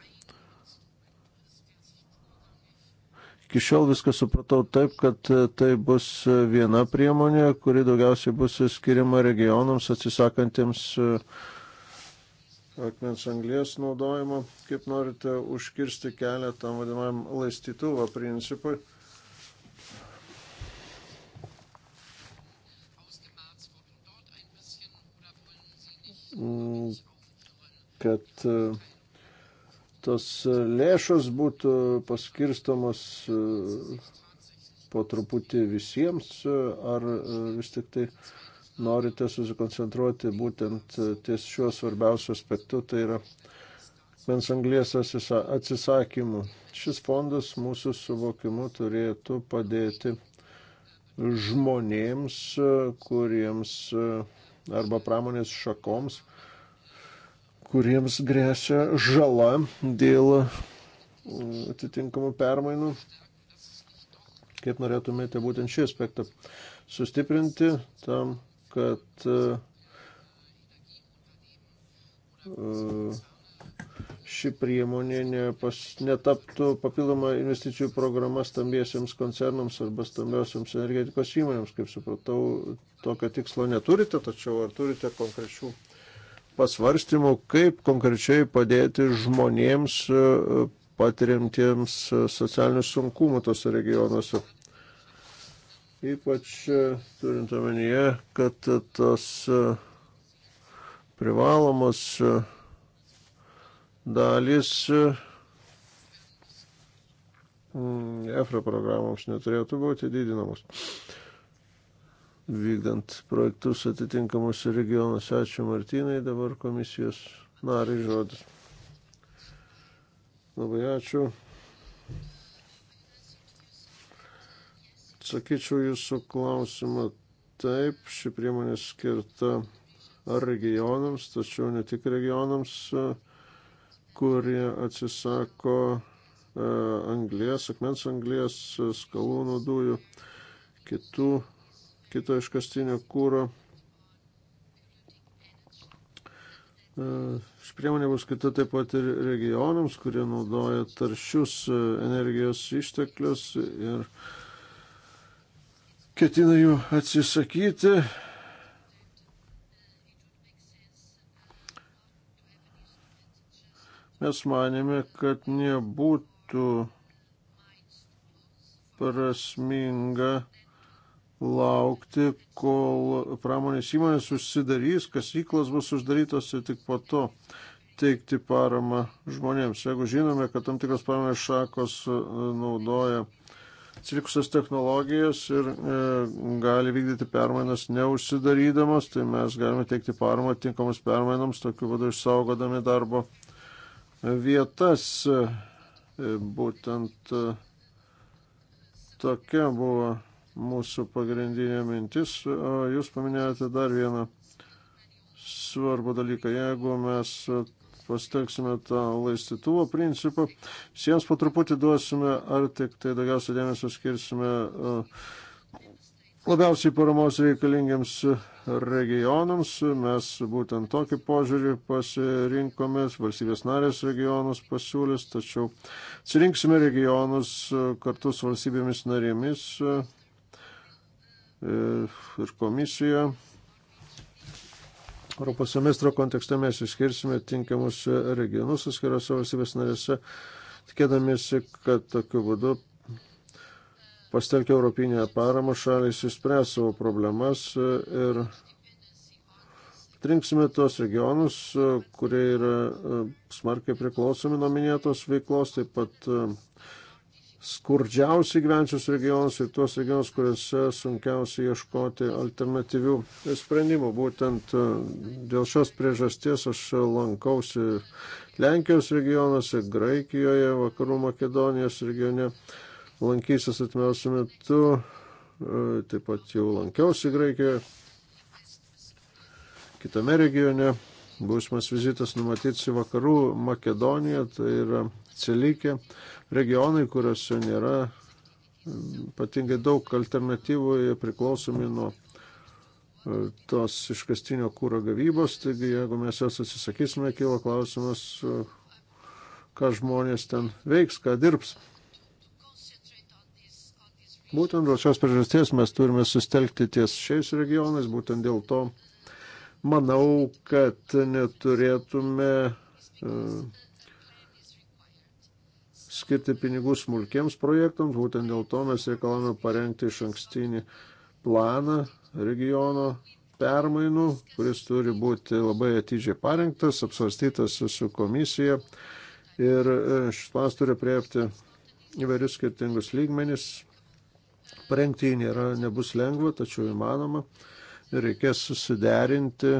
Iki šiol viską supratau taip, kad tai bus viena priemonė, kuri daugiausiai bus skiriama regionams atsisakantiems uh, akmens anglės naudojimo, kaip norite užkirsti kelią tam vadinamam laistytuvo principui. Mm, kad e, tos e, lėšos būtų paskirstamos e, po truputį visiems, ar vis tik tai uh, norite susikoncentruoti būtent ties šiuo svarbiausiu aspektu, tai yra mens anglės atsisakymu. Šis fondas mūsų suvokimu turėtų padėti žmonėms, kuriems arba pramonės šakoms, kuriems grėsia žala dėl atitinkamų permainų. Kaip norėtumėte būtent šį aspektą sustiprinti, tam kad e, ši priemonė nepas, netaptų papildoma investicijų programa stambiesiams koncernams arba stambiosiams energetikos įmonėms. Kaip supratau, tokio tikslo neturite, tačiau ar turite konkrečių pasvarstymų, kaip konkrečiai padėti žmonėms e, patiriantiems socialinių sunkumų tose regionuose? Ypač e, turint omenyje, kad tos e, privalomos e, dalys EFRA programoms neturėtų būti didinamos vykdant projektus atitinkamus regionus. Ačiū Martinai, dabar komisijos nariai žodis. Labai ačiū. Sakyčiau jūsų klausimą taip, ši priemonė skirta ar regionams, tačiau ne tik regionams, kurie atsisako e, anglės, akmens anglės, skalūnų dujų, kitų, kito iškastinio kūro. E, ši priemonė bus skirta taip pat ir regionams, kurie naudoja taršius e, energijos išteklius ir uh, ketina jų atsisakyti. Mes manėme, kad nebūtų prasminga laukti, kol pramonės įmonės užsidarys, kasyklas bus uždarytos ir tik po to teikti paramą žmonėms. Jeigu žinome, kad tam tikros pramonės šakos e, naudoja atsilikusias technologijas ir e, gali vykdyti permainas neužsidarydamas, tai mes galime teikti paramą tinkamus permainams, tokiu būdu išsaugodami darbo e, vietas. E, būtent e, tokia buvo mūsų pagrindinė mintis. O jūs paminėjote dar vieną svarbų dalyką. Jeigu mes pasitelksime tą laistytuvo principą. Siems po truputį duosime, ar tik tai daugiausia dėmesio skirsime e, labiausiai paramos reikalingiams regionams. Mes būtent tokį požiūrį pasirinkome, valstybės narės regionus pasiūlys, tačiau atsirinksime regionus e, kartu su valstybėmis narėmis e, ir komisija Europos semestro kontekste mes išskirsime tinkamus regionus atskirose valstybės narėse, tikėdamiesi, kad tokiu būdu pastelkia Europinę paramą šaliai suspręs savo problemas ir atrinksime tos regionus, kurie yra smarkiai priklausomi nuo minėtos veiklos, taip pat skurdžiausiai gyvenčius regionus ir tuos regionus, kuriuose sunkiausiai ieškoti alternatyvių sprendimų. Būtent e, dėl šios priežasties aš lankausi Lenkijos regionuose, Graikijoje, Vakarų Makedonijos regione, lankysis atmiausiu metu, e, taip pat jau lankiausi Graikijoje, kitame regione. Būsimas vizitas numatytas į vakarų Makedoniją, tai yra Celikė, regionai, kuriuose nėra mm, patingai daug alternatyvų, jie priklausomi nuo e, tos iškastinio kūro gavybos, taigi jeigu mes jos atsisakysime, kyla klausimas, e, ką žmonės ten veiks, ką dirbs. Būtent dėl šios priežasties mes turime sustelkti ties šiais regionais, būtent dėl to manau, kad neturėtume uh, skirti pinigų smulkiems projektams, būtent dėl to mes reikalavome parengti iš ankstinį planą regiono permainų, kuris turi būti labai atidžiai parengtas, apsvarstytas su komisija ir e, šis planas turi priepti įvairius skirtingus lygmenis. Parengti jį nėra, nebus lengva, tačiau įmanoma. Reikės susiderinti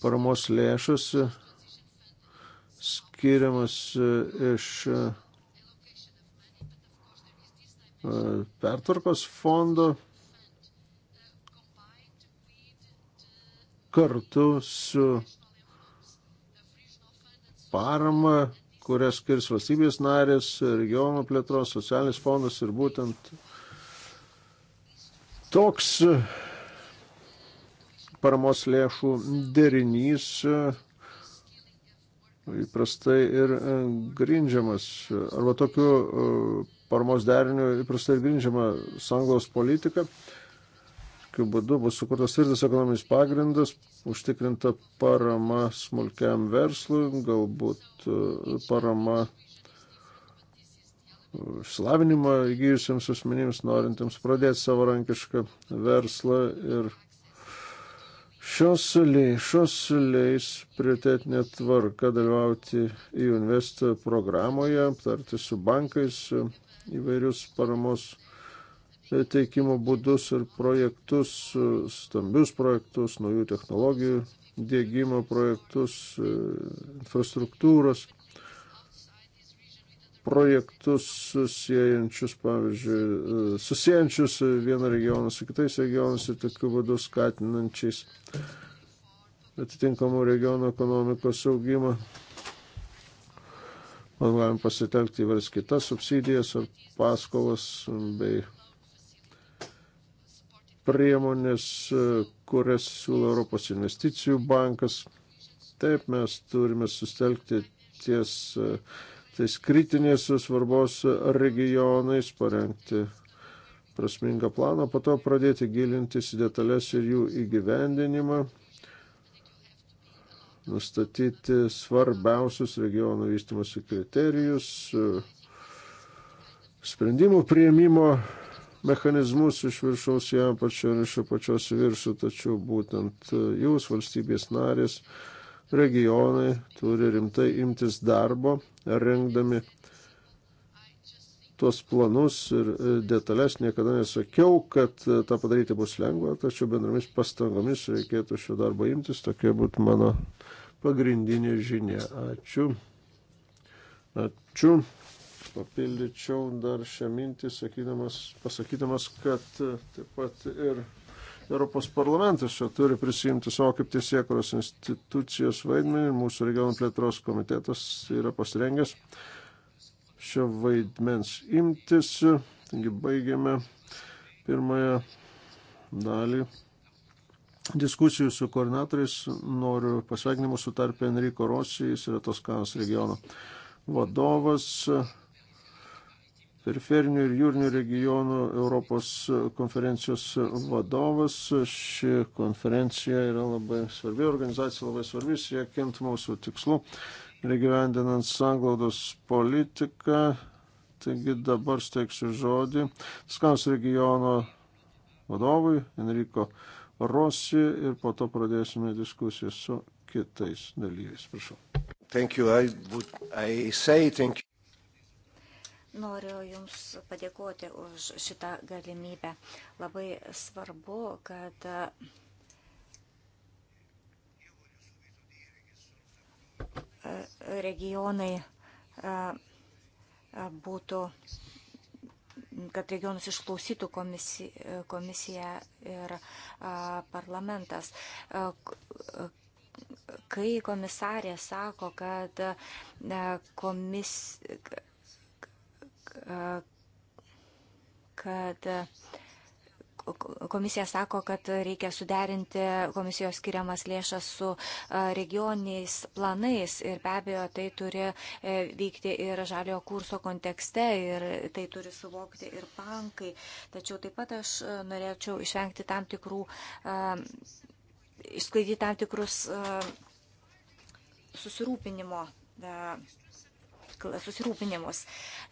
paramos lėšas skiriamas e, iš e, e, pertvarkos fondo kartu su parama, kurią skirs valstybės narės, regionų plėtros, socialinis fondas ir būtent toks paramos lėšų derinys įprastai ir e, grindžiamas, arba tokiu e, paramos deriniu įprastai ir grindžiama sąjungos politika. Tokiu būdu bus sukurtas tvirtas ekonominis pagrindas, užtikrinta parama smulkiam verslui, galbūt e, parama išslavinimą įgyjusiems asmenims, norintiems pradėti savarankišką verslą ir Šios lėšos leis prioritetinę tvarką dalyvauti į Invest programoje, aptarti su bankais įvairius paramos teikimo būdus ir projektus, stambius projektus, naujų technologijų dėgymo projektus, infrastruktūros projektus susiejančius, pavyzdžiui, e, susiejančius vieną regioną su kitais regionais ir tokiu būdu skatinančiais atitinkamų regionų ekonomikos augimą. Man galim pasitelkti įvairias kitas subsidijas ar paskolas bei priemonės, e, kurias siūlo Europos investicijų bankas. Taip mes turime sustelkti ties uh, tais kritinės svarbos regionais, parengti prasmingą planą, po to pradėti gilintis į detalės ir jų įgyvendinimą, nustatyti svarbiausius regionų vystimosi kriterijus, sprendimų prieimimo mechanizmus iš viršaus į apačią ir iš apačios į viršų, tačiau būtent jūs, valstybės narės, regionai turi rimtai imtis darbo, rengdami tuos planus ir e, detalės. Niekada nesakiau, kad e, tą padaryti bus lengva, tačiau bendromis pastangomis reikėtų šio darbo imtis. Tokia būtų mano pagrindinė žinia. Ačiū. Ačiū. Papildyčiau dar šią mintį, sakydamas, pasakydamas, kad e, taip pat ir Europos parlamentas čia turi prisijimti savo kaip tiesiekros institucijos vaidmenį. Mūsų regionų plėtros komitetas yra pasirengęs šio vaidmens imtis. Taigi baigiame pirmąją dalį diskusijų su koordinatoriais. Noriu pasveikinimų sutarpę Enrico Rosijais, jis yra Toskanos regiono vadovas periferinių ir jūrinių regionų Europos konferencijos vadovas. Ši konferencija yra labai svarbi, organizacija labai svarbi, siekiant mūsų tikslų ir gyvendinant sanglaudos politiką. Taigi dabar steiksiu žodį Skans regiono vadovui Enriko Rossi ir po to pradėsime diskusiją su kitais dalyviais. Prašau. Thank you. I would, I say thank you. Noriu Jums padėkoti už šitą galimybę. Labai svarbu, kad e, regionai e, e, būtų kad regionus išklausytų komisija, komisija ir a, parlamentas. A, kai komisarė sako, kad a, komis, kad komisija sako, kad reikia suderinti komisijos skiriamas lėšas su regioniais planais ir be abejo tai turi e, vykti ir žaliojo kurso kontekste ir tai turi suvokti ir bankai. Tačiau taip pat aš norėčiau išvengti tam tikrų, išsklaidyti tam tikrus susirūpinimo susirūpinimus.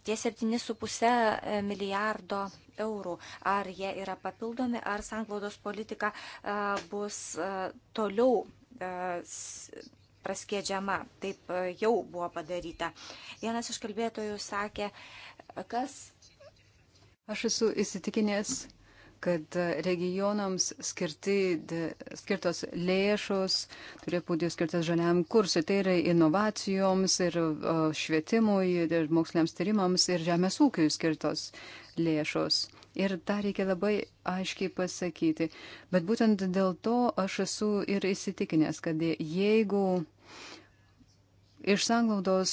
Tie 7,5 e, milijardo eurų, ar jie yra papildomi, ar sanglaudos politika e, bus e, toliau praskėdžiama. Taip jau buvo padaryta. Vienas iš kalbėtojų sakė, kas. Aš esu įsitikinęs, kad e, regionams skirti, skirtos lėšos turi būti skirtas žaliam kursui. Tai yra inovacijoms ir švietimui, ir moksliniams tyrimams, ir žemės ūkiui skirtos lėšos. Ir tą reikia labai aiškiai pasakyti. Bet būtent dėl to aš esu ir įsitikinęs, kad jeigu Iš sanglaudos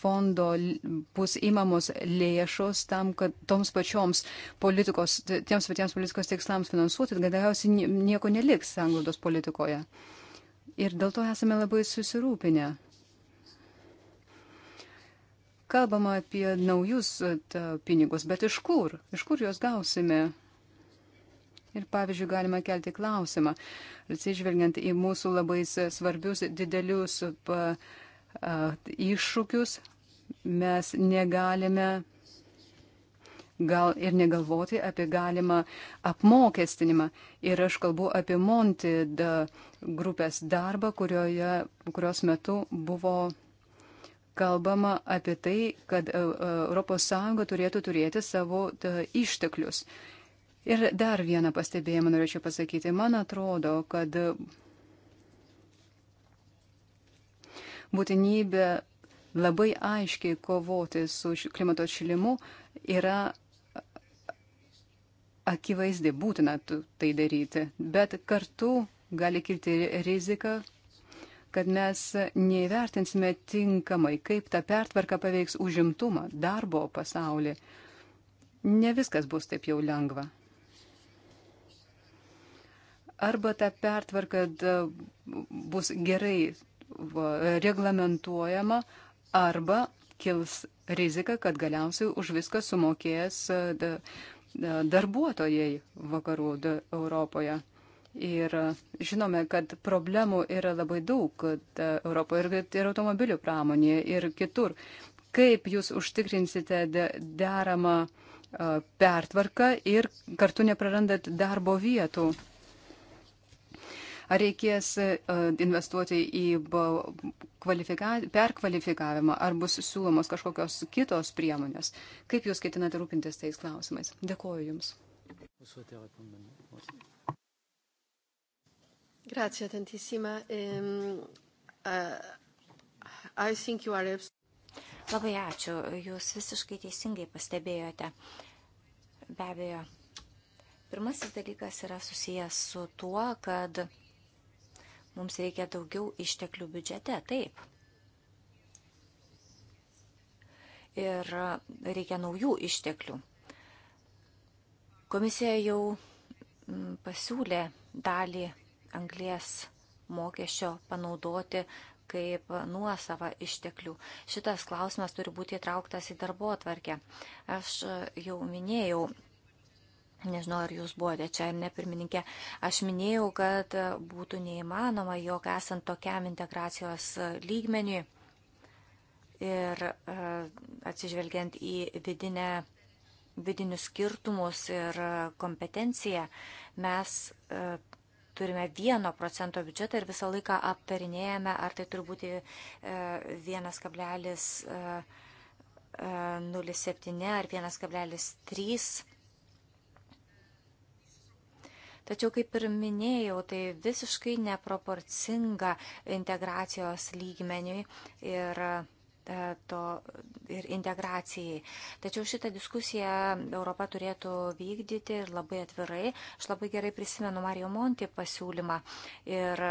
fondo bus įmamos lėšos tam, kad toms pačioms politikos, tiems patiems politikos tikslams finansuoti, galiausiai nieko neliks sanglaudos politikoje. Ir dėl to esame labai susirūpinę. Kalbama apie naujus e, pinigus, bet iš kur? Iš kur juos gausime? Ir pavyzdžiui, galima kelti klausimą, atsižvelgiant į mūsų labai svarbius didelius E, iššūkius, mes negalime gal ir negalvoti apie galimą apmokestinimą. Ir aš kalbu apie Monti grupės darbą, kurioje, kurios metu buvo kalbama apie tai, kad ES e, turėtų turėti savo e, išteklius. Ir dar vieną pastebėjimą norėčiau pasakyti. Man atrodo, kad būtinybė labai aiškiai kovoti su klimato atšilimu yra akivaizdi, būtina tai daryti. Bet kartu gali kilti rizika, kad mes neįvertinsime tinkamai, kaip ta pertvarka paveiks užimtumą, darbo pasaulį. Ne viskas bus taip jau lengva. Arba ta pertvarka bus gerai reglamentuojama arba kils rizika, kad galiausiai už viską sumokės e, darbuotojai vakarų Europoje. Ir e, žinome, kad problemų yra labai daug Europoje ir, ir automobilių pramonėje ir kitur. Kaip jūs užtikrinsite deramą e, pertvarką ir kartu neprarandat darbo vietų? Ar reikės e, investuoti į perkvalifikavimą, ar bus siūlomos kažkokios kitos priemonės? Kaip Jūs ketinate rūpintis tais klausimais? Dėkuoju Jums. Grazie tantissima. Um, uh, I think you are Labai ačiū, jūs visiškai teisingai pastebėjote. Be abejo, pirmasis dalykas yra susijęs su tuo, kad Mums reikia daugiau išteklių biudžete, taip. Ir reikia naujų išteklių. Komisija jau mm, pasiūlė dalį anglės mokesčio panaudoti kaip nuosava išteklių. Šitas klausimas turi būti įtrauktas į darbo atvarkę. Aš jau minėjau Nežinau, ar jūs buvote čia ar ne, pirmininkė. Aš minėjau, kad būtų neįmanoma, jog esant tokiam integracijos lygmeniui ir e, atsižvelgiant į vidinę, vidinius skirtumus ir kompetenciją, mes e, turime vieno procento biudžetą ir visą laiką aptarinėjame, ar tai turi būti 1,07 e, ar 1,3 Tačiau, kaip ir minėjau, tai visiškai neproporcinga integracijos lygmeniui ir E, to ir integracijai. Tačiau šitą diskusiją Europa turėtų vykdyti ir labai atvirai. Aš labai gerai prisimenu Mario Monti pasiūlymą ir e,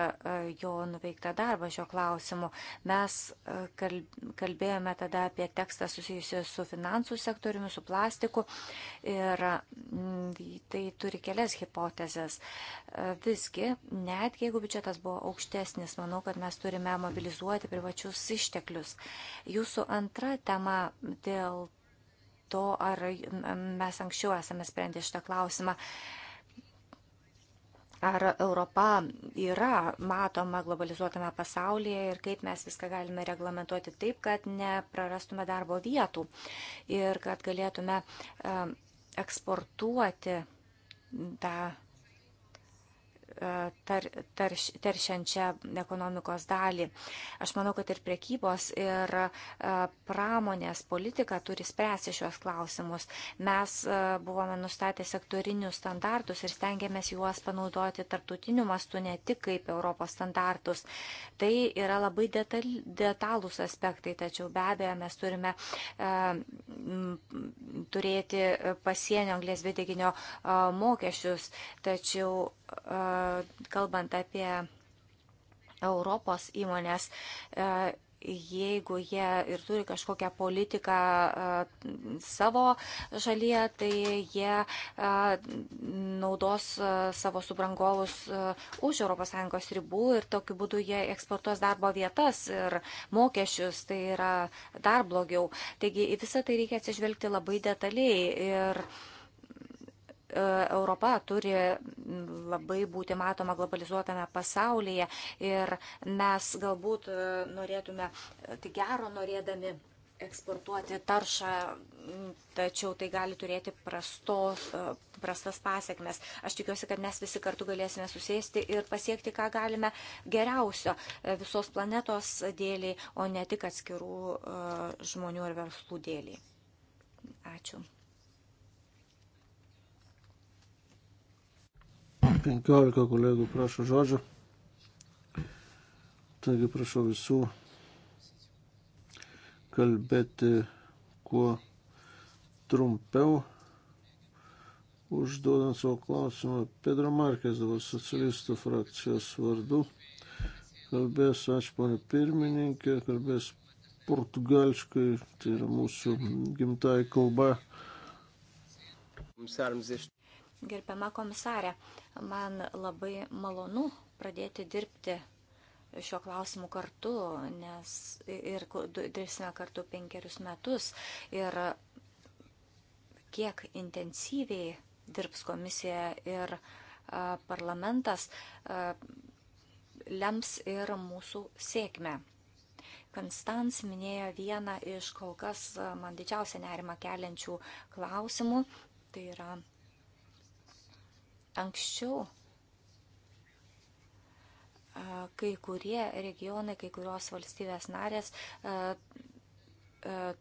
jo nuveiktą darbą šio klausimu. Mes e, kalbėjome tada apie tekstą susijusiu su finansų sektoriumi, su plastiku ir tai turi kelias hipotezės. Visgi, net jeigu biudžetas buvo aukštesnis, manau, kad mes turime mobilizuoti privačius išteklius. Jūsų antra tema dėl to, ar mes anksčiau esame sprendę šitą klausimą. Ar Europa yra matoma globalizuotame pasaulyje ir kaip mes viską galime reglamentuoti taip, kad neprarastume darbo vietų ir kad galėtume eksportuoti tą tar, tar, teršiančią ekonomikos dalį. Aš manau, kad ir priekybos ir e, pramonės politika turi spręsti šios klausimus. Mes e, buvome nustatę sektorinius standartus ir stengiamės juos panaudoti tarptautiniu mastu, ne tik kaip Europos standartus. Tai yra labai detal, detalūs aspektai, tačiau be abejo mes turime e, turėti pasienio anglės dvideginio mokesčius, tačiau kalbant apie Europos įmonės, e, jeigu jie ir turi kažkokią politiką e, savo šalyje, tai jie e, naudos savo subrangovus už ES ribų ir tokiu būdu jie eksportuos darbo vietas ir mokesčius, tai yra dar blogiau. Taigi į visą tai reikia atsižvelgti labai detaliai. Ir E, Europa turi labai būti matoma globalizuotame pasaulyje ir mes galbūt e, norėtume e, tik gero norėdami eksportuoti taršą, tačiau tai gali turėti prastos, prastas pasiekmes. Aš tikiuosi, kad mes visi kartu galėsime susėsti ir pasiekti, ką galime geriausio visos planetos dėliai, o ne tik atskirų žmonių ar verslų dėliai. Ačiū. 15 kolegų prašo žodžio. Taigi prašau visų kalbėti kuo trumpiau, užduodant savo klausimą. Pedro Markės dabar socialistų frakcijos vardu. Kalbės, ačiū ponė pirmininkė, kalbės portugališkai, tai yra mūsų gimtai kalba. Mums arms iš Gerbiama komisarė, man labai malonu pradėti dirbti šiuo klausimu kartu, nes ir dirbsime kartu penkerius metus. Ir kiek intensyviai dirbs komisija ir parlamentas lems ir mūsų sėkmę. Konstans minėjo vieną iš kol kas man didžiausią nerimą keliančių klausimų, tai yra Anksčiau kai kurie regionai, kai kurios valstybės narės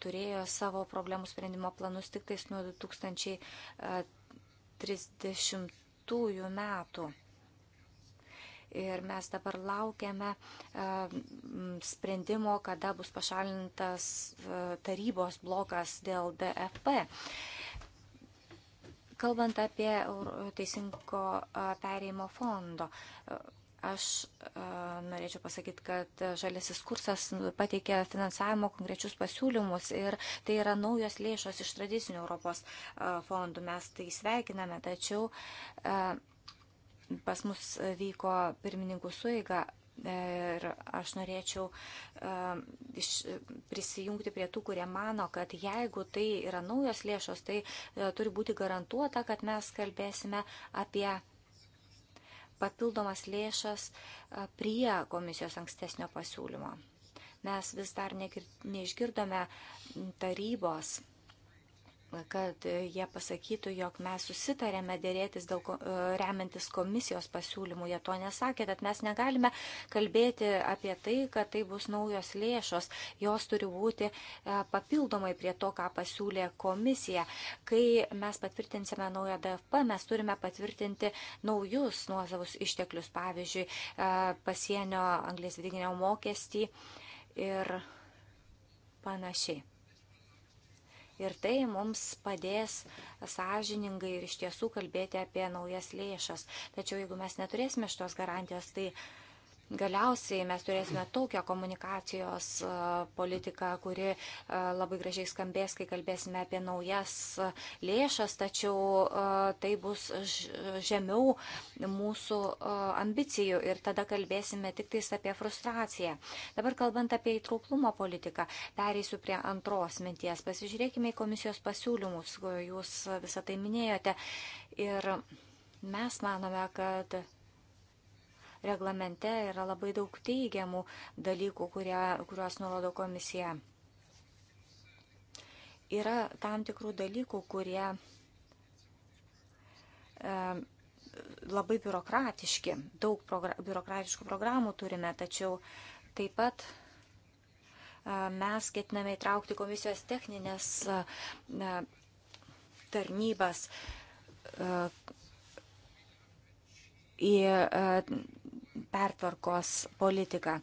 turėjo savo problemų sprendimo planus tik tais nuo 2030 metų. Ir mes dabar laukiame sprendimo, kada bus pašalintas tarybos blokas dėl DFP. Kalbant apie teisingo pereimo fondo, aš norėčiau pasakyti, kad žalėsis kursas pateikė finansavimo konkrečius pasiūlymus ir tai yra naujos lėšos iš tradicinių Europos fondų. Mes tai sveikiname, tačiau pas mus vyko pirmininkų suiga Ir aš norėčiau prisijungti prie tų, kurie mano, kad jeigu tai yra naujos lėšos, tai e, turi būti garantuota, kad mes kalbėsime apie papildomas lėšas e, prie komisijos ankstesnio pasiūlymo. Mes vis dar neišgirdome tarybos kad jie pasakytų, jog mes susitarėme dėrėtis dėl e, remiantis komisijos pasiūlymų. Jie to nesakė, tad mes negalime kalbėti apie tai, kad tai bus naujos lėšos. Jos turi būti e, papildomai prie to, ką pasiūlė komisija. Kai mes patvirtinsime naują DFP, mes turime patvirtinti naujus nuosavus išteklius, pavyzdžiui, e, pasienio anglės vidinio mokestį ir panašiai ir tai mums padės sąžiningai ir iš tiesų kalbėti apie naujas lėšas. Tačiau jeigu mes neturėsime šitos garantijos, tai galiausiai mes turėsime tokią komunikacijos e, politiką, kuri e, labai gražiai skambės, kai kalbėsime apie naujas e, lėšas, tačiau tai bus žemiau mūsų ambicijų ir tada kalbėsime tik tais apie frustraciją. Dabar kalbant apie įtrauklumo politiką, pereisiu prie antros minties. Pasižiūrėkime į komisijos pasiūlymus, jūs visą tai minėjote. Ir mes manome, kad reglamente yra labai daug teigiamų dalykų, kurie, kuriuos nurodo komisija. Yra tam tikrų dalykų, kurie e, labai biurokratiški. Daug progra biurokratiškų programų turime, tačiau taip pat e, mes ketiname įtraukti komisijos techninės e, tarnybas e, į pertvarkos politiką.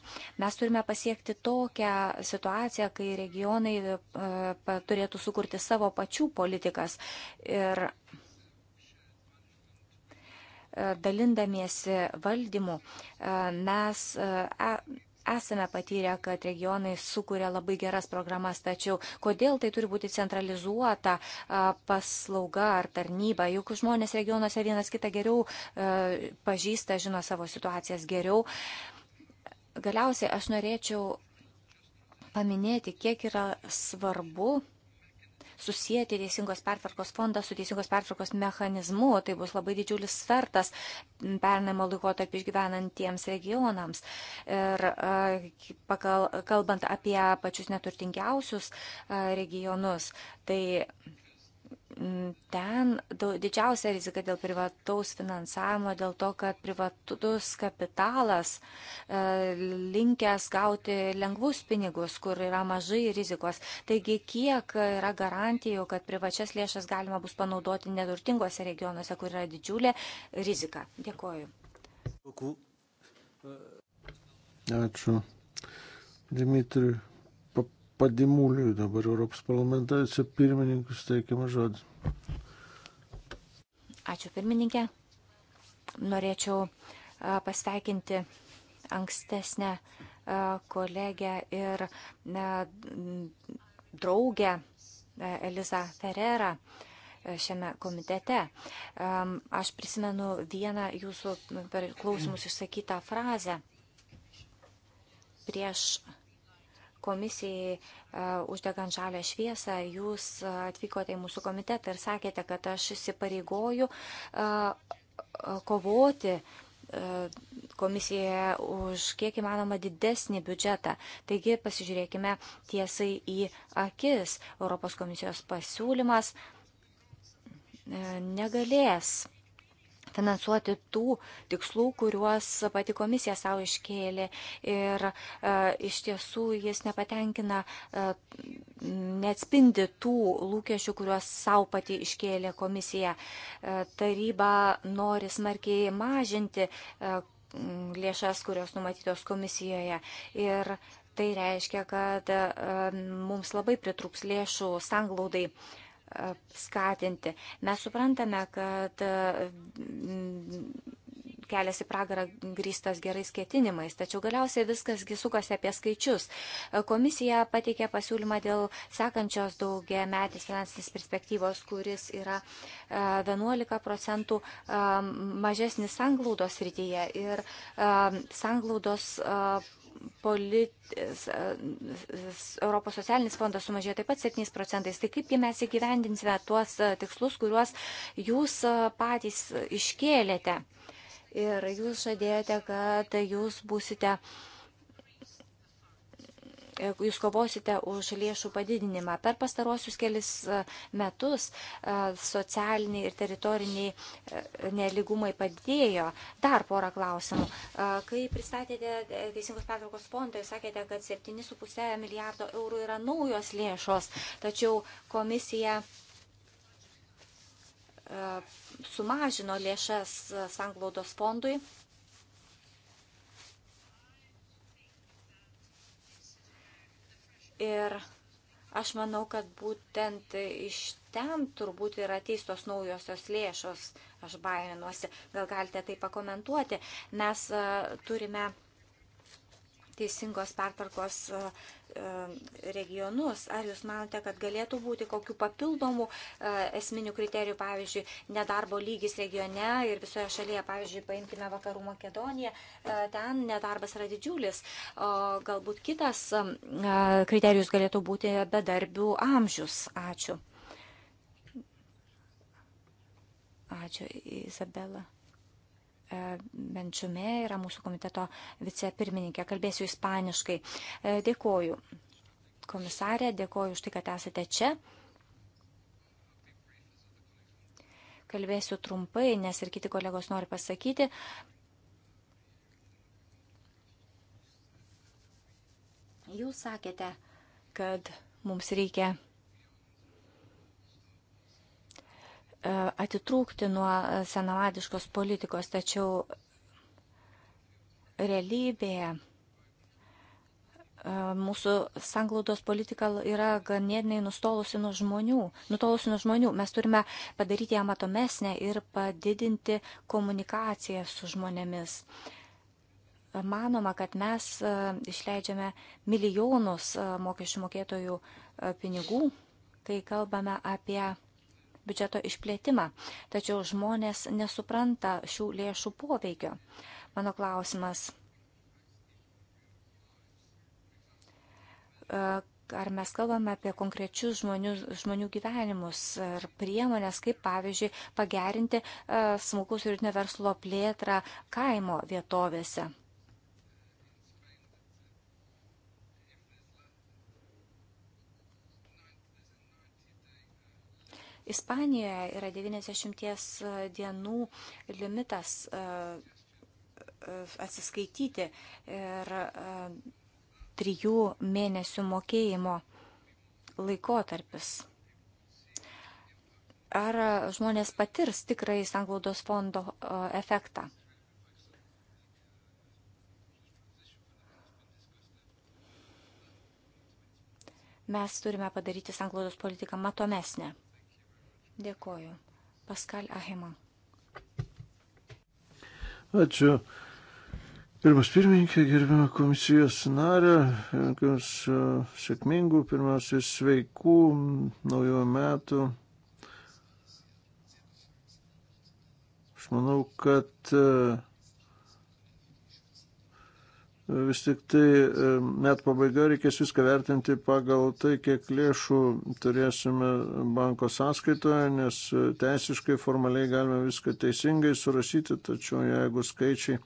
Mes turime pasiekti tokią situaciją, kai regionai e, turėtų sukurti savo pačių politikas. Ir e, dalindamiesi valdymu e, mes esame patyrę, kad regionai sukuria labai geras programas, tačiau kodėl tai turi būti centralizuota paslauga ar tarnyba, juk žmonės regionuose vienas kitą geriau pažįsta, žino savo situacijas geriau. Galiausiai aš norėčiau paminėti, kiek yra svarbu susijęti Teisingos pertvarkos fondą su Teisingos pertvarkos mechanizmu. Tai bus labai didžiulis svertas pernamo laikotarpį išgyvenantiems regionams. Ir pagal, kalbant apie pačius neturtingiausius regionus, tai ten didžiausia rizika dėl privataus finansavimo, dėl to, kad privatus kapitalas e, linkęs gauti lengvus pinigus, kur yra mažai rizikos. Taigi, kiek yra garantijų, kad privačias lėšas galima bus panaudoti neturtingose regionuose, kur yra didžiulė rizika. Dėkoju. Ačiū. Dimitri Padimuliui dabar Europos parlamento vicepirmininkus teikiamą žodį. Ačiū pirmininkė. Norėčiau pasveikinti ankstesnę kolegę ir draugę Eliza Ferrerą šiame komitete. Aš prisimenu vieną jūsų per klausimus išsakytą frazę prieš komisijai e, uždegant žalę šviesą, jūs atvykote į mūsų komitetą ir sakėte, kad aš įsipareigoju e, kovoti e, komisijoje už kiek įmanoma didesnį biudžetą. Taigi pasižiūrėkime tiesai į akis. Europos komisijos pasiūlymas negalės finansuoti tų tikslų, kuriuos pati komisija savo iškėlė. Ir e, iš tiesų jis nepatenkina, e, neatspindi tų lūkesčių, kuriuos savo pati iškėlė komisija. E, taryba nori smarkiai mažinti. E, lėšas, kurios numatytos komisijoje. Ir tai reiškia, kad e, mums labai pritruks lėšų sanglaudai. E, skatinti. Mes suprantame, kad mm, kelias į pragarą grįstas gerais ketinimais, tačiau galiausiai viskasgi sukasi apie skaičius. Komisija pateikė pasiūlymą dėl sekančios daugia metės finansinės perspektyvos, kuris yra 11 e, procentų e, mažesnis sanglaudos rytyje ir e, sanglaudos politis, e, Europos socialinis fondas sumažėjo taip pat 7 procentais. Tai kaipgi mes įgyvendinsime tuos e, tikslus, kuriuos jūs e, patys iškėlėte? Ir jūs žadėjote, kad jūs būsite uh, jūs kovosite už lėšų padidinimą. Per pastarosius kelis e, metus e, socialiniai ir teritoriniai e, neligumai padidėjo. Dar porą klausimų. Kai pristatėte Teisingos pertraukos fondą, jūs sakėte, kad 7,5 milijardo eurų yra naujos lėšos, tačiau komisija sumažino lėšas sanglaudos fondui Ir aš manau, kad būtent iš ten turbūt yra teistos naujosios lėšos, aš baiminuosi, gal galite tai pakomentuoti. Mes e, turime teisingos pertvarkos e, e, regionus. Ar jūs manote, kad galėtų būti kokių papildomų e, esminių kriterijų, pavyzdžiui, nedarbo lygis regione ir visoje šalyje, pavyzdžiui, paimkime Vakarų Makedoniją, ten nedarbas yra didžiulis. Galbūt kitas kriterijus galėtų būti bedarbių amžius. Ačiū. Ačiū, Izabela. E, Benčiumė yra mūsų komiteto vicepirmininkė. Kalbėsiu ispaniškai. E, dėkoju, komisarė, dėkoju už tai, kad esate čia. Kalbėsiu trumpai, nes ir kiti kolegos nori pasakyti. Jūs sakėte, kad mums reikia E, atitrūkti nuo senavadiškos politikos, tačiau realybėje e, mūsų sanglaudos politika yra ganėtinai nustolusi nuo žmonių. Nutolusi nuo žmonių. Mes turime padaryti ją matomesnę ir padidinti komunikaciją su žmonėmis. Manoma, kad mes e, išleidžiame milijonus mokesčių mokėtojų pinigų, kai kalbame apie biudžeto išplėtimą, tačiau žmonės nesupranta šių lėšų poveikio. Mano klausimas. E, ar mes kalbame apie konkrečius žmonių, žmonių gyvenimus ir priemonės, kaip pavyzdžiui pagerinti e, smulkus ir neverslo plėtrą kaimo vietovėse? Ispanijoje yra 90 e, dienų limitas e, e, atsiskaityti ir trijų mėnesių mokėjimo laikotarpis. Ar žmonės patirs tikrai sanglaudos fondo efektą? Mes turime padaryti sanglaudos politiką matomesnę. Dėkoju. Paskal Ahima. Ačiū. Pirmas pirmininkė, gerbima komisijos narė, jums e, sėkmingų, pirmiausiai sveikų naujo metų. Aš manau, kad e, vis tik tai e, net pabaigoje reikės viską vertinti pagal tai, kiek lėšų turėsime banko sąskaitoje, nes e, teisiškai formaliai galime viską teisingai surašyti, tačiau jeigu skaičiai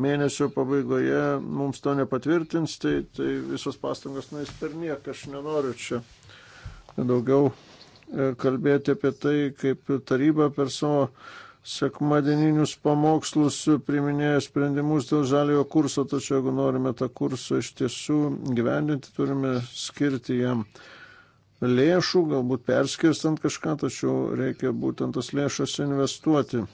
mėnesio pabaigoje mums to nepatvirtins, tai, tai visos pastangos nuės per nieką. Aš nenoriu čia daugiau e, kalbėti apie tai, kaip taryba per savo sekmadieninius pamokslus priminėja sprendimus dėl žaliojo kurso, tačiau jeigu norime tą kursą iš tiesų gyvendinti, turime skirti jam lėšų, galbūt perskirstant kažką, tačiau reikia būtent tas lėšas investuoti.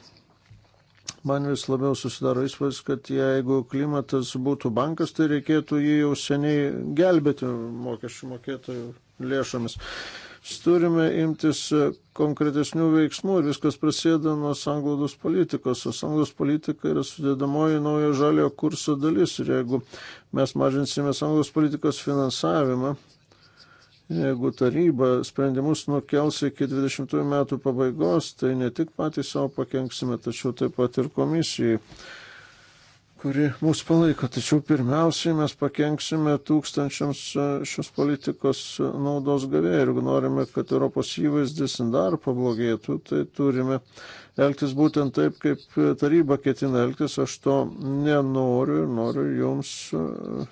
Man vis labiau susidaro įspūdis, kad jeigu klimatas būtų bankas, tai reikėtų jį jau seniai gelbėti mokesčių mokėtojų lėšomis turime imtis e, konkretesnių veiksmų ir viskas prasideda nuo sanglaudos politikos, o sanglaudos politika yra sudėdamoji naujo žaliojo kurso dalis ir jeigu mes mažinsime sanglaudos politikos finansavimą, jeigu taryba sprendimus nukels iki 20 metų pabaigos, tai ne tik patys savo pakenksime, tačiau taip pat ir komisijai kuri mūsų palaiko. Tačiau pirmiausiai mes pakenksime tūkstančiams e, šios politikos e, naudos gavėjų. Jeigu norime, kad Europos įvaizdis dar pablogėtų, tai turime elgtis būtent taip, kaip taryba ketina elgtis. Aš to nenoriu ir noriu jums e,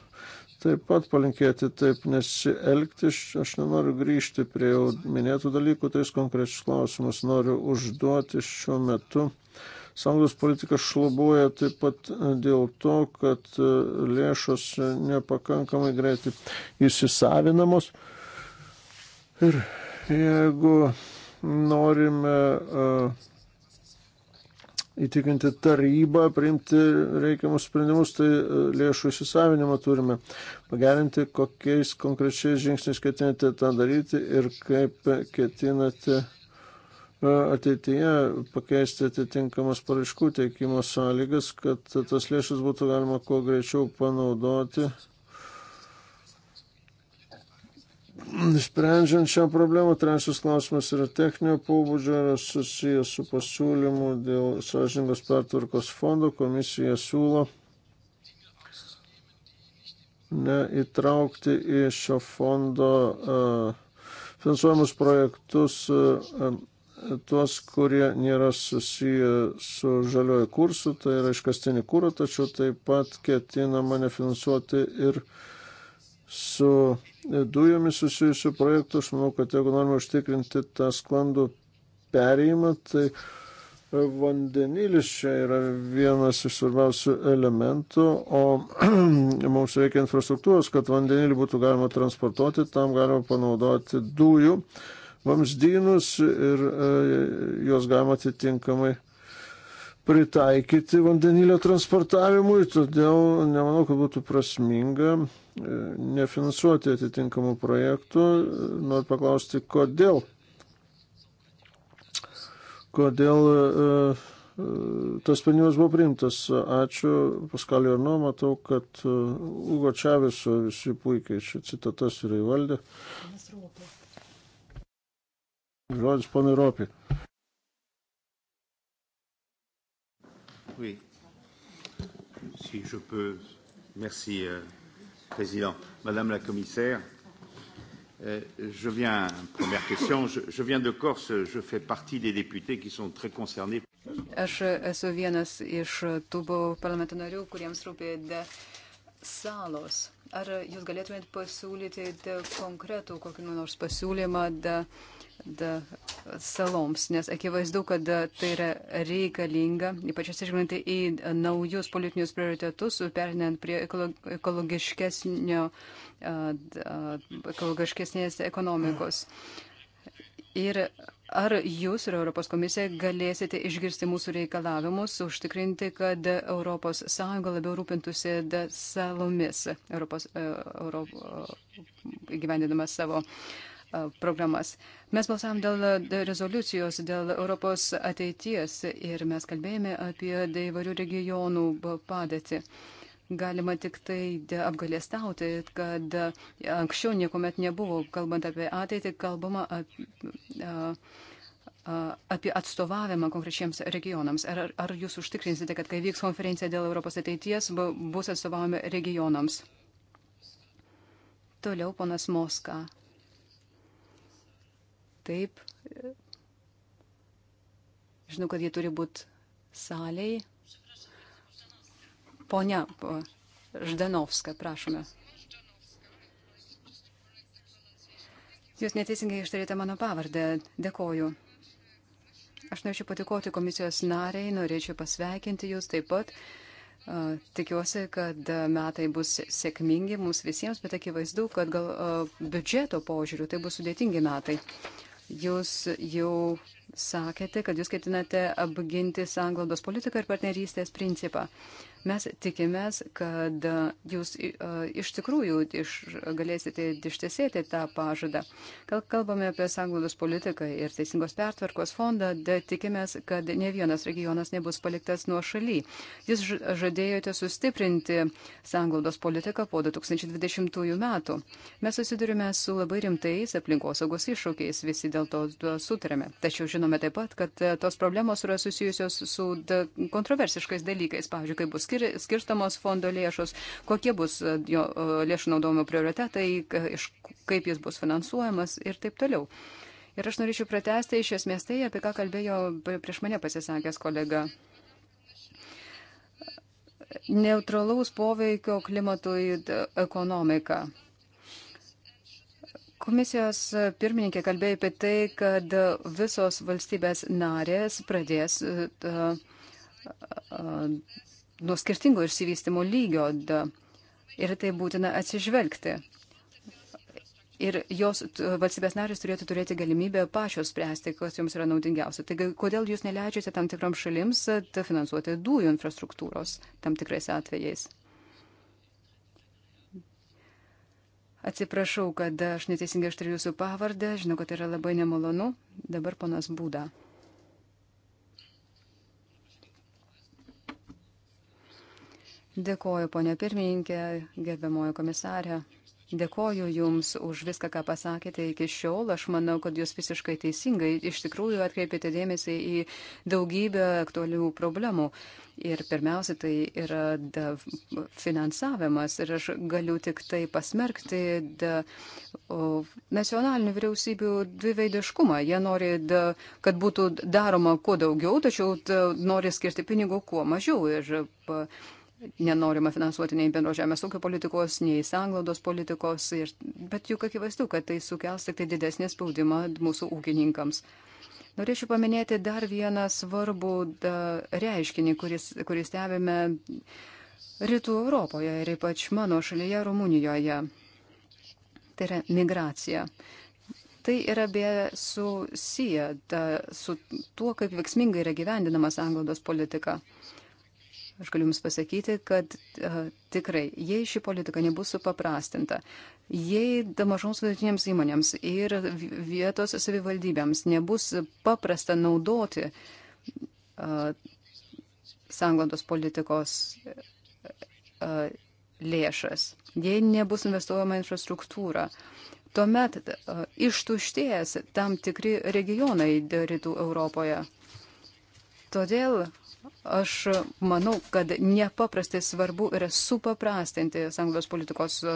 taip pat palinkėti taip nesielgti. Aš nenoriu grįžti prie jau minėtų dalykų, tais konkrečius klausimus noriu užduoti šiuo metu Sąjungos politika šlubuoja taip pat e, dėl to, kad e, lėšos e, nepakankamai greitai įsisavinamos. Ir jeigu norime uh, įtikinti tarybą, priimti reikiamus sprendimus, tai lėšų įsisavinimą turime pagerinti, kokiais konkrečiais žingsniais ketinate tą daryti ir kaip ketinate ateityje pakeisti atitinkamas paraiškų teikimo sąlygas, kad tas lėšas būtų galima kuo greičiau panaudoti. Sprendžiant šią problemą, trečias klausimas yra techninio pobūdžio, yra susijęs su pasiūlymu dėl sąžiningos pertvarkos fondo. Komisija siūlo neįtraukti į šio fondo uh, finansuojamus projektus uh, tuos, kurie nėra susiję su žalioju kursu, tai yra iškastinį kūrą, tačiau taip pat ketinama nefinansuoti ir su dujomis susijusių projektų. Aš manau, kad jeigu norime užtikrinti tą sklandų perėjimą, tai vandenilis čia yra vienas iš svarbiausių elementų, o (clears throat) mums reikia infrastruktūros, kad vandenilį būtų galima transportuoti, tam galima panaudoti dujų. Uh, vamzdynus ir e, juos galima atitinkamai pritaikyti vandenilio transportavimui, todėl nemanau, kad būtų prasminga e, nefinansuoti atitinkamų projektų. Noriu paklausti, kodėl? Kodėl e, tas sprendimas buvo priimtas? Ačiū Paskalio Arno, matau, kad Ugo Čiaviso visi puikiai šį citatas yra įvaldę. Yes. Žodis ponui Ropiai. Oui. Si je peux. Merci, euh, Président. Madame la Commissaire, euh, je viens, première question, je, je viens de Corse, je fais partie des députés qui sont très concernés. Aš esu vienas iš tų parlamento narių, kuriems rūpė salos. Ar jūs galėtumėt pasiūlyti konkretų kokį nors pasiūlymą? De, uh, da, saloms, nes akivaizdu, kad da, tai yra reikalinga, ypač atsižvelgiant į naujus politinius prioritetus, perinant prie ekologiškesnio, ekologiškesnės ekonomikos. Ir ar jūs ir Europos komisija galėsite išgirsti mūsų reikalavimus, užtikrinti, kad ES labiau rūpintųsi salomis, Europos, e, Euro, e, gyvendinama savo uh, programas. Mes balsavom dėl rezoliucijos, dėl Europos ateities ir mes kalbėjome apie įvairių regionų padėtį. Galima tik tai apgalėstauti, kad anksčiau niekuomet nebuvo, kalbant apie ateitį, kalbama apie, apie atstovavimą konkrečiems regionams. Ar, ar jūs užtikrinsite, kad kai vyks konferencija dėl Europos ateities, bus atstovavami regionams? Toliau ponas Moska. Taip. Žinau, kad jie turi būti saliai. Pone Ždanovska, prašome. Jūs neteisingai ištarėte mano pavardę. Dėkoju. Aš norėčiau patikoti komisijos nariai, norėčiau pasveikinti jūs taip pat. Tikiuosi, kad metai bus sėkmingi mums visiems, bet akivaizdu, kad gal biudžeto požiūriu tai bus sudėtingi metai. Jūs jau sakėte, kad jūs ketinate apginti sanglaudos politiką ir partnerystės principą. Mes tikimės, kad e, jūs e, iš tikrųjų iš, galėsite ištesėti tą pažadą. Kal kalbame apie sanglaudos politiką ir teisingos pertvarkos fondą, bet tikimės, kad ne vienas regionas nebus paliktas nuo šaly. Jūs žadėjote sustiprinti sanglaudos politiką po 2020 metų. Mes susidurime su labai rimtais aplinkosaugos iššūkiais, visi dėl to sutarėme. Tačiau žinome taip pat, kad e, tos problemos yra susijusios su kontroversiškais dalykais, pavyzdžiui, kaip bus skirti skir, skirstamos fondo lėšos, kokie bus e, jo e, lėšų naudojimo prioritetai, kaip jis bus finansuojamas ir taip toliau. Ir aš norėčiau pratesti iš esmės tai, apie ką kalbėjo prieš mane pasisakęs kolega. Neutralaus poveikio klimatui e, ekonomika. Komisijos pirmininkė kalbėjo apie tai, kad visos valstybės narės pradės nuo skirtingo išsivystimo lygio da, ir tai būtina atsižvelgti. Ir jos valstybės narės turėtų turėti galimybę pačios spręsti, kas jums yra naudingiausia. Taigi, kodėl jūs neleidžiate tam tikram šalims e, finansuoti dujų infrastruktūros tam tikrais atvejais? Atsiprašau, kad aš neteisingai ištariu jūsų pavardę, žinau, kad tai yra labai nemalonu. Dabar ponas Būda. Dėkoju, ponė pirmininkė, gerbiamojo komisarė. Dėkoju Jums už viską, ką pasakėte iki šiol. Aš manau, kad Jūs visiškai teisingai iš tikrųjų atkreipėte dėmesį į daugybę aktualių problemų. Ir pirmiausia, tai yra da, finansavimas. Ir aš galiu tik tai pasmerkti da, o, nacionalinių vyriausybių dviveidiškumą. Jie nori, da, kad būtų daroma kuo daugiau, tačiau da, nori skirti pinigų kuo mažiau. Ir, pa, nenorima finansuoti nei bendro žemės ūkio politikos, nei sanglaudos politikos, ir, bet juk akivaizdu, kad tai sukels tik tai didesnį spaudimą mūsų ūkininkams. Norėčiau paminėti dar vieną svarbų da, reiškinį, kuris, kurį stebime Rytų Europoje ir ypač mano šalyje Rumunijoje. Tai yra migracija. Tai yra beje susiję ta, su tuo, kaip veiksmingai yra gyvendinamas anglodos politika. Uh, Aš galiu Jums pasakyti, kad a, tikrai, jei ši politika nebus supaprastinta, jei mažoms vidutinėms įmonėms ir vietos savivaldybėms nebus paprasta naudoti a, sanglantos politikos a, lėšas, jei nebus investuojama infrastruktūra, tuomet a, ištuštėjęs tam tikri regionai rytų Europoje. Todėl Aš manau, kad nepaprastai svarbu yra supaprastinti sanglos politikos e,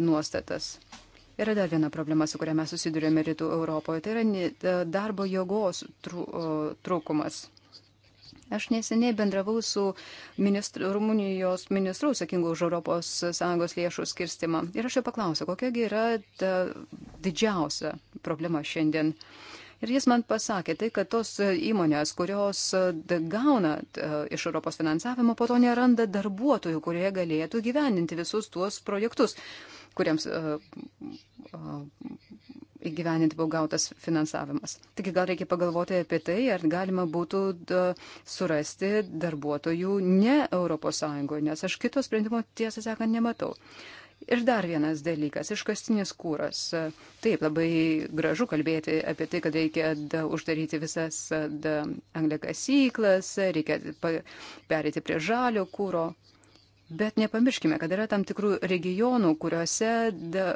nuostatas. Yra dar viena problema, su kuria mes susidurėme rytų Europoje, tai yra darbo jėgos trūkumas. Aš neseniai bendravau su ministru, Rumunijos ministru, sakingu už ES lėšų skirstimą. Ir aš jo paklausiau, kokiagi yra ta didžiausia problema šiandien. Uh, Ir jis man pasakė, tai, kad tos įmonės, kurios e, gauna e, iš Europos finansavimo, po to neranda darbuotojų, kurie galėtų gyveninti visus tuos projektus, kuriems e, įgyveninti buvo gautas finansavimas. Taigi gal reikia pagalvoti apie tai, ar galima būtų da, surasti darbuotojų ne ES, nes aš kito sprendimo tiesą sakant nematau. Ir dar vienas dalykas - iškastinis kūras. Taip, labai gražu kalbėti apie tai, kad reikia da, uždaryti visas angliakasyklas, reikia perėti prie žalio kūro. Bet nepamirškime, kad yra tam tikrų regionų, kuriuose da,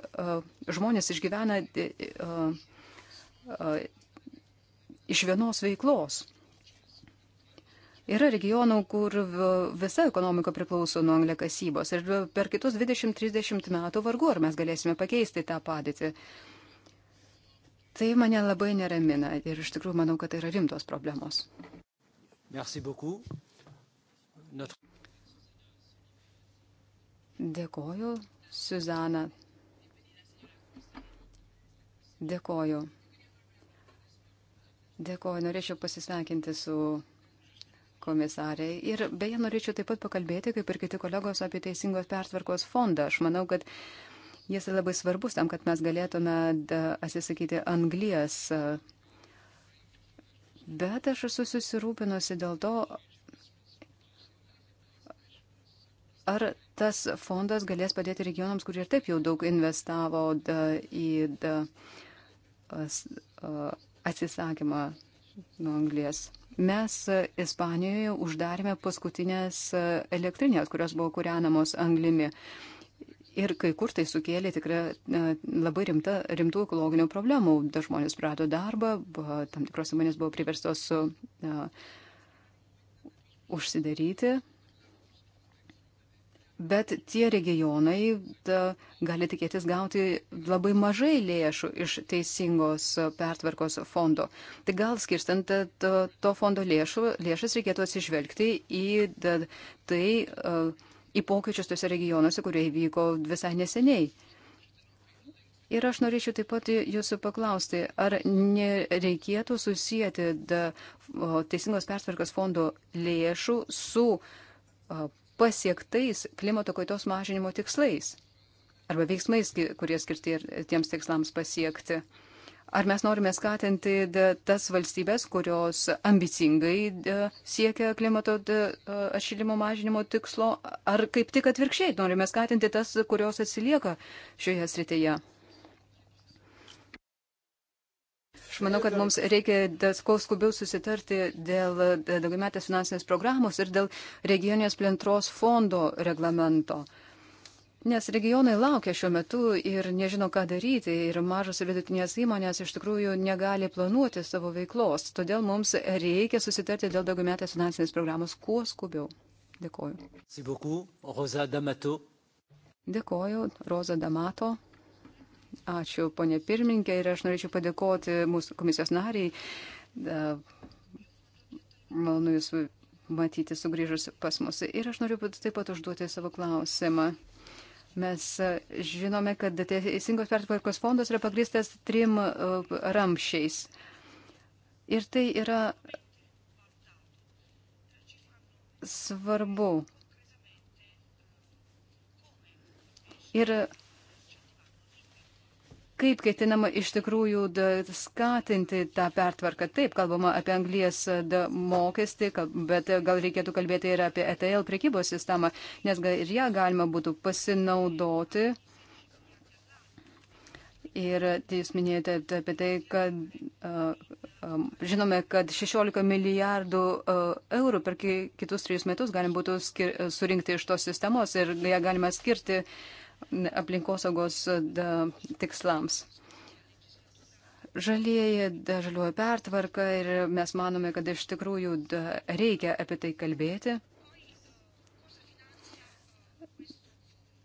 žmonės išgyvena da, a, a, iš vienos veiklos. Yra regionų, kur visa ekonomika priklauso nuo anglikasybos ir per kitus 20-30 metų vargu ar mes galėsime pakeisti tą padėtį. Tai mane labai neramina ir iš tikrųjų manau, kad tai yra rimtos problemos. Notre... Dėkoju, Suzana. Dėkoju. Dėkoju, norėčiau pasisveikinti su komisarė. Ir beje, norėčiau taip pat pakalbėti, kaip ir kiti kolegos, apie Teisingos pertvarkos fondą. Aš manau, kad jis labai svarbus tam, kad mes galėtume atsisakyti anglijas. Bet aš esu susirūpinusi dėl to, ar tas fondas galės padėti regionams, kurie ir taip jau daug investavo da, į da, as, a, atsisakymą nuo anglės. Mes e, Ispanijoje uždarėme paskutinės e, elektrinės, kurios buvo kūrenamos anglimi. Ir kai kur tai sukėlė tikrai e, labai rimta, rimtų ekologinių problemų. Da žmonės prado darbą, buvo, tam tikros įmonės buvo priverstos su, uh, užsidaryti. Bet tie regionai da, gali tikėtis gauti labai mažai lėšų iš teisingos pertvarkos fondo. Tai gal skirstant to, to fondo lėšų, lėšas reikėtų atsižvelgti į da, tai, į pokyčius tose regionuose, kurie įvyko visai neseniai. Ir aš norėčiau taip pat jūsų paklausti, ar nereikėtų susijęti da, o, Teisingos pertvarkos fondo lėšų su o, pasiektais klimato kaitos mažinimo tikslais arba veiksmais, kurie skirti ir tiems tikslams pasiekti. Ar mes norime skatinti tas valstybės, kurios ambicingai siekia klimato atšilimo mažinimo tikslo, ar kaip tik atvirkščiai norime skatinti tas, kurios atsilieka šioje srityje? Aš manau, kad mums reikia kuo skubiau susitarti dėl e, daugiametės finansinės programos ir dėl regioninės plėtros fondo reglamento. Nes regionai laukia šiuo metu ir nežino, ką daryti, ir mažos ir vidutinės įmonės iš tikrųjų negali planuoti savo veiklos. Todėl mums reikia susitarti dėl daugiametės finansinės programos kuo skubiau. Dėkoju. Dėkoju, Roza Damato. Ačiū, ponė pirmininkė, ir aš norėčiau padėkoti mūsų komisijos nariai. Malonu Jūs matyti sugrįžus pas mus. Ir aš noriu taip pat užduoti savo klausimą. Mes e, žinome, kad Teisingos pertvarkos fondas yra pagristas trim e, ramšiais. Ir tai yra svarbu. Ir kaip ketinama iš tikrųjų da, skatinti tą pertvarką. Taip, kalbama apie anglijas da, mokestį, bet gal reikėtų kalbėti ir apie ETL prekybos sistemą, nes gal ir ją galima būtų pasinaudoti. Ir tai jūs minėjote apie tai, kad žinome, kad 16 milijardų eurų per kitus trijus metus galim būtų skir, surinkti iš tos sistemos ir ją galima skirti uh, aplinkosaugos tikslams. Žalieji, žaliuoja pertvarka ir mes manome, kad iš tikrųjų reikia apie tai kalbėti.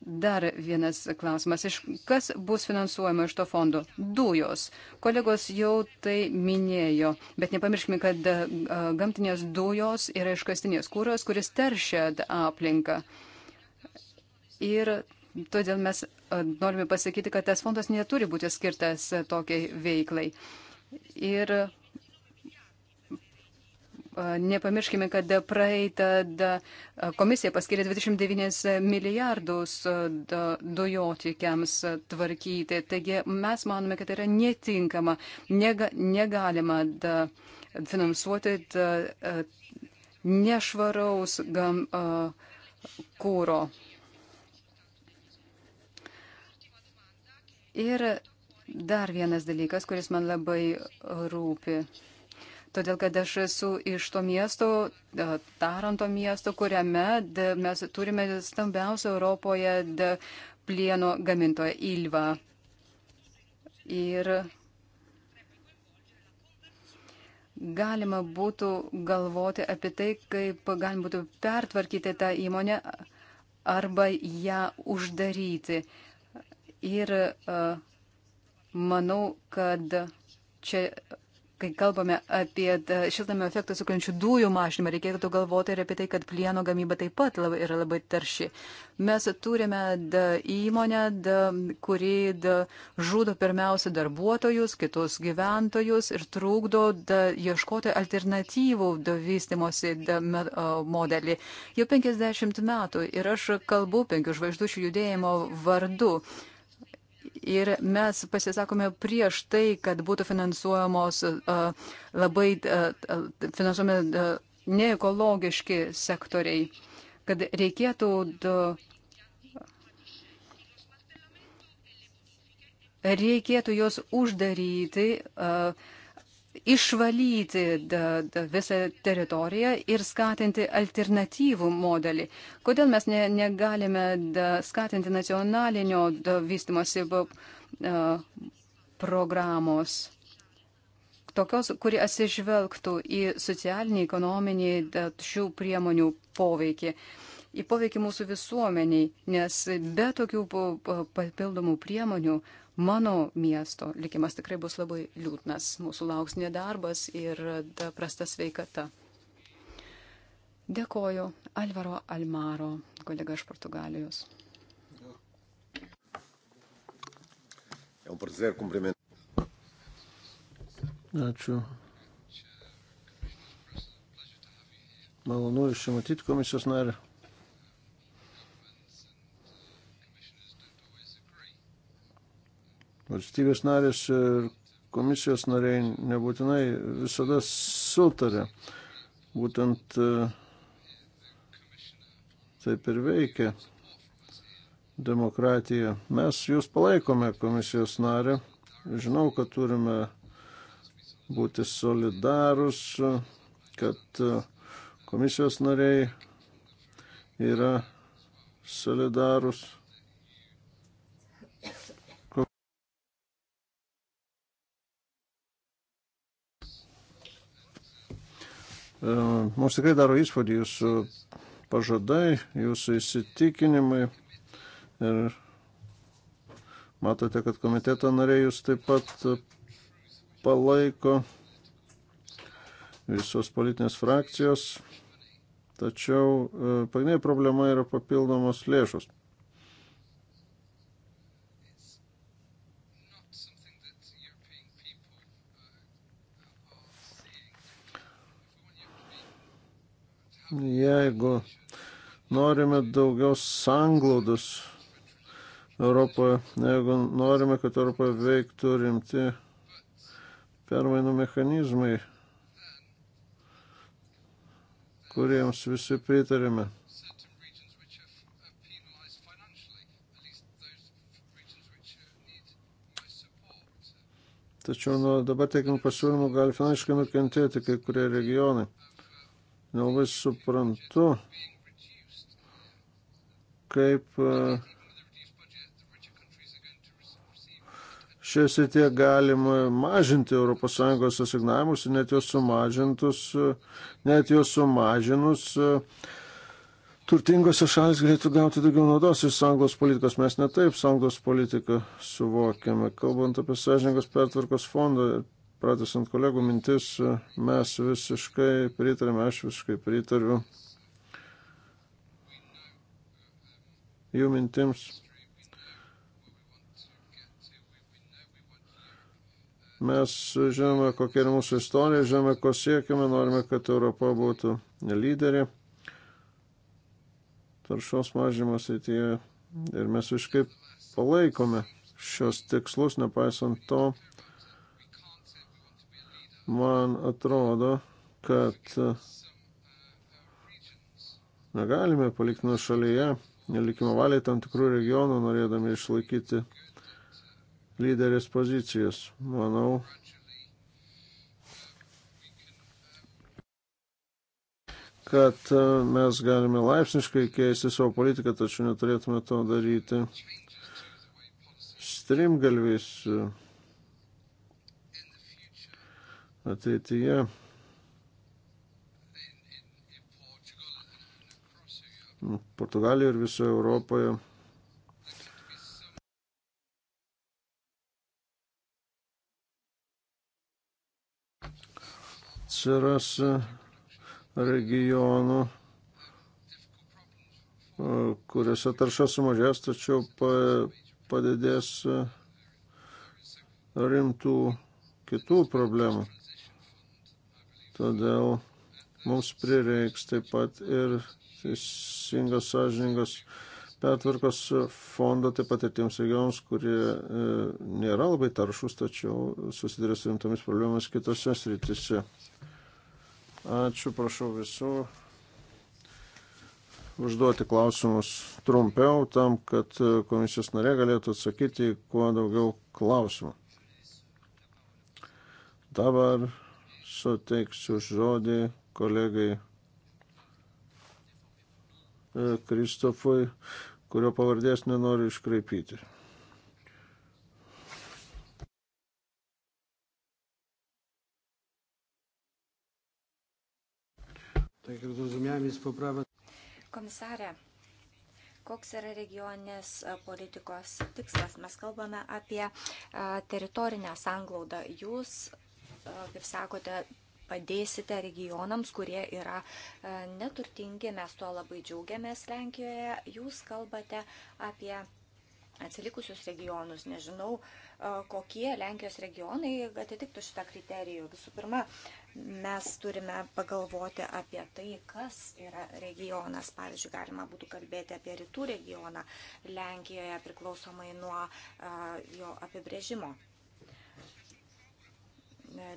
Dar vienas klausimas. Iš kas bus finansuojama iš to fondo? Dujos. Kolegos jau tai minėjo, bet nepamirškime, kad gamtinės dujos yra iškastinės kūros, kuris teršia aplinką. Ir Todėl mes e, norime pasakyti, kad tas fondas neturi būti skirtas e, tokiai veiklai. Ir e, nepamirškime, kad praeitą komisija paskiria 29 milijardus dujotikiams tvarkyti. Taigi mes manome, kad tai yra netinkama, nega, negalima da, finansuoti da, nešvaraus gam, a, kūro. Ir dar vienas dalykas, kuris man labai rūpi. Todėl, kad aš esu iš to miesto, Taranto miesto, kuriame mes turime stambiausią Europoje plieno gamintoją Ilvą. Ir galima būtų galvoti apie tai, kaip galima būtų pertvarkyti tą įmonę arba ją uždaryti. Uh, Ir manau, kad čia, kai kalbame apie šiltame efektą sukeliančių dujų mažinimą, reikėtų galvoti ir apie tai, kad plieno gamyba taip pat labai, yra labai tarši. Mes turime da, įmonę, da, kuri da, žudo pirmiausia darbuotojus, kitus gyventojus ir trūkdo da, ieškoti alternatyvų da, vystimosi da, me, a, modelį. Jau 50 metų ir aš kalbu penkių žvaigždučių judėjimo vardu. A, Ir mes pasisakome prieš tai, kad būtų finansuojamos uh, labai uh, finansuojami uh, neekologiški sektoriai, kad reikėtų uh, reikėtų juos uždaryti uh, išvalyti da, da, visą teritoriją ir skatinti alternatyvų modelį. Kodėl mes ne, negalime da, skatinti nacionalinio da, vystimosi da, programos? Tokios, kuri atsižvelgtų į socialinį, ekonominį da, šių priemonių poveikį, į poveikį mūsų visuomeniai, nes be tokių papildomų priemonių Mano miesto likimas tikrai bus labai liūdnas. Mūsų lauks nedarbas ir prasta sveikata. Dėkoju Alvaro Almaro, kolega iš Portugalijos. Um Ačiū. Malonu iš čia matyti komisijos narį. Valstybės narės ir komisijos nariai nebūtinai visada sutarė. Būtent e, taip ir veikia demokratija. Mes jūs palaikome, komisijos narė. Žinau, kad turime būti solidarus, kad e, komisijos nariai yra solidarus. E, mums tikrai daro įspūdį jūsų pažadai, jūsų įsitikinimai. Ir matote, kad komiteto nariai jūs taip pat palaiko visos politinės frakcijos. Tačiau e, pagrindinė problema yra papildomos lėšos. Jeigu norime daugiau sanglaudos Europoje, jeigu norime, kad Europoje veiktų rimti permainų mechanizmai, kuriems visi pritarėme. Tačiau nuo dabar teikiamų pasiūlymų gali finansiškai nukentėti kai kurie regionai nelabai suprantu, kaip e, šioje srityje galima mažinti ES asignavimus ir net juos sumažintus, e, net juos sumažinus. E, turtingose šalis galėtų gauti daugiau naudos iš sąjungos politikos. Mes netaip sąjungos politiką suvokiame. Kalbant apie sąžininkos pertvarkos fondą, pratesant kolegų mintis, mes visiškai pritarėme, aš visiškai pritariu jų mintims. Mes žinome, kokia yra mūsų istorija, žinome, ko siekime, norime, kad Europa būtų lyderė taršos mažymo srityje ir mes visiškai palaikome šios tikslus, nepaisant to, Man atrodo, kad e, negalime palikti nuo šalyje likimo valiai tam tikrų regionų, norėdami išlaikyti lyderės pozicijas. Manau, kad e, mes galime laipsniškai keisti savo politiką, tačiau neturėtume to daryti strimgalviais e, ateityje. Portugalijoje ir visoje Europoje. Atsiras regionų, kuriuose tarša sumažės, tačiau padidės rimtų kitų problemų. Todėl mums prireiks taip pat ir teisingos, sąžiningos pertvarkos fondo, taip pat ir tiems regionams, kurie e, nėra labai taršus, tačiau susiduria su rimtomis problemas kitose srityse. Ačiū, prašau visų užduoti klausimus trumpiau, tam, kad komisijos narė galėtų atsakyti kuo daugiau klausimų. Dabar suteiksiu žodį kolegai e, Kristofui, kurio pavardės nenoriu iškraipyti. Tak jak zrozumiałem, jest poprawa. Komisarė, koks yra regioninės e, politikos tikslas? Mes kalbame apie e, teritorinę sanglaudą. Jūs kaip sakote, padėsite regionams, kurie yra e, neturtingi. Mes tuo labai džiaugiamės Lenkijoje. Jūs kalbate apie atsilikusius regionus. Nežinau, e, kokie Lenkijos regionai atitiktų šitą kriterijų. Visų pirma, mes turime pagalvoti apie tai, kas yra regionas. Pavyzdžiui, galima būtų kalbėti apie rytų regioną Lenkijoje priklausomai nuo e, jo apibrėžimo.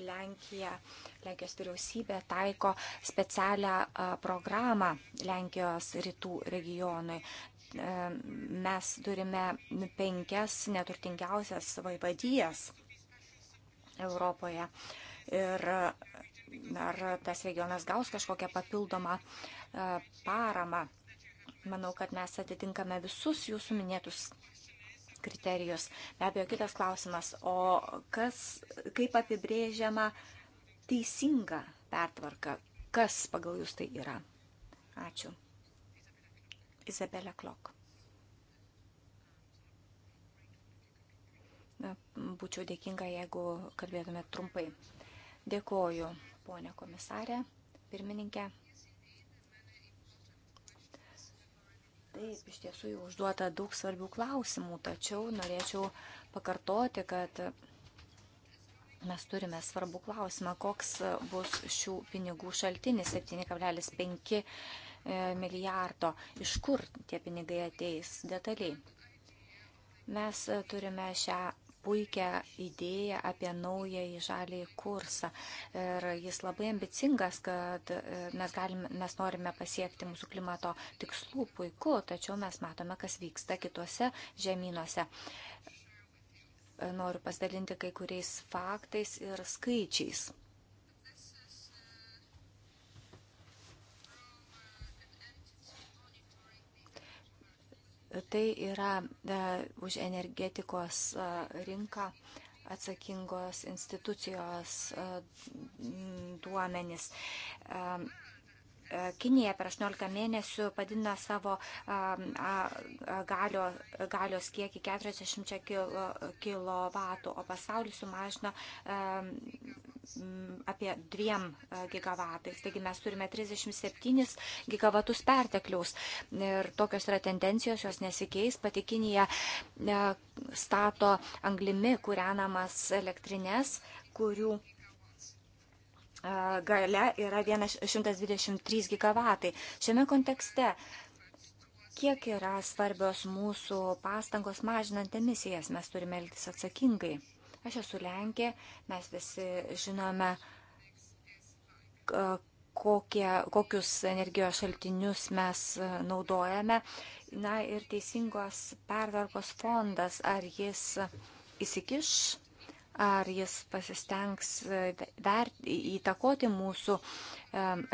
Lenkija, Lenkijos vyriausybė taiko specialią programą Lenkijos rytų regionui. E, mes turime penkias neturtingiausias vaivadijas Europoje. Ir ar tas regionas gaus kažkokią papildomą paramą? Manau, kad mes atitinkame visus jūsų minėtus kriterijus. Be abejo, kitas klausimas, o kas, kaip apibrėžiama teisinga pertvarka, kas pagal jūs tai yra? Ačiū. Izabelė Klok. Būčiau dėkinga, jeigu kalbėtumėt trumpai. Dėkoju, ponė komisarė, pirmininkė. Taip, iš tiesų jau užduota daug svarbių klausimų, tačiau norėčiau pakartoti, kad mes turime svarbų klausimą, koks bus šių pinigų šaltinis 7,5 e, milijardo, iš kur tie pinigai ateis detaliai. Mes turime šią puikią idėją apie naują į žalį kursą. Ir jis labai ambicingas, kad e, mes, galim, mes norime pasiekti mūsų klimato tikslų puiku, tačiau mes matome, kas vyksta kitose žemynuose. E, noriu pasidalinti kai kuriais faktais ir skaičiais. Tai yra e, už energetikos e, rinką atsakingos institucijos e, duomenys. E, Kinija per 18 mėnesių padidino savo galio, galios kiekį 40 kW, o pasaulį sumažino e, apie 2 e, gigavatais. Taigi mes turime 37 gigavatus pertekliaus. Ir tokios yra tendencijos, jos nesikeis. Pati Kinija stato anglimi kūrenamas elektrinės, kurių gale yra 123 gigavatai. Šiame kontekste kiek yra svarbios mūsų pastangos mažinant emisijas, mes turime elgtis atsakingai. Aš esu Lenkė, mes visi žinome, kokie, kokius energijos šaltinius mes e, naudojame. Na ir teisingos pertvarkos fondas, ar jis įsikiš ar jis pasistengs e, įtakoti mūsų e,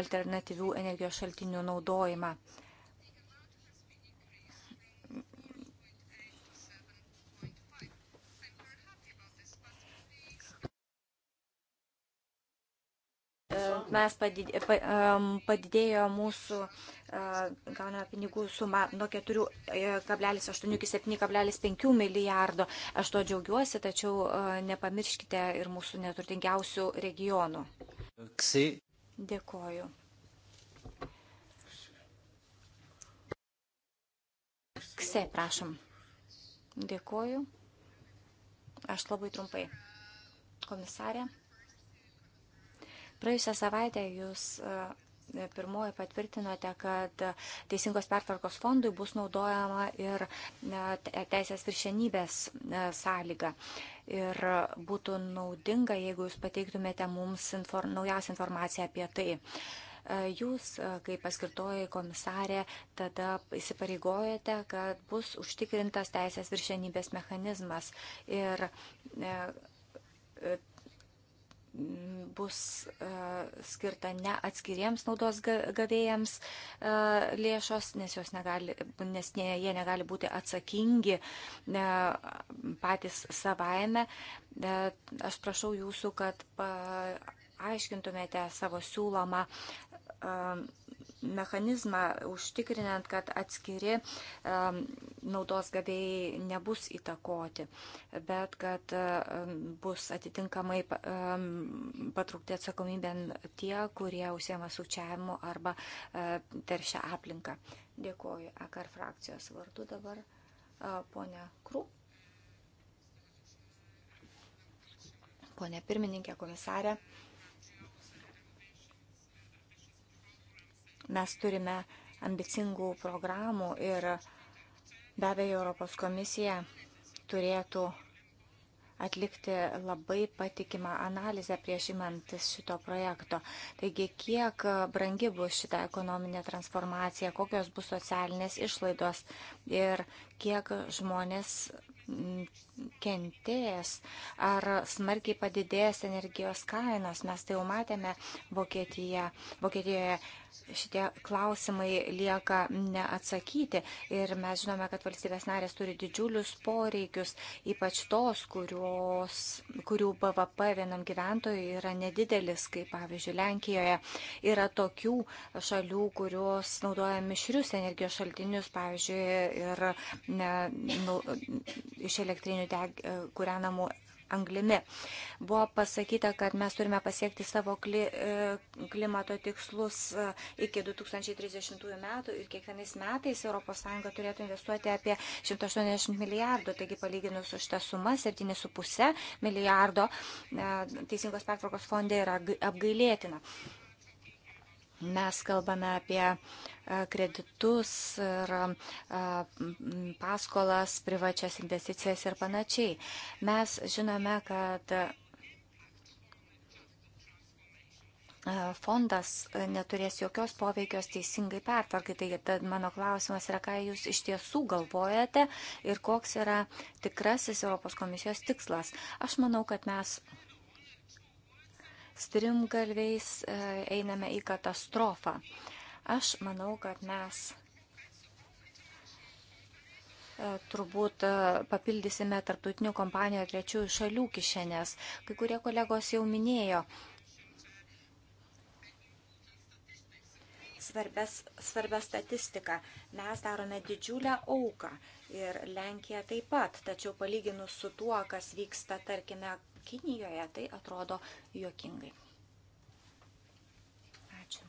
alternatyvių energijos šaltinių naudojimą. E, mes padidė, padidėjo mūsų e, gauname pinigų sumą nuo 4,8 e, iki 7,5 milijardo. Aš to džiaugiuosi, tačiau nepamirškite ir mūsų neturtingiausių regionų. Ksi. Dėkoju. Kse, prašom. Dėkoju. Aš labai trumpai. Komisarė. Praėjusią savaitę jūs e, pirmoji patvirtinote, kad Teisingos pertvarkos fondui bus naudojama ir e, teisės viršenybės e, sąlyga. Ir būtų naudinga, jeigu jūs pateiktumėte mums inform, naujausią informaciją apie tai jūs, kaip paskirtoji komisarė, tada įsipareigojate, kad bus užtikrintas teisės viršenybės mechanizmas. Ir bus e, skirta ne atskiriems naudos gavėjams e, lėšos, nes, negali, nes ne, jie negali būti atsakingi e, patys savaime. Aš prašau jūsų, kad aiškintumėte savo siūlomą mechanizmą, užtikrinant, kad atskiri um, naudos gavėjai nebus įtakoti, bet kad um, bus atitinkamai um, patraukti atsakomybę tie, kurie užsiema sukčiavimu arba uh, teršia aplinką. Dėkoju AKR frakcijos vardu dabar uh, ponia Krū. Pone pirmininkė, komisarė. Mes turime ambicingų programų ir be abejo Europos komisija turėtų atlikti labai patikimą analizę prieš imantis šito projekto. Taigi, kiek brangi bus šita ekonominė transformacija, kokios bus socialinės išlaidos ir kiek žmonės kentėjęs, ar smarkiai padidėjęs energijos kainos. Mes tai jau matėme Vokietija, Vokietijoje šitie klausimai lieka neatsakyti ir mes žinome, kad valstybės narės turi didžiulius poreikius, ypač tos, kurios, kurių BVP vienam gyventojui yra nedidelis, kaip pavyzdžiui Lenkijoje. Yra tokių šalių, kurios naudoja mišrius energijos šaltinius, pavyzdžiui, ir ne, nu, iš elektrinių deg, e, kūrenamų anglimi. Buvo pasakyta, kad mes turime pasiekti savo kli, e, klimato tikslus e, iki 2030 metų ir kiekvienais metais ES turėtų investuoti apie 180 milijardų, taigi palyginus už tą sumą 7,5 milijardo e, teisingos pertvarkos fonde yra apgailėtina. Mes kalbame apie e, kreditus ir e, paskolas, privačias investicijas ir panašiai. Mes žinome, kad e, fondas neturės jokios poveikios teisingai pertvarkai. Taigi, tad mano klausimas yra, ką jūs iš tiesų galvojate ir koks yra tikrasis Europos komisijos tikslas. Aš manau, kad mes strimgalviais e, einame į katastrofą. Aš manau, kad mes e, turbūt e, papildysime tarptautinių kompanijų trečiųjų šalių kišenės. Kai kurie kolegos jau minėjo svarbes, svarbę statistiką. Mes darome didžiulę auką ir Lenkija taip pat, tačiau palyginus su tuo, kas vyksta, tarkime, Kinijoje tai atrodo juokingai. Ačiū.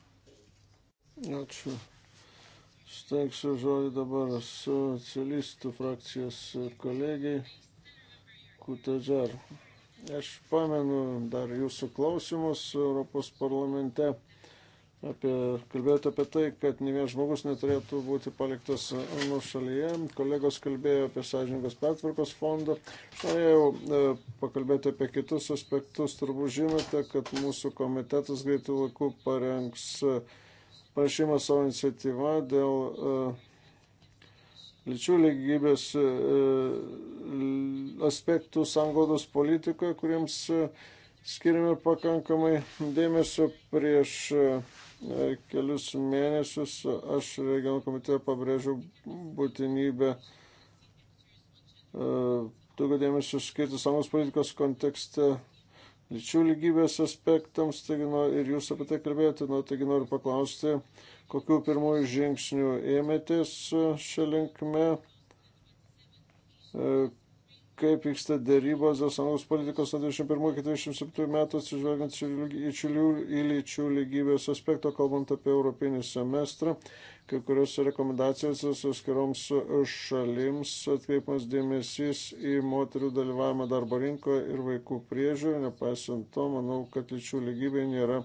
Ačiū. Stengsiu žodį dabar socialistų frakcijos kolegiai Kutadžar. Aš pamenu dar jūsų klausimus Europos parlamente apie, kalbėjote apie tai, kad ne vienas žmogus neturėtų būti paliktas nuo uh, šalyje. Kolegos kalbėjo apie sąžininkos pertvarkos fondą. Aš norėjau uh, pakalbėti apie kitus aspektus. Turbūt žinote, kad mūsų komitetas greitų laikų parengs uh, prašymą savo iniciatyvą dėl lyčių lygybės aspektų sangodos politikoje, kuriems skiriame pakankamai dėmesio prieš E, kelius mėnesius aš regionų komitete pabrėžiau būtinybę e, daugiau dėmesio skirti samos politikos kontekste lyčių lygybės aspektams, taigi, nu, ir jūs apie tai kalbėjote, nu, taigi noriu paklausti, kokiu pirmųjų žingsnių ėmėtės šią linkmę, e, kaip vyksta dėrybos dėl sąjungos politikos nuo 21-27 metų, atsižvelgiant į lyčių lygybės aspekto, kalbant apie europinį semestrą, kai kuriuose rekomendacijose su skiroms šalims atkreipimas dėmesys į moterių dalyvavimą darbo rinkoje ir vaikų priežiūrą. Nepaisant to, manau, kad lyčių lygybė nėra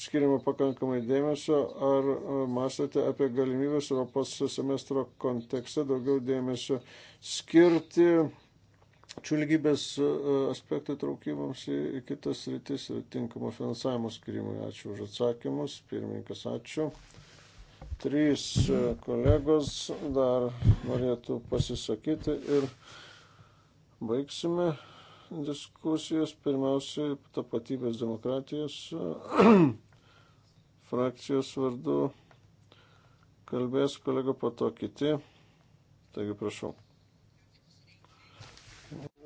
skiriama pakankamai dėmesio, ar e, mąstote apie galimybės Europos semestro kontekste daugiau dėmesio skirti Šių lygybės e, e, aspektų traukimus į kitas rytis ir tinkamo finansavimo skirimui. Ačiū už atsakymus. Pirmininkas, ačiū. Trys e, kolegos dar norėtų pasisakyti ir baigsime diskusijas. Pirmiausiai tapatybės demokratijos (clears throat) frakcijos vardu kalbės kolega, po to kiti. Taigi prašau.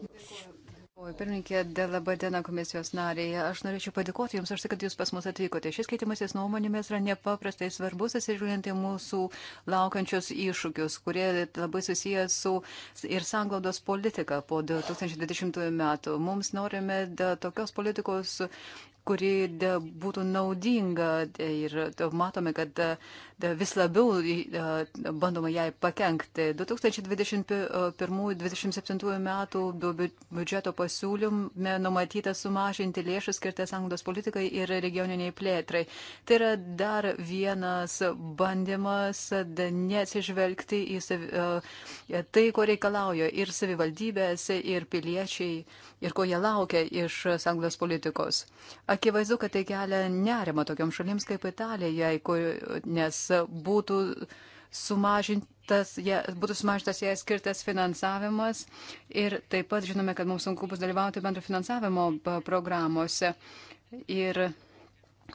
Dėkuoju, pirmininkė, dėl labai diena komisijos narėje. Aš norėčiau padėkoti Jums už tai, kad Jūs pas mus atvykote. Šis keitimasis nuomonėmis yra nepaprastai svarbus, atsižiūrint į mūsų laukiančius iššūkius, kurie labai susijęs su ir sanglaudos politika po 2020 metų. Mums norime tokios politikos, kuri būtų naudinga tai ir matome, kad vis labiau bandoma jai pakengti. 2021-2027 e, metų biudžeto pasiūlyme numatyta sumažinti lėšas skirtas anglos politikai ir regioniniai plėtrai. Tai yra dar vienas bandymas neatsižvelgti į e, e, tai, ko reikalauja ir savivaldybės, ir piliečiai, ir ko jie laukia iš anglos politikos. Aš Akivaizdu, kad tai kelia nerima tokiam šalims kaip Italija, nes būtų sumažintas, ja, būtų sumažintas jai skirtas finansavimas ir taip pat žinome, kad mums sunku bus dalyvauti bendro finansavimo programuose. Ir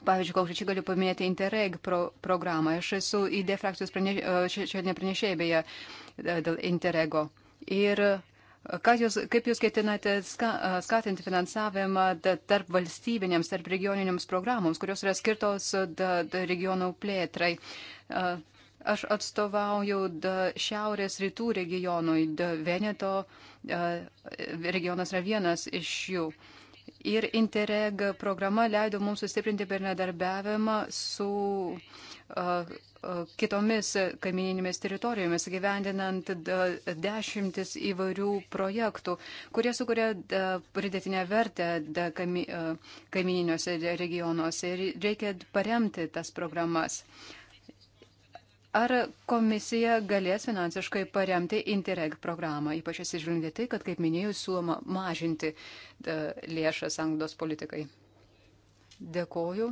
Pavyzdžiui, konkrečiai galiu paminėti Interreg pro, programą. Aš esu ID frakcijos pranešė, šiandien pranešėjai beje dėl Interrego. Ir Jūs, kaip jūs ketinate ska, skatinti finansavimą tarp valstybinėms, tarp regioninėms programoms, kurios yra skirtos da, da, regionų plėtrai? Aš atstovauju da, šiaurės rytų regionui, da, Veneto da, regionas yra vienas iš jų. Uh, Ir Interreg programa leido mums sustiprinti bendradarbiavimą su uh, uh, kitomis kaimininėmis teritorijomis, gyvendinant uh, dešimtis įvairių projektų, kurie sukuria pridėtinę vertę kami, kaimininiuose regionuose ir reikia paremti tas programas. Uh, Ar komisija galės finansiškai paremti Interreg programą, ypač atsižvelgiant tai, kad, kaip minėjau, siūloma mažinti e, lėšas anglos politikai? Dėkoju.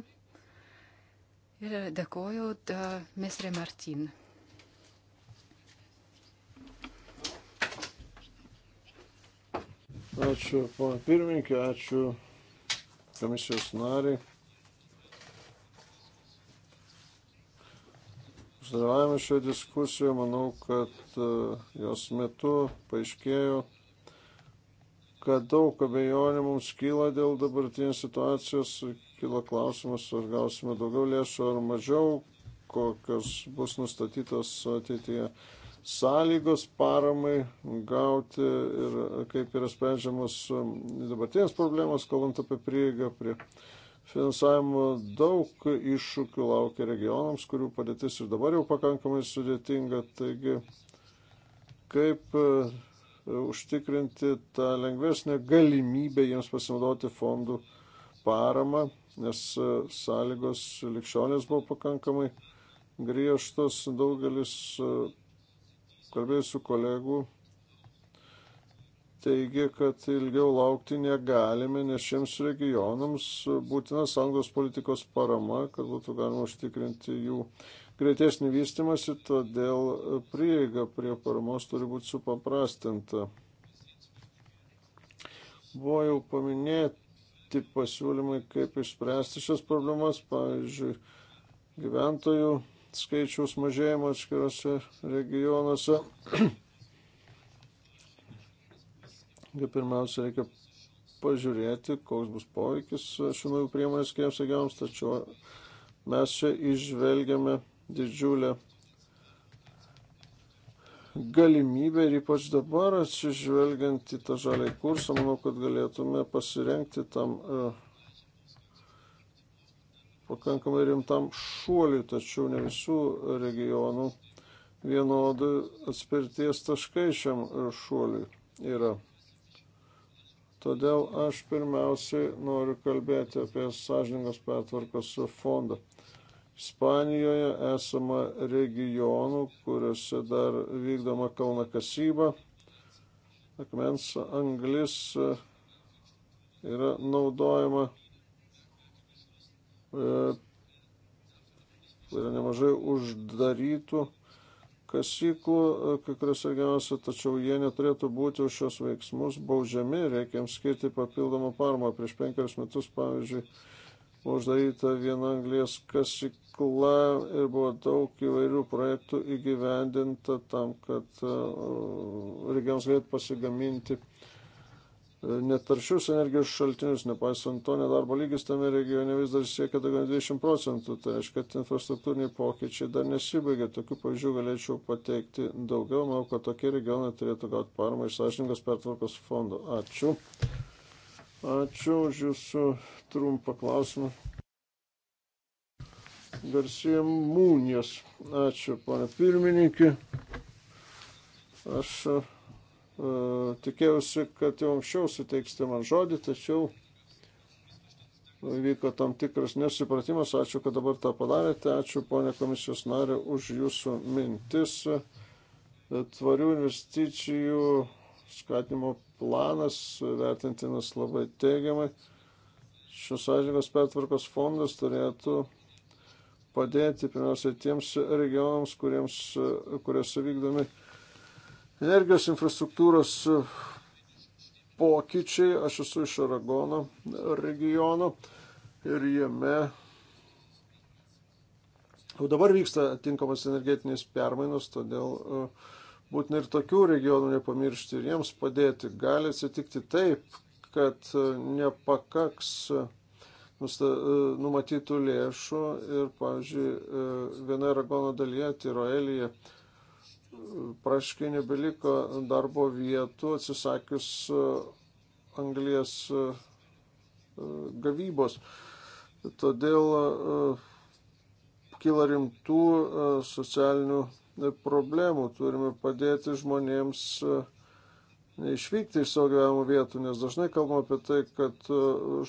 Ir dėkoju e, Mestre Martin. Ačiū, pana pirmininkė, ačiū komisijos nariai. dalyvavimą šioje diskusijoje. Manau, kad e, jos metu paaiškėjo, kad daug abejonių mums kyla dėl dabartinės situacijos. Kilo klausimas, ar gausime daugiau lėšų ar mažiau, kokios bus nustatytos ateityje sąlygos paramai gauti ir kaip yra sprendžiamos dabartinės problemos, kalbant apie prieigą prie. prie finansavimo daug iššūkių laukia regionams, kurių padėtis ir dabar jau pakankamai sudėtinga. Taigi, kaip e, užtikrinti tą lengvesnę galimybę jiems pasinaudoti fondų paramą, nes e, sąlygos likščionės buvo pakankamai griežtos, daugelis e, kalbėjusių kolegų teigia, kad ilgiau laukti negalime, nes šiems regionams būtina sąjungos politikos parama, kad būtų galima užtikrinti jų greitesnį vystimąsi, todėl prieiga prie paramos turi būti supaprastinta. Buvo jau paminėti pasiūlymai, kaip išspręsti šias problemas, pavyzdžiui, gyventojų skaičiaus mažėjimo atskirose regionuose kad pirmiausia reikia pažiūrėti, koks bus poveikis šių naujų priemonių skiriams regionams, tačiau mes čia išvelgiame didžiulę galimybę ir ypač dabar atsižvelgiant į tą žalį kursą, manau, kad galėtume pasirenkti tam e, pakankamai rimtam šuoliui, tačiau ne visų regionų vienodų atspirties taškai šiam šuoliui yra. Todėl aš pirmiausiai noriu kalbėti apie sąžiningos pertvarkos fondą. Ispanijoje esama regionų, kuriuose dar vykdoma kalnakasyba. Akmens anglis yra naudojama. E, yra nemažai uždarytų kasyklų, e, kai kurios regionuose, tačiau jie neturėtų būti už šios veiksmus baudžiami, reikia jiems skirti papildomą paramą. Prieš penkerius metus, pavyzdžiui, buvo uždaryta viena anglės kasykla ir buvo daug įvairių projektų įgyvendinta tam, kad e, regionas galėtų pasigaminti uh, netaršius energijos šaltinius, nepaisant to, nedarbo lygis tame regione vis dar siekia daugiau 20 procentų, tai reiškia, kad infrastruktūriniai pokyčiai dar nesibaigia. Tokių pavyzdžių galėčiau pateikti daugiau, manau, kad tokie regionai turėtų gauti paramą iš sąžiningos pertvarkos fondo. Ačiū. Ačiū už jūsų trumpą klausimą. Garsija Mūnės. Ačiū, pana pirmininkė. Aš E, tikėjausi, kad jau anksčiau suteiksite man žodį, tačiau vyko tam tikras nesupratimas. Ačiū, kad dabar tą padarėte. Ačiū, ponė komisijos narė, už jūsų mintis. E, tvarių investicijų skatinimo planas vertintinas labai teigiamai. Šios sąžinės pertvarkos fondas turėtų padėti pirmiausia tiems regionams, kuriems, kuriuose vykdomi Energijos infrastruktūros pokyčiai, aš esu iš Aragono regiono ir jame jau dabar vyksta tinkamas energetinės permainos, todėl e, būtina ir tokių regionų nepamiršti ir jiems padėti. Gali atsitikti taip, kad e, nepakaks e, numatytų lėšų ir, pavyzdžiui, viena Aragono dalyje, Tiroelyje, tai praškai nebeliko darbo vietų atsisakius e, anglės e, e, gavybos. Todėl kyla rimtų socialinių problemų. Turime padėti žmonėms neišvykti iš savo gyvenimo vietų, nes dažnai kalbame apie tai, kad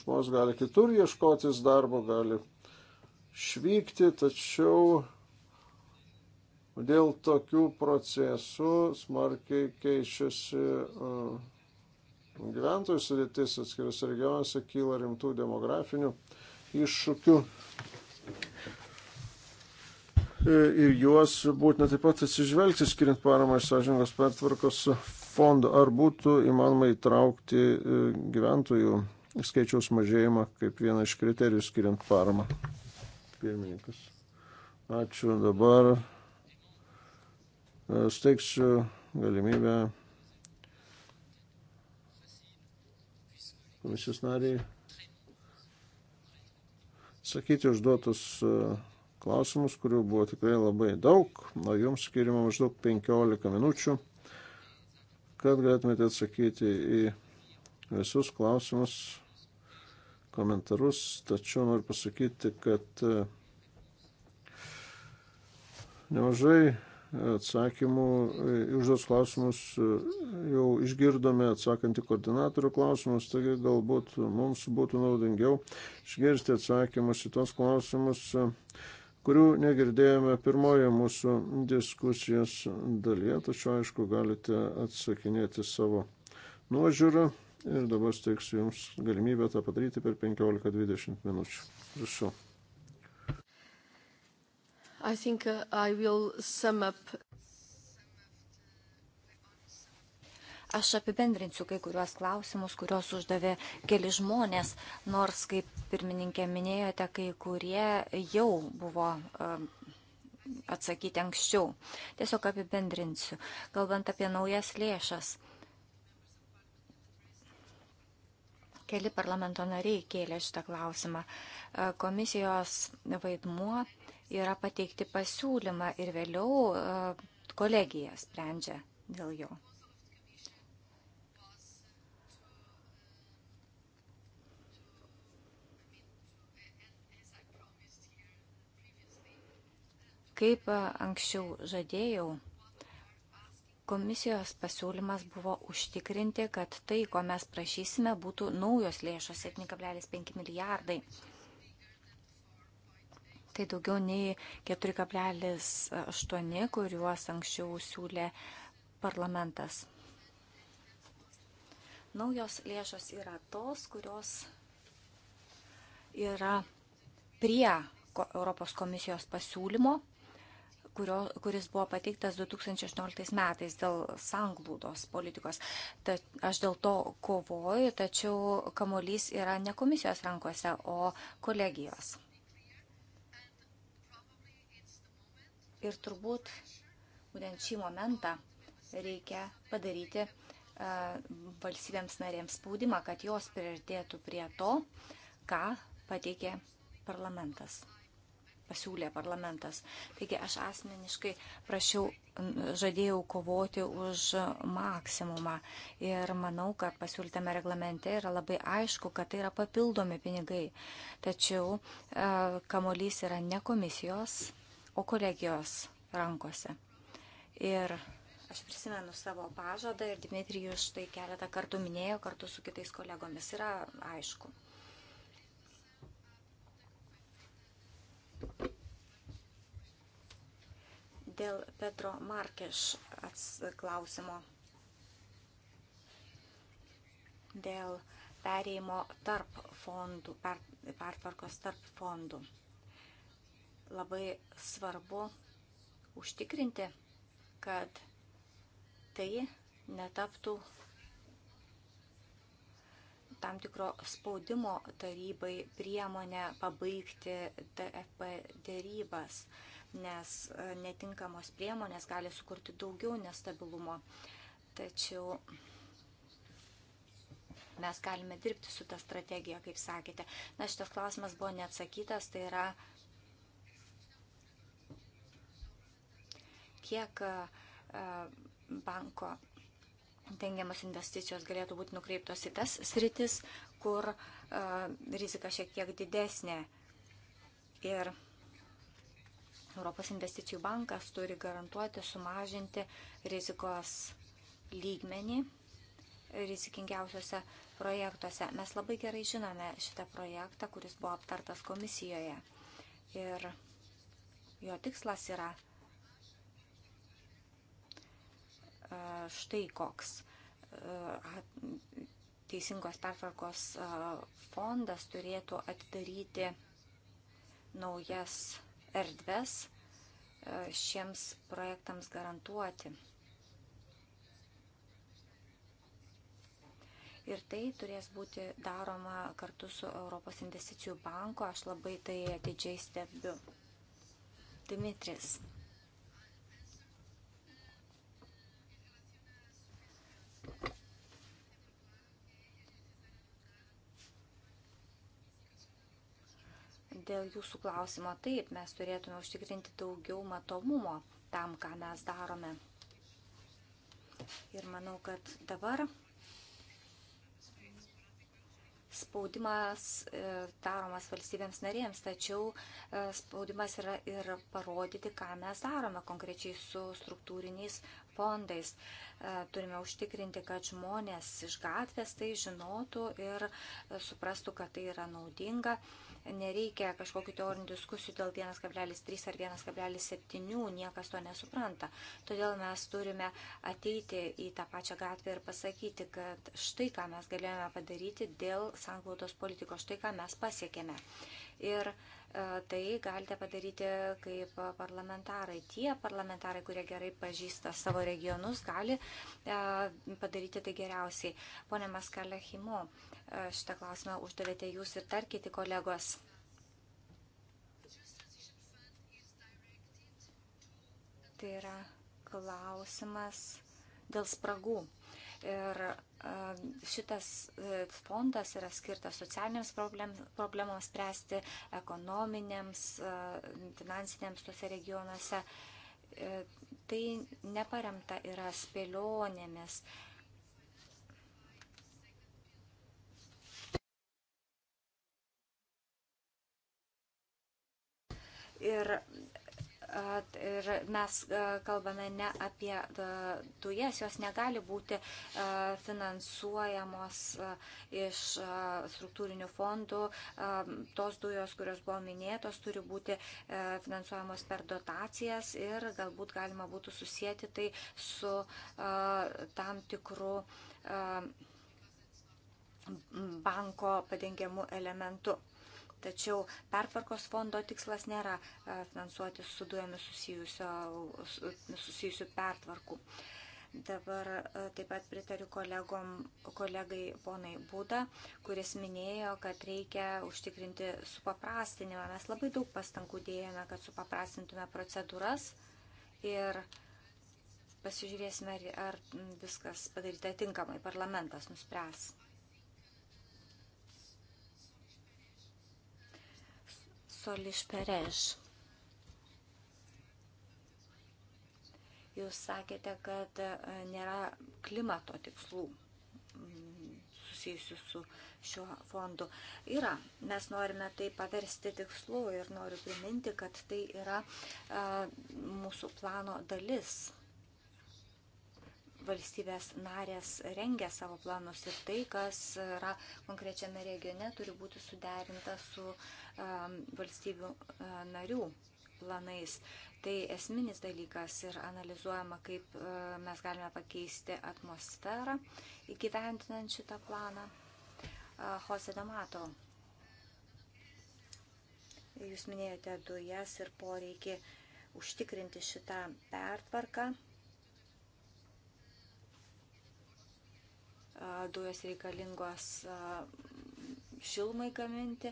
žmonės gali kitur ieškotis darbo, gali švykti, tačiau Dėl tokių procesų smarkiai keičiasi e, gyventojų sudėtis atskiriuose regionuose, kyla rimtų demografinių iššūkių. E, ir juos būtina taip pat atsižvelgti, skiriant paramą iš sąžingos pertvarkos fondo. Ar būtų įmanoma įtraukti e, gyventojų skaičiaus mažėjimą kaip vieną iš kriterijų skiriant paramą? Pirmininkas. Ačiū dabar steiksiu galimybę komisijos nariai sakyti užduotus e, klausimus, kurių buvo tikrai labai daug, o jums skirima maždaug 15 minučių, kad galėtumėte atsakyti į visus klausimus, komentarus, tačiau noriu pasakyti, kad e, nemažai atsakymų, užduos klausimus e, jau išgirdome atsakant į koordinatorių klausimus, taigi galbūt mums būtų naudingiau išgirsti atsakymus į tos klausimus, e, kurių negirdėjome pirmoje mūsų diskusijos dalyje, tačiau aišku galite atsakinėti savo nuožiūrą ir dabar steiksiu Jums galimybę tą padaryti per 15-20 minučių. Prašau. I think uh, I will sum up. Aš apibendrinsiu kai kuriuos klausimus, kuriuos uždavė keli žmonės, nors, kaip pirmininkė minėjote, kai kurie jau buvo um, atsakyti anksčiau. Tiesiog apibendrinsiu, kalbant apie naujas lėšas. Keli parlamento nariai kėlė šitą klausimą. Uh, komisijos vaidmuo yra pateikti pasiūlymą ir vėliau e, kolegija sprendžia dėl jo. Kaip e, anksčiau žadėjau, komisijos pasiūlymas buvo užtikrinti, kad tai, ko mes prašysime, būtų naujos lėšos 7,5 milijardai tai daugiau nei 4,8, kuriuos anksčiau siūlė parlamentas. Naujos lėšos yra tos, kurios yra prie Europos komisijos pasiūlymo, kurio, kuris buvo pateiktas 2018 metais dėl sanglūdos politikos. Ta, aš dėl to kovoju, tačiau kamolys yra ne komisijos rankose, o kolegijos. Ir turbūt būtent šį momentą reikia padaryti valstybėms narėms spaudimą, kad jos priartėtų prie to, ką pateikė parlamentas, pasiūlė parlamentas. Taigi aš asmeniškai prašiau, žadėjau kovoti už maksimumą ir manau, kad pasiūlytame reglamente yra labai aišku, kad tai yra papildomi pinigai. Tačiau kamolys yra ne komisijos o kolegijos rankose. Ir aš prisimenu savo pažadą ir Dmitrijus štai keletą kartų minėjo kartu su kitais kolegomis. Yra aišku. Dėl Petro Markeš klausimo. Dėl pereimo tarp fondų, pertvarkos tarp fondų. Labai svarbu užtikrinti, kad tai netaptų tam tikro spaudimo tarybai priemonę pabaigti TFP dėrybas, nes e, netinkamos priemonės gali sukurti daugiau nestabilumo. Tačiau mes galime dirbti su tą strategiją, kaip sakėte. Na, šitas klausimas buvo neatsakytas, tai yra kiek e, e, banko dengiamas investicijos galėtų būti nukreiptos į tas sritis, kur e, rizika šiek tiek didesnė. Ir Europos investicijų bankas turi garantuoti sumažinti rizikos lygmenį rizikingiausiuose projektuose. Mes labai gerai žinome šitą projektą, kuris buvo aptartas komisijoje. Ir jo tikslas yra štai koks teisingos pertvarkos fondas turėtų atidaryti naujas erdves šiems projektams garantuoti. ir tai turės būti daroma kartu su Europos investicijų banku. Aš labai tai atidžiai stebiu. Dimitris. Dėl jūsų klausimo, taip, mes turėtume užtikrinti daugiau matomumo tam, ką mes darome. Ir manau, kad dabar spaudimas e, daromas valstybėms narėms, tačiau e, spaudimas yra ir parodyti, ką mes darome konkrečiai su struktūriniais fondais. E, turime užtikrinti, kad žmonės iš gatvės tai žinotų ir suprastų, kad tai yra naudinga. Nereikia kažkokių teorinių diskusijų dėl 1,3 ar 1,7, niekas to nesupranta. Todėl mes turime ateiti į tą pačią gatvę ir pasakyti, kad štai ką mes galėjome padaryti dėl sanglaudos politikos, štai ką mes pasiekėme. Ir uh, E, tai galite padaryti kaip parlamentarai. Tie parlamentarai, kurie gerai pažįsta savo regionus, gali e, padaryti tai geriausiai. Pone Maskalė Himo, e, šitą klausimą uždavėte jūs ir dar kiti kolegos. Tai yra klausimas dėl spragų. Ir e, šitas e, fondas yra skirtas socialiniams problemams spręsti, ekonominiams, e, finansiniams tuose regionuose. Tai neparemta yra spėlionėmis. Ir Ir mes kalbame ne apie dujas, jos negali būti finansuojamos iš struktūrinių fondų. Tos dujos, kurios buvo minėtos, turi būti finansuojamos per dotacijas ir galbūt galima būtų susijęti tai su tam tikru banko padengiamų elementų. Tačiau pertvarkos fondo tikslas nėra e, finansuoti su dujomis susijusių pertvarkų. Dabar e, taip pat pritariu kolegom, kolegai ponai Būda, kuris minėjo, kad reikia užtikrinti supaprastinimą. Mes labai daug pastangų dėjome, kad supaprastintume procedūras ir pasižiūrėsime, ar viskas padaryta tinkamai. Parlamentas nuspręs. Solis Pereš. Jūs sakėte, kad e, nėra klimato tikslų mm, susijusių su šiuo fondu. Yra, mes norime tai paversti tikslu ir noriu priminti, kad tai yra a, e, mūsų plano dalis valstybės narės rengia savo planus ir tai, kas yra konkrečiame regione, turi būti suderinta su ehm, valstybių ehm, narių planais. Tai esminis dalykas ir analizuojama, kaip ehm, mes galime pakeisti atmosferą įgyventinant šitą planą. Jose Damato, jūs minėjote dujas ir poreikį užtikrinti šitą pertvarką dujos reikalingos šilmai gaminti,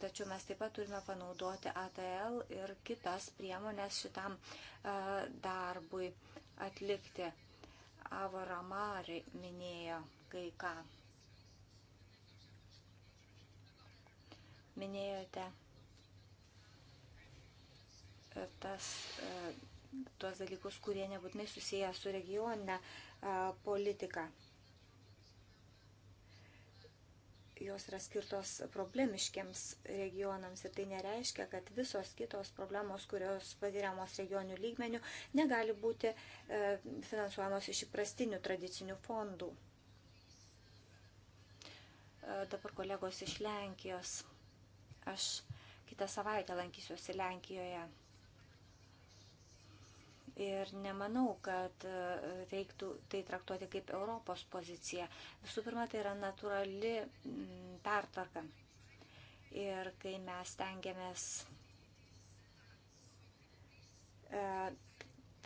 tačiau mes taip pat turime panaudoti ATL ir kitas priemonės šitam darbui atlikti. Avaramari minėjo kai ką. Minėjote e, tas, e, tuos dalykus, kurie nebūtinai susiję su regioninė politika. jos yra skirtos problemiškiams regionams ir tai nereiškia, kad visos kitos problemos, kurios patiriamos regionių lygmenių, negali būti e, finansuojamos iš įprastinių tradicinių fondų. E, dabar kolegos iš Lenkijos. Aš kitą savaitę lankysiuosi Lenkijoje. Ir nemanau, kad e, reiktų tai traktuoti kaip Europos poziciją. Visų pirma, tai yra natūrali pertvarka. Ir kai mes tengiamės e,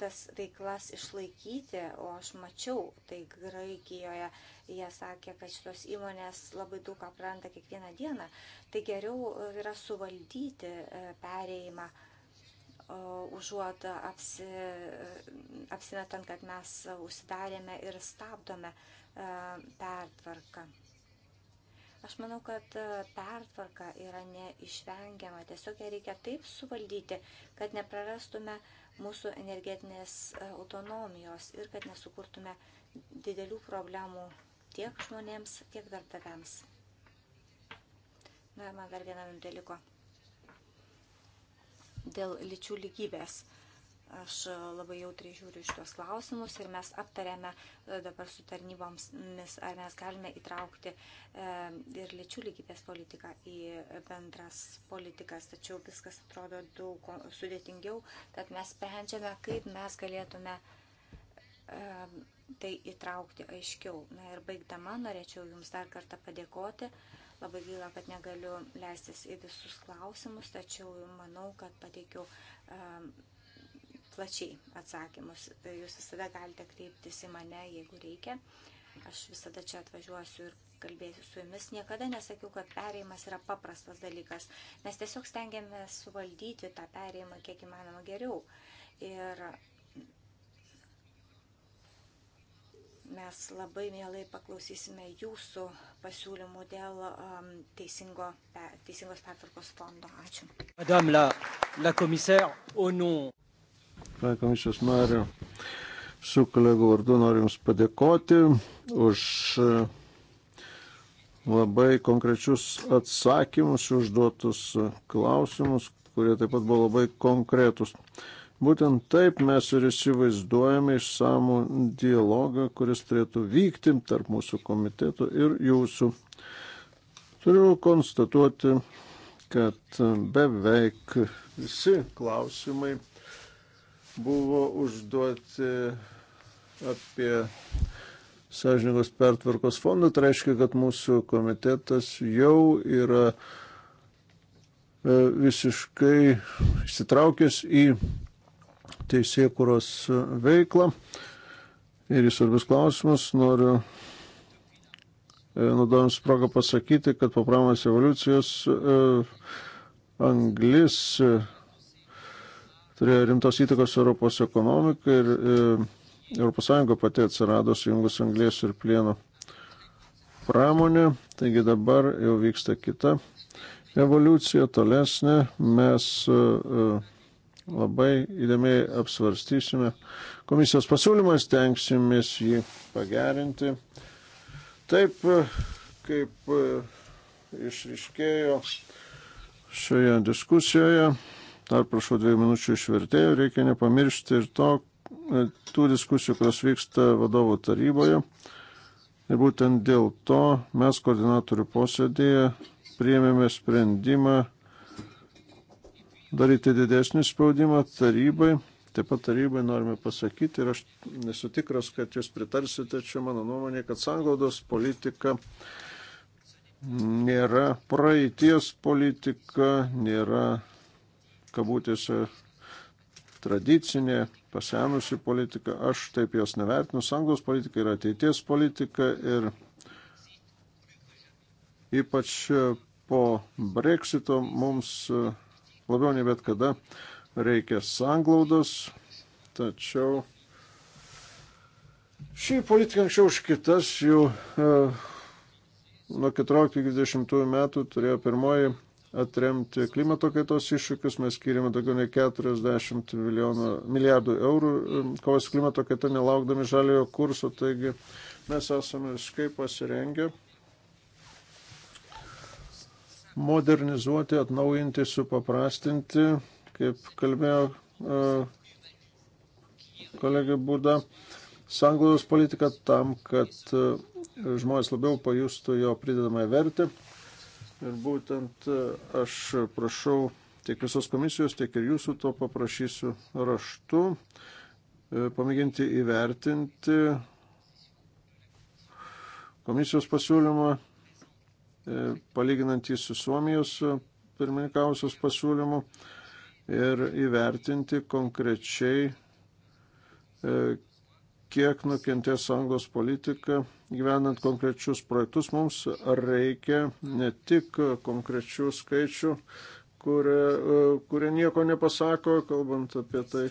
tas veiklas išlaikyti, o aš mačiau tai Graikijoje, jie sakė, kad šitos įmonės labai daug apranta kiekvieną dieną, tai geriau yra suvaldyti e, perėjimą užuot apsi, apsimetant, kad mes užsidarėme ir stabdome e, pertvarką. Aš manau, kad e, pertvarka yra neišvengiama. Tiesiog ją reikia taip suvaldyti, kad neprarastume mūsų energetinės e, autonomijos ir kad nesukurtume didelių problemų tiek žmonėms, tiek darbdaviams. Na ir man dar vieną minutę liko dėl lyčių lygybės. Aš labai jautriai žiūriu šitos klausimus ir mes aptarėme e, dabar su tarnybomis, ar mes galime įtraukti e, ir lyčių lygybės politiką į bendras politikas, tačiau viskas atrodo daug sudėtingiau, tad mes sprendžiame, kaip mes galėtume e, tai įtraukti aiškiau. Na ir baigdama norėčiau Jums dar kartą padėkoti Labai gaila, kad negaliu leistis į visus klausimus, tačiau manau, kad pateikiau plačiai atsakymus. Jūs visada galite kreiptis į mane, jeigu reikia. Aš visada čia atvažiuosiu ir kalbėsiu su jumis. Niekada nesakiau, kad perėjimas yra paprastas dalykas. Mes tiesiog stengiamės suvaldyti tą perėjimą kiek įmanoma geriau. Ir Mes labai mielai paklausysime jūsų pasiūlymų dėl um, teisingo, teisingos pertvarkos fondo. Ačiū. Madame la, la commissaire, au oh nom. Pane komisijos nario, su kolegų vardu noriu Jums padėkoti už uh, labai konkrečius atsakymus, užduotus uh, klausimus, kurie taip pat buvo labai konkretus. Uh, Būtent taip mes ir įsivaizduojame išsamų dialogą, kuris turėtų vykti tarp mūsų komitetų ir jūsų. Turiu konstatuoti, kad beveik visi klausimai buvo užduoti apie sąžiningos pertvarkos fondą. Tai reiškia, kad mūsų komitetas jau yra e, visiškai įsitraukęs į teisėkuros veiklą ir į svarbius klausimus. Noriu e, naudojimus progą pasakyti, kad po pramonės evoliucijos e, anglis e, turėjo rimtos įtakos Europos ekonomikai ir Europos Sąjunga pati atsirado sujungus anglės ir plieno pramonė. Taigi dabar jau vyksta kita evoliucija, tolesnė. Mes uh, labai įdėmiai apsvarstysime komisijos pasiūlymą, stengsimės jį pagerinti. Taip, kaip e, išriškėjo šioje diskusijoje, dar prašau dviejų minučių išvertėjų, reikia nepamiršti ir to, e, tų diskusijų, kurios vyksta vadovų taryboje. Ir būtent dėl to mes koordinatorių posėdėje priėmėme sprendimą daryti didesnį spaudimą tarybai. Taip pat tarybai norime pasakyti ir aš nesu tikras, kad jūs pritarsite čia mano nuomonė, kad sanglaudos politika nėra praeities politika, nėra kabutėse tradicinė, pasenusi politika. Aš taip jos nevertinu. Sanglaudos politika yra ateities politika ir ypač po Brexito mums uh, labiau nei bet kada reikia sanglaudos, tačiau šį politiką anksčiau už kitas jau e, nuo 14-20 metų turėjo pirmoji atremti klimato kaitos iššūkius. Mes skiriame daugiau nei 40 milijonų, milijardų eurų e, kovas klimato kaita nelaukdami žaliojo kurso, taigi mes esame visiškai pasirengę modernizuoti, atnaujinti, supaprastinti, kaip kalbėjo e, kolegė Būda, sanglaudos politiką tam, kad e, žmonės labiau pajustų jo pridedamąją vertę. Ir būtent e, aš prašau tiek visos komisijos, tiek ir jūsų to paprašysiu raštu, pamėginti įvertinti komisijos pasiūlymą E, palyginant jį su Suomijos e, pirmininkausios pasiūlymu ir įvertinti konkrečiai, e, kiek nukentės Anglos politika, gyvenant konkrečius projektus, mums reikia ne tik konkrečių skaičių, kurie, kurie nieko nepasako, kalbant apie tai,